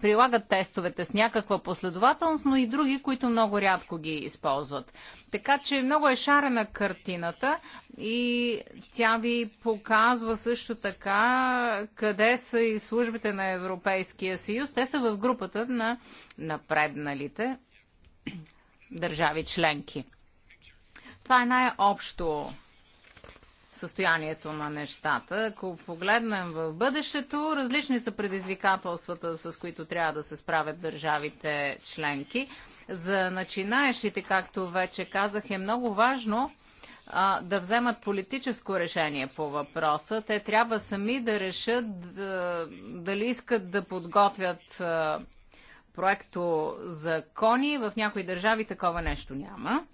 прилагат тестовете с някаква последователност, но и други, които много рядко ги използват. Така че много е шарена картината и тя ви показва също така къде са и службите на Европейския съюз. Те са в групата на напредналите държави членки. Това е най-общо състоянието на нещата. Ако погледнем в бъдещето, различни са предизвикателствата, с които трябва да се справят държавите членки. За начинаещите, както вече казах, е много важно а, да вземат политическо решение по въпроса. Те трябва сами да решат да, дали искат да подготвят а, проекто закони. В някои държави такова нещо няма.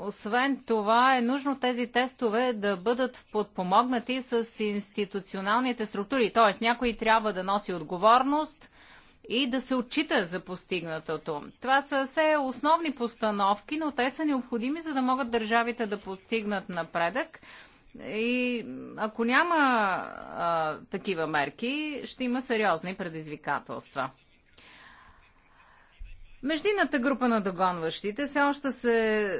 Освен това е нужно тези тестове да бъдат подпомогнати с институционалните структури, т.е. някой трябва да носи отговорност и да се отчита за постигнатото. Това са все основни постановки, но те са необходими, за да могат държавите да постигнат напредък. И ако няма а, такива мерки, ще има сериозни предизвикателства. Междината група на догонващите все още се е,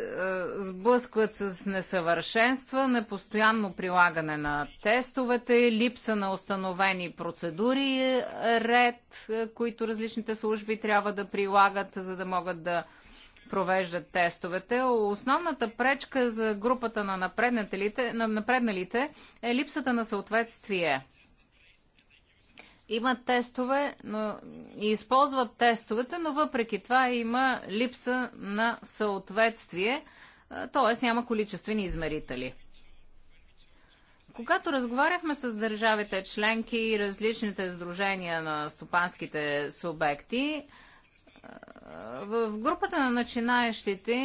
сблъскват с несъвършенства, непостоянно прилагане на тестовете, липса на установени процедури, е, ред, е, които различните служби трябва да прилагат, за да могат да провеждат тестовете. Основната пречка за групата на напредналите, на напредналите е липсата на съответствие имат тестове но, и използват тестовете, но въпреки това има липса на съответствие, т.е. няма количествени измерители. Когато разговаряхме с държавите членки и различните сдружения на стопанските субекти, в групата на начинаещите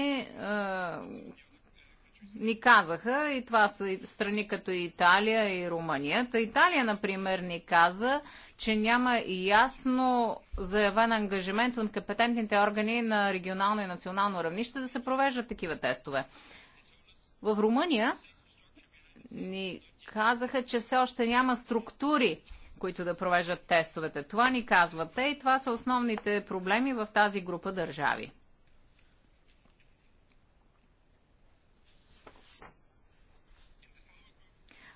ни казаха, и това са страни като Италия и Румъния. Та Италия, например, ни каза, че няма ясно заявен ангажимент от компетентните органи на регионално и национално равнище да се провеждат такива тестове. В Румъния ни казаха, че все още няма структури, които да провеждат тестовете. Това ни казвате, и това са основните проблеми в тази група държави.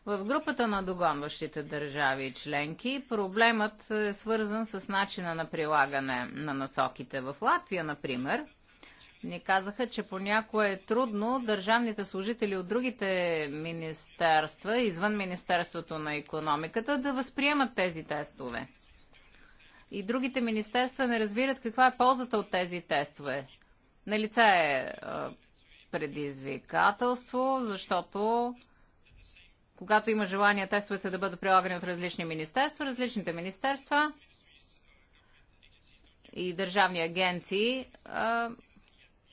В групата на догонващите държави и членки проблемът е свързан с начина на прилагане на насоките. В Латвия, например, ни казаха, че понякога е трудно държавните служители от другите министерства, извън Министерството на економиката, да възприемат тези тестове. И другите министерства не разбират каква е ползата от тези тестове. Налица е предизвикателство, защото когато има желание тестовете да бъдат прилагани от различни министерства, различните министерства и държавни агенции а,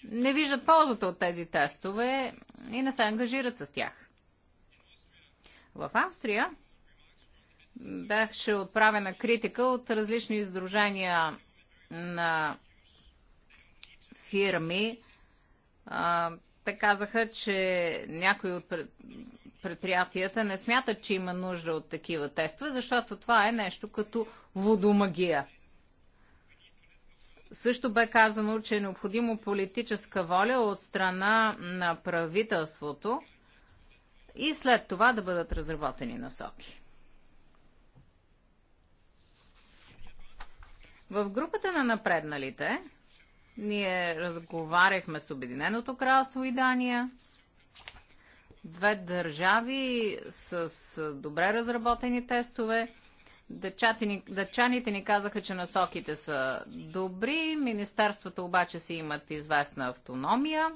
не виждат ползата от тези тестове и не се ангажират с тях. В Австрия беше отправена критика от различни издружения на фирми. А, те казаха, че някои от предприятията не смятат, че има нужда от такива тестове, защото това е нещо като водомагия. Също бе казано, че е необходимо политическа воля от страна на правителството и след това да бъдат разработени насоки. В групата на напредналите ние разговаряхме с Обединеното кралство и Дания – две държави с добре разработени тестове. дъчаните ни казаха, че насоките са добри, министерствата обаче си имат известна автономия.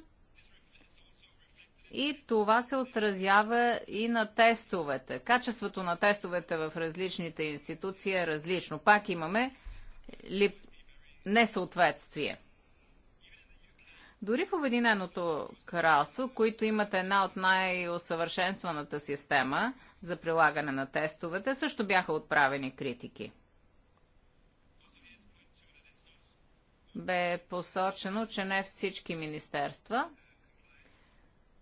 И това се отразява и на тестовете. Качеството на тестовете в различните институции е различно. Пак имаме несъответствие. Дори в Обединеното кралство, които имат една от най-усъвършенстваната система за прилагане на тестовете, също бяха отправени критики. Бе посочено, че не всички министерства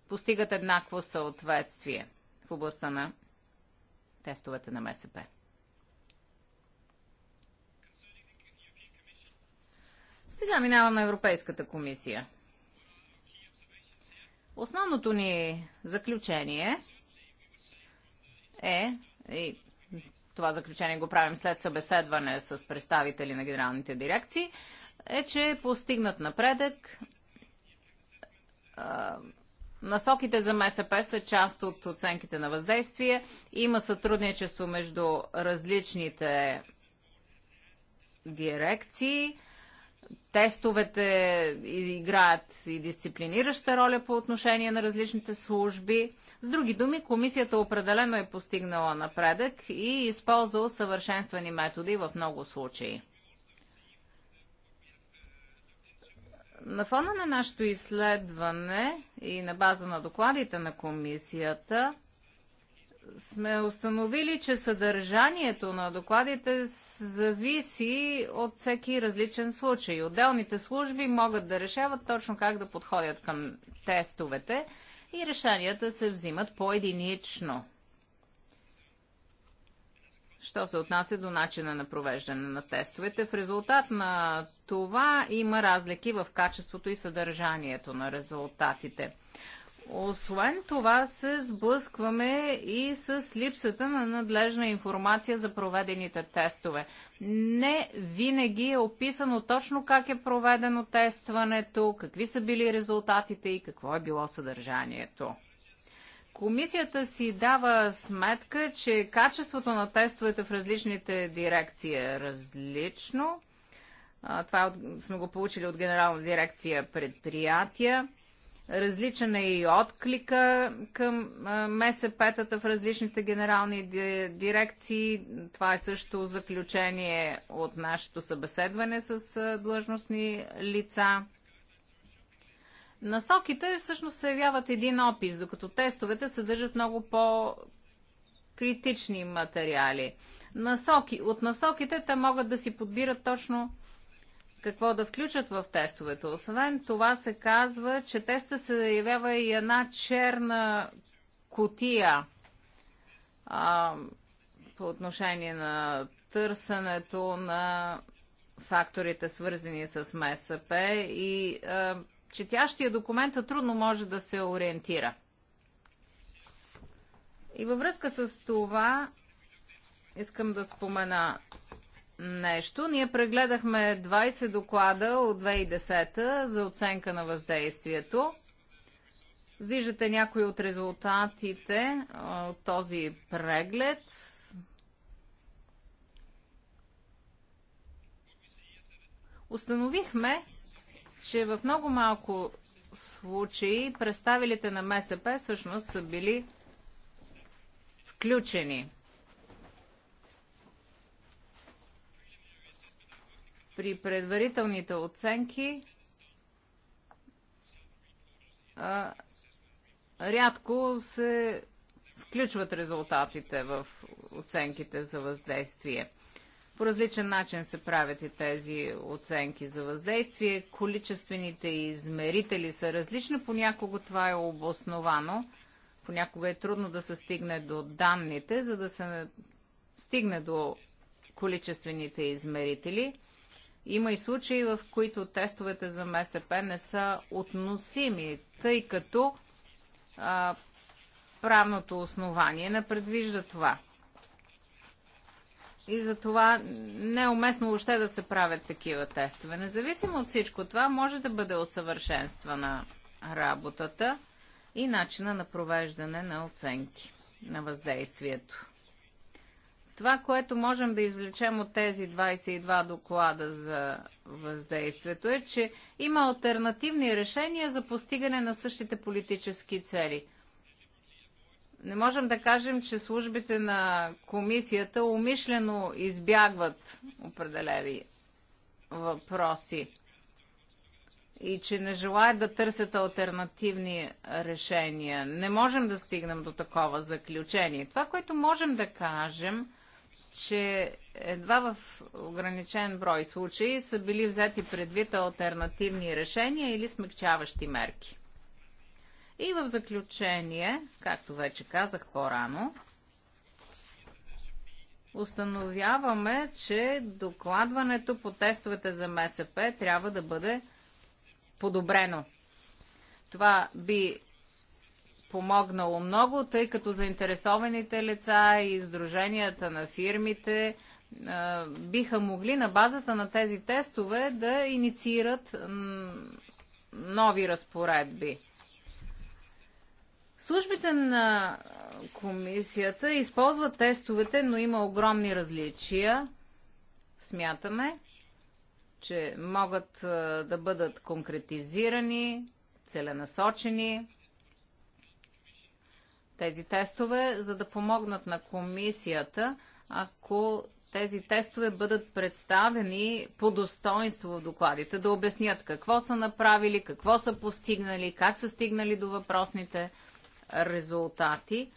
постигат еднакво съответствие в областта на тестовете на МСП. Сега минаваме на Европейската комисия. Основното ни заключение е, и това заключение го правим след събеседване с представители на генералните дирекции, е, че е постигнат напредък. Насоките за МСП са част от оценките на въздействие. Има сътрудничество между различните дирекции. Тестовете играят и дисциплинираща роля по отношение на различните служби. С други думи, комисията определено е постигнала напредък и използва съвършенствани методи в много случаи. На фона на нашето изследване и на база на докладите на комисията, сме установили, че съдържанието на докладите зависи от всеки различен случай. Отделните служби могат да решават точно как да подходят към тестовете и решенията се взимат по-единично. Що се отнася до начина на провеждане на тестовете, в резултат на това има разлики в качеството и съдържанието на резултатите. Освен това се сблъскваме и с липсата на надлежна информация за проведените тестове. Не винаги е описано точно как е проведено тестването, какви са били резултатите и какво е било съдържанието. Комисията си дава сметка, че качеството на тестовете в различните дирекции е различно. Това сме го получили от Генерална дирекция предприятия Различен е и отклика към МСП-тата в различните генерални дирекции. Това е също заключение от нашето събеседване с длъжностни лица. Насоките всъщност се явяват един опис, докато тестовете съдържат много по критични материали. Насоки. От насоките те могат да си подбират точно какво да включат в тестовете. Освен това се казва, че теста се явява и една черна котия а, по отношение на търсенето на факторите, свързани с МСП и а, четящия документа трудно може да се ориентира. И във връзка с това искам да спомена нещо. Ние прегледахме 20 доклада от 2010 за оценка на въздействието. Виждате някои от резултатите от този преглед. Установихме, че в много малко случаи представилите на МСП всъщност са били включени. при предварителните оценки рядко се включват резултатите в оценките за въздействие. По различен начин се правят и тези оценки за въздействие. Количествените измерители са различни. Понякога това е обосновано. Понякога е трудно да се стигне до данните, за да се стигне до количествените измерители. Има и случаи, в които тестовете за МСП не са относими, тъй като а, правното основание не предвижда това. И за това не е уместно въобще да се правят такива тестове. Независимо от всичко това, може да бъде усъвършенствана работата и начина на провеждане на оценки на въздействието. Това, което можем да извлечем от тези 22 доклада за въздействието е, че има альтернативни решения за постигане на същите политически цели. Не можем да кажем, че службите на комисията умишлено избягват определени въпроси и че не желаят да търсят альтернативни решения. Не можем да стигнем до такова заключение. Това, което можем да кажем, че едва в ограничен брой случаи са били взети предвид альтернативни решения или смягчаващи мерки. И в заключение, както вече казах по-рано, установяваме, че докладването по тестовете за МСП трябва да бъде подобрено. Това би помогнало много, тъй като заинтересованите лица и издруженията на фирмите биха могли на базата на тези тестове да инициират нови разпоредби. Службите на комисията използват тестовете, но има огромни различия. Смятаме, че могат да бъдат конкретизирани, целенасочени тези тестове, за да помогнат на комисията, ако тези тестове бъдат представени по достоинство в докладите, да обяснят какво са направили, какво са постигнали, как са стигнали до въпросните резултати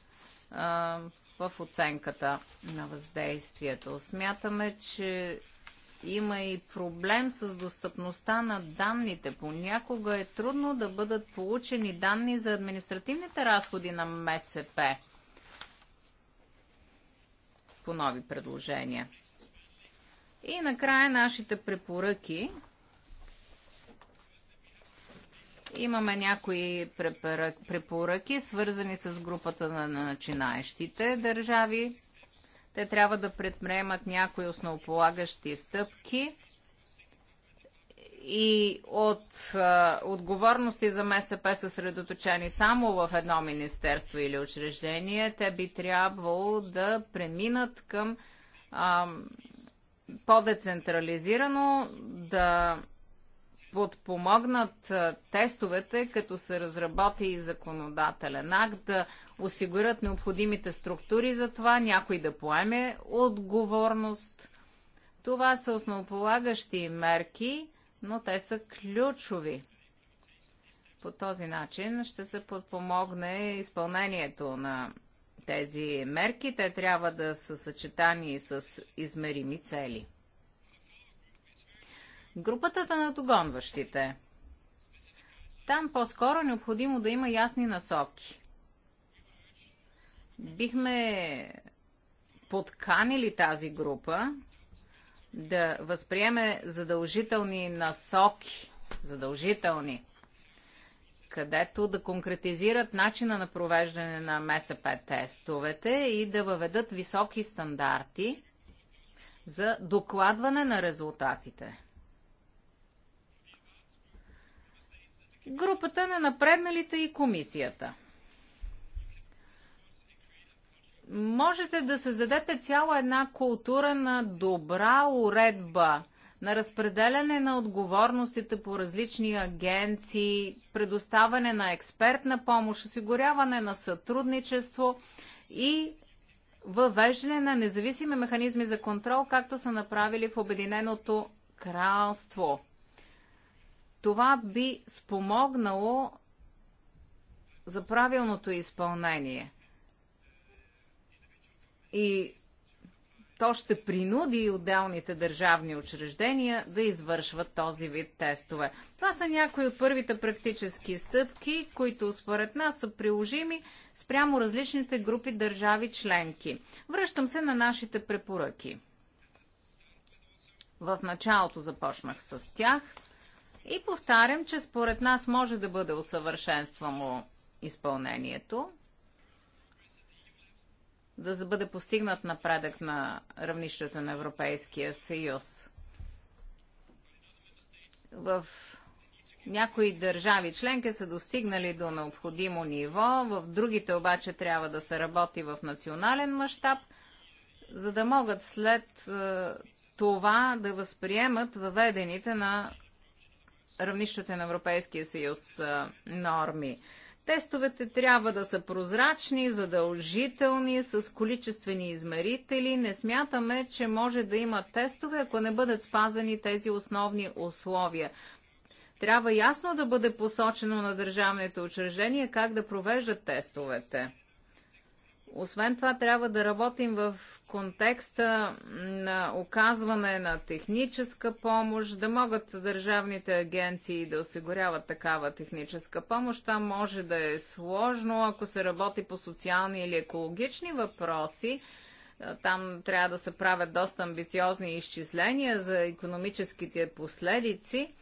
а, в оценката на въздействието. Смятаме, че има и проблем с достъпността на данните. Понякога е трудно да бъдат получени данни за административните разходи на МСП по нови предложения. И накрая нашите препоръки. Имаме някои препоръки, свързани с групата на начинаещите държави те трябва да предприемат някои основополагащи стъпки и от а, отговорности за МСП съсредоточени само в едно министерство или учреждение, те би трябвало да преминат към по-децентрализирано, да подпомогнат тестовете, като се разработи и законодателен акт, да осигурят необходимите структури за това, някой да поеме отговорност. Това са основополагащи мерки, но те са ключови. По този начин ще се подпомогне изпълнението на тези мерки. Те трябва да са съчетани с измерими цели. Групата на догонващите. Там по-скоро е необходимо да има ясни насоки. Бихме подканили тази група да възприеме задължителни насоки, задължителни, където да конкретизират начина на провеждане на МСП тестовете и да въведат високи стандарти за докладване на резултатите. групата на напредналите и комисията. Можете да създадете цяла една култура на добра уредба, на разпределяне на отговорностите по различни агенции, предоставяне на експертна помощ, осигуряване на сътрудничество и въвеждане на независими механизми за контрол, както са направили в Обединеното кралство. Това би спомогнало за правилното изпълнение. И то ще принуди отделните държавни учреждения да извършват този вид тестове. Това са някои от първите практически стъпки, които според нас са приложими спрямо различните групи държави членки. Връщам се на нашите препоръки. В началото започнах с тях – и повтарям, че според нас може да бъде усъвършенствано изпълнението, да бъде постигнат напредък на равнището на Европейския съюз. В някои държави членки са достигнали до необходимо ниво, в другите обаче трябва да се работи в национален мащаб, за да могат след е, това да възприемат въведените на равнищата на Европейския съюз норми. Тестовете трябва да са прозрачни, задължителни, с количествени измерители. Не смятаме, че може да има тестове, ако не бъдат спазани тези основни условия. Трябва ясно да бъде посочено на държавните учреждения как да провеждат тестовете. Освен това, трябва да работим в контекста на оказване на техническа помощ, да могат държавните агенции да осигуряват такава техническа помощ. Това може да е сложно, ако се работи по социални или екологични въпроси. Там трябва да се правят доста амбициозни изчисления за економическите последици,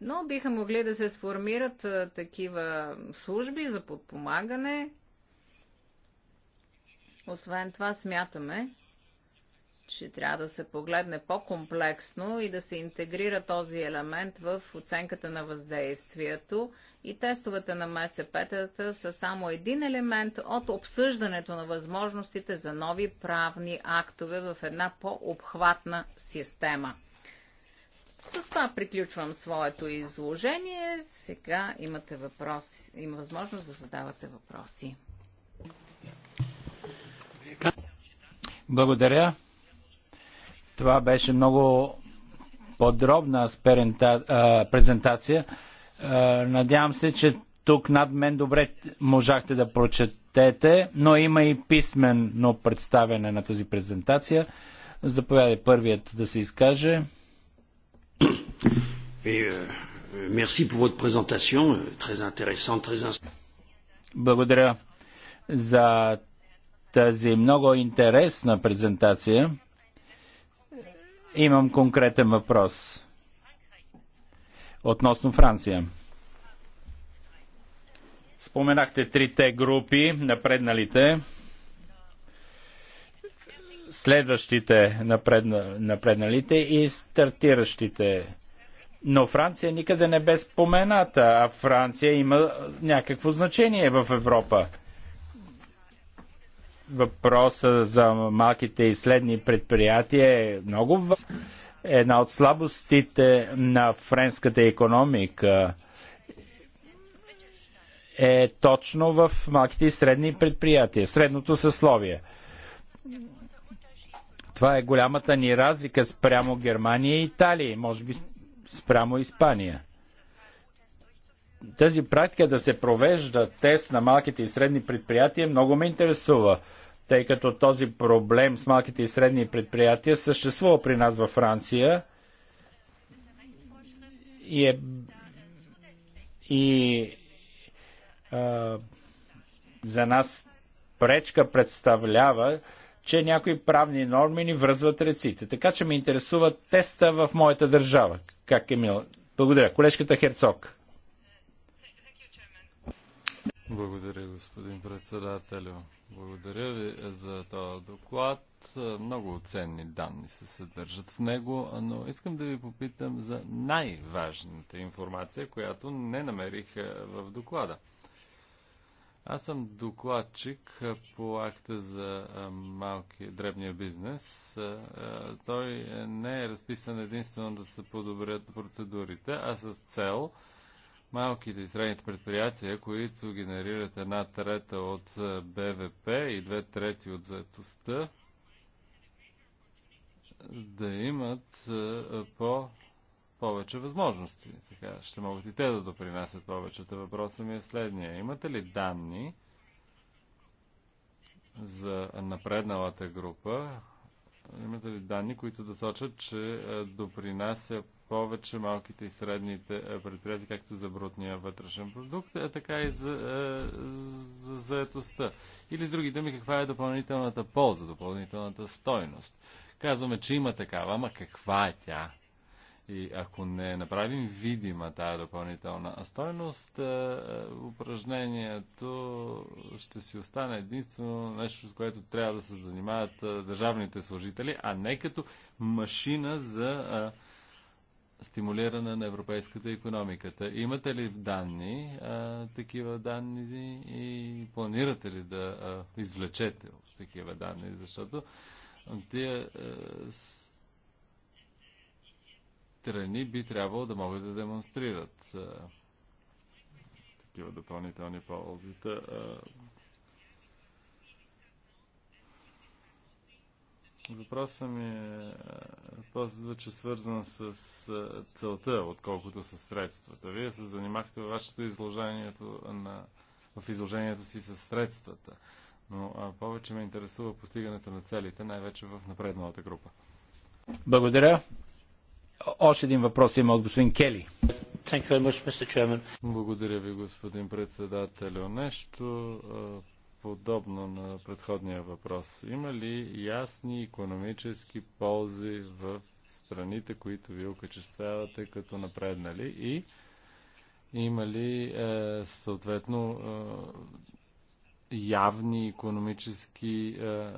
но биха могли да се сформират такива служби за подпомагане, освен това смятаме, че трябва да се погледне по-комплексно и да се интегрира този елемент в оценката на въздействието. И тестовете на МСП-тата са само един елемент от обсъждането на възможностите за нови правни актове в една по-обхватна система. С това приключвам своето изложение. Сега имате въпроси, има възможност да задавате въпроси. Благодаря. Това беше много подробна презентация. Надявам се, че тук над мен добре можахте да прочетете, но има и писменно представяне на тази презентация. Заповядай първият да се изкаже. Е, е, Благодаря за тази много интересна презентация. Имам конкретен въпрос относно Франция. Споменахте трите групи, напредналите, следващите напредна, напредналите и стартиращите. Но Франция никъде не бе спомената, а Франция има някакво значение в Европа въпроса за малките и средни предприятия е много една от слабостите на френската економика е точно в малките и средни предприятия, средното съсловие. Това е голямата ни разлика спрямо Германия и Италия, може би спрямо Испания тази практика да се провежда тест на малките и средни предприятия много ме интересува, тъй като този проблем с малките и средни предприятия съществува при нас във Франция и е и а, за нас пречка представлява, че някои правни норми ни връзват реците. Така че ме интересува теста в моята държава. Как е мил? Благодаря. Колежката Херцог. Благодаря, господин председателю. Благодаря ви за този доклад. Много ценни данни се съдържат в него, но искам да ви попитам за най-важната информация, която не намерих е, в доклада. Аз съм докладчик е, по акта за е, малки дребния бизнес. Той не е разписан единствено да се подобрят процедурите, а с цел – малките и средните предприятия, които генерират една трета от БВП и две трети от заетостта, да имат по повече възможности. Така, ще могат и те да допринасят повечето. Въпросът ми е следния. Имате ли данни за напредналата група? Имате ли данни, които да сочат, че допринася повече малките и средните е, предприятия, както за брутния вътрешен продукт, а е, така и за, е, за заетостта. Или с други думи, каква е допълнителната полза, допълнителната стойност. Казваме, че има такава, ама каква е тя? И ако не направим видима тази допълнителна стойност, упражнението ще си остане единствено нещо, с което трябва да се занимават държавните служители, а не като машина за стимулиране на европейската економиката. Имате ли данни, а, такива данни и планирате ли да а, извлечете такива данни, защото тия а, страни би трябвало да могат да демонстрират а, такива допълнителни ползи. Въпросът ми е по-звуче свързан с целта, отколкото с средствата. Вие се занимахте във вашето изложението на, в изложението си с средствата, но а, повече ме интересува постигането на целите, най-вече в напредналата група. Благодаря. Още един въпрос има от господин Кели. Much, Благодаря ви, господин председател. Нещо подобно на предходния въпрос. Има ли ясни економически ползи в страните, които ви окачествявате като напреднали и има ли е, съответно е, явни економически е,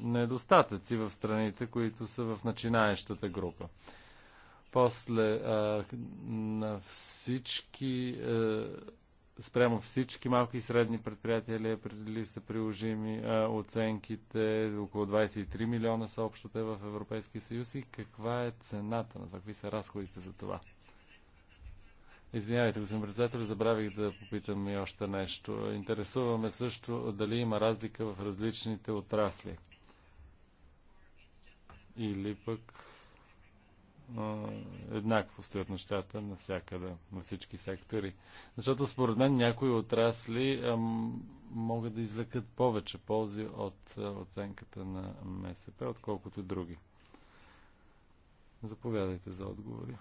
недостатъци в страните, които са в начинаещата група? После е, на всички е, спрямо всички малки и средни предприятия ли, е ли са приложими а, оценките? Около 23 милиона са общо в Европейския съюз и каква е цената на какви са разходите за това? Извинявайте, господин председател, забравих да попитам и още нещо. Интересуваме също дали има разлика в различните отрасли. Или пък еднакво стоят нещата навсякъде, на всички сектори. Защото според мен някои отрасли могат да извлекат повече ползи от оценката на МСП, отколкото други. Заповядайте за отговори.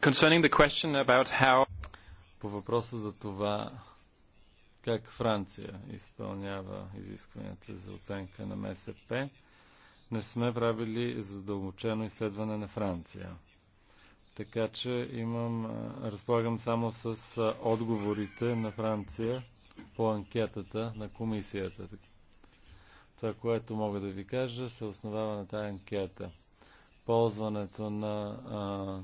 Concerning the question about how... По въпроса за това как Франция изпълнява изискванията за оценка на МСП, не сме правили задълбочено изследване на Франция. Така че имам, разполагам само с отговорите на Франция по анкетата на комисията. Това, което мога да ви кажа, се основава на тази анкета. Ползването на а,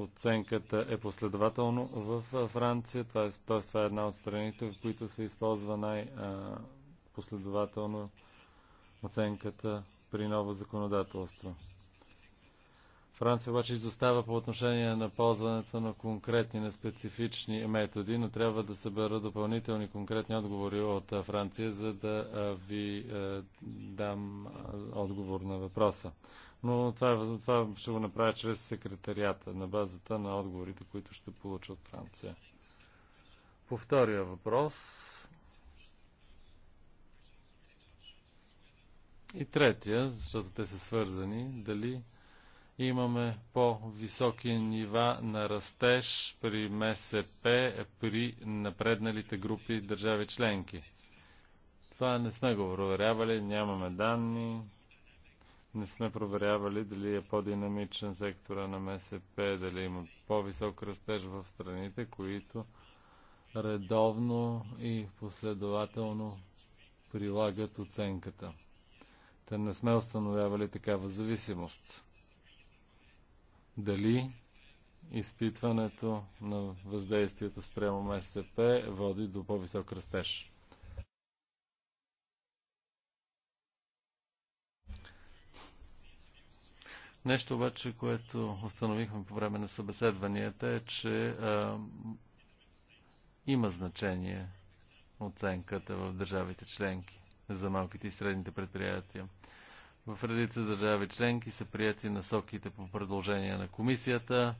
оценката е последователно в Франция, е, т.е. това е една от страните, в които се използва най-последователно оценката при ново законодателство. Франция обаче изостава по отношение на ползването на конкретни, на специфични методи, но трябва да събера допълнителни конкретни отговори от Франция, за да ви дам отговор на въпроса. Но това, това ще го направя чрез секретарията, на базата на отговорите, които ще получа от Франция. По втория въпрос, И третия, защото те са свързани, дали имаме по-високи нива на растеж при МСП, при напредналите групи държави членки. Това не сме го проверявали, нямаме данни, не сме проверявали дали е по-динамичен сектора на МСП, дали има по-висок растеж в страните, които редовно и последователно прилагат оценката. Та не сме установявали такава зависимост. Дали изпитването на въздействието спрямо МСП води до по-висок растеж? Нещо обаче, което установихме по време на събеседванията е, че а, има значение оценката в държавите членки за малките и средните предприятия. В редица държави членки са прияти насоките по предложение на комисията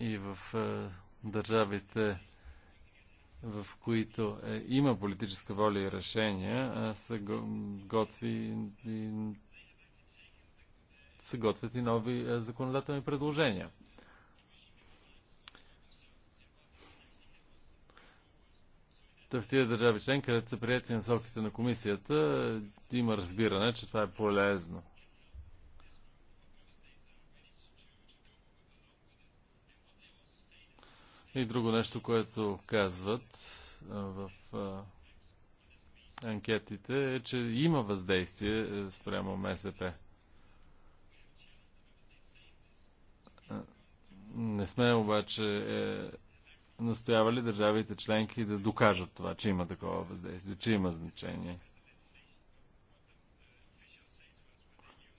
и в е, държавите, в които е, има политическа воля и решения, се готви и, се готвят и нови е, законодателни предложения. Та в тия държави член, където са прияти насоките на комисията, има разбиране, че това е полезно. И друго нещо, което казват в анкетите е, че има въздействие е, спрямо МСП. Не сме обаче е, настоявали държавите членки да докажат това, че има такова въздействие, че има значение.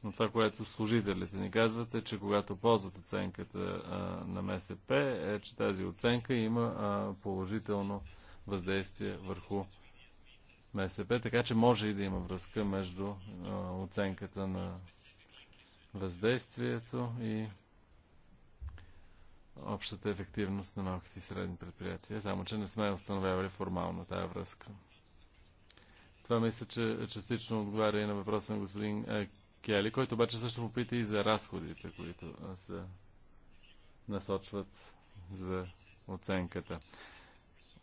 Но това, което служителите ни казват е, че когато ползват оценката а, на МСП, е, че тази оценка има а, положително въздействие върху МСП, така че може и да има връзка между а, оценката на въздействието и общата ефективност на малките и средни предприятия, само че не сме установявали формално тая връзка. Това мисля, че частично отговаря и на въпроса на господин е, Кели, който обаче също попита и за разходите, които се насочват за оценката.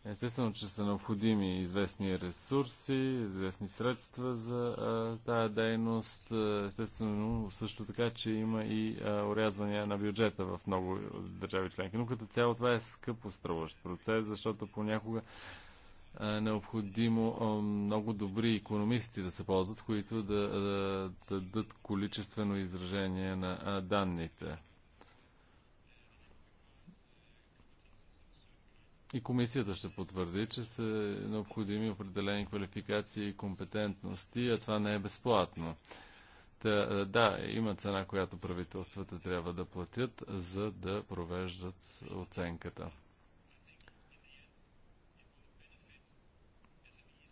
Естествено, че са необходими известни ресурси, известни средства за а, тая дейност. Естествено, също така, че има и а, урязвания на бюджета в много държави членки. Но като цяло това е скъпо струващ процес, защото понякога е необходимо много добри економисти да се ползват, които да, да, да дадат количествено изражение на данните. И комисията ще потвърди, че са необходими определени квалификации и компетентности, а това не е безплатно. Та, е, да, има цена, която правителствата трябва да платят, за да провеждат оценката.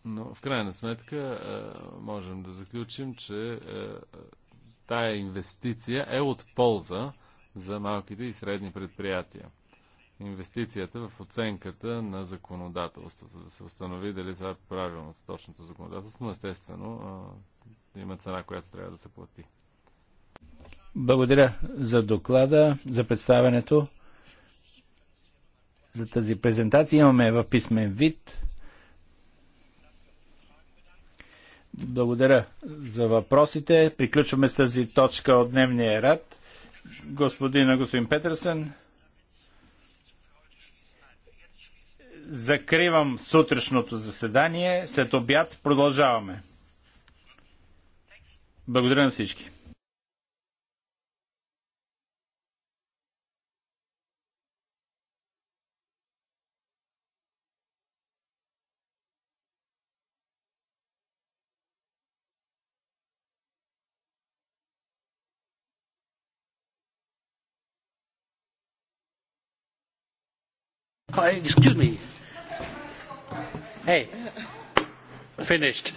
Но в крайна сметка е, можем да заключим, че е, тая инвестиция е от полза за малките и средни предприятия инвестицията в оценката на законодателството, да се установи дали това е правилното, точното законодателство, но естествено а, има цена, която трябва да се плати. Благодаря за доклада, за представянето, за тази презентация. Имаме в писмен вид. Благодаря за въпросите. Приключваме с тази точка от дневния рад. Господина господин Петърсен. Закривам сутрешното заседание. След обяд продължаваме. Благодаря на всички. excuse me. Hey, finished.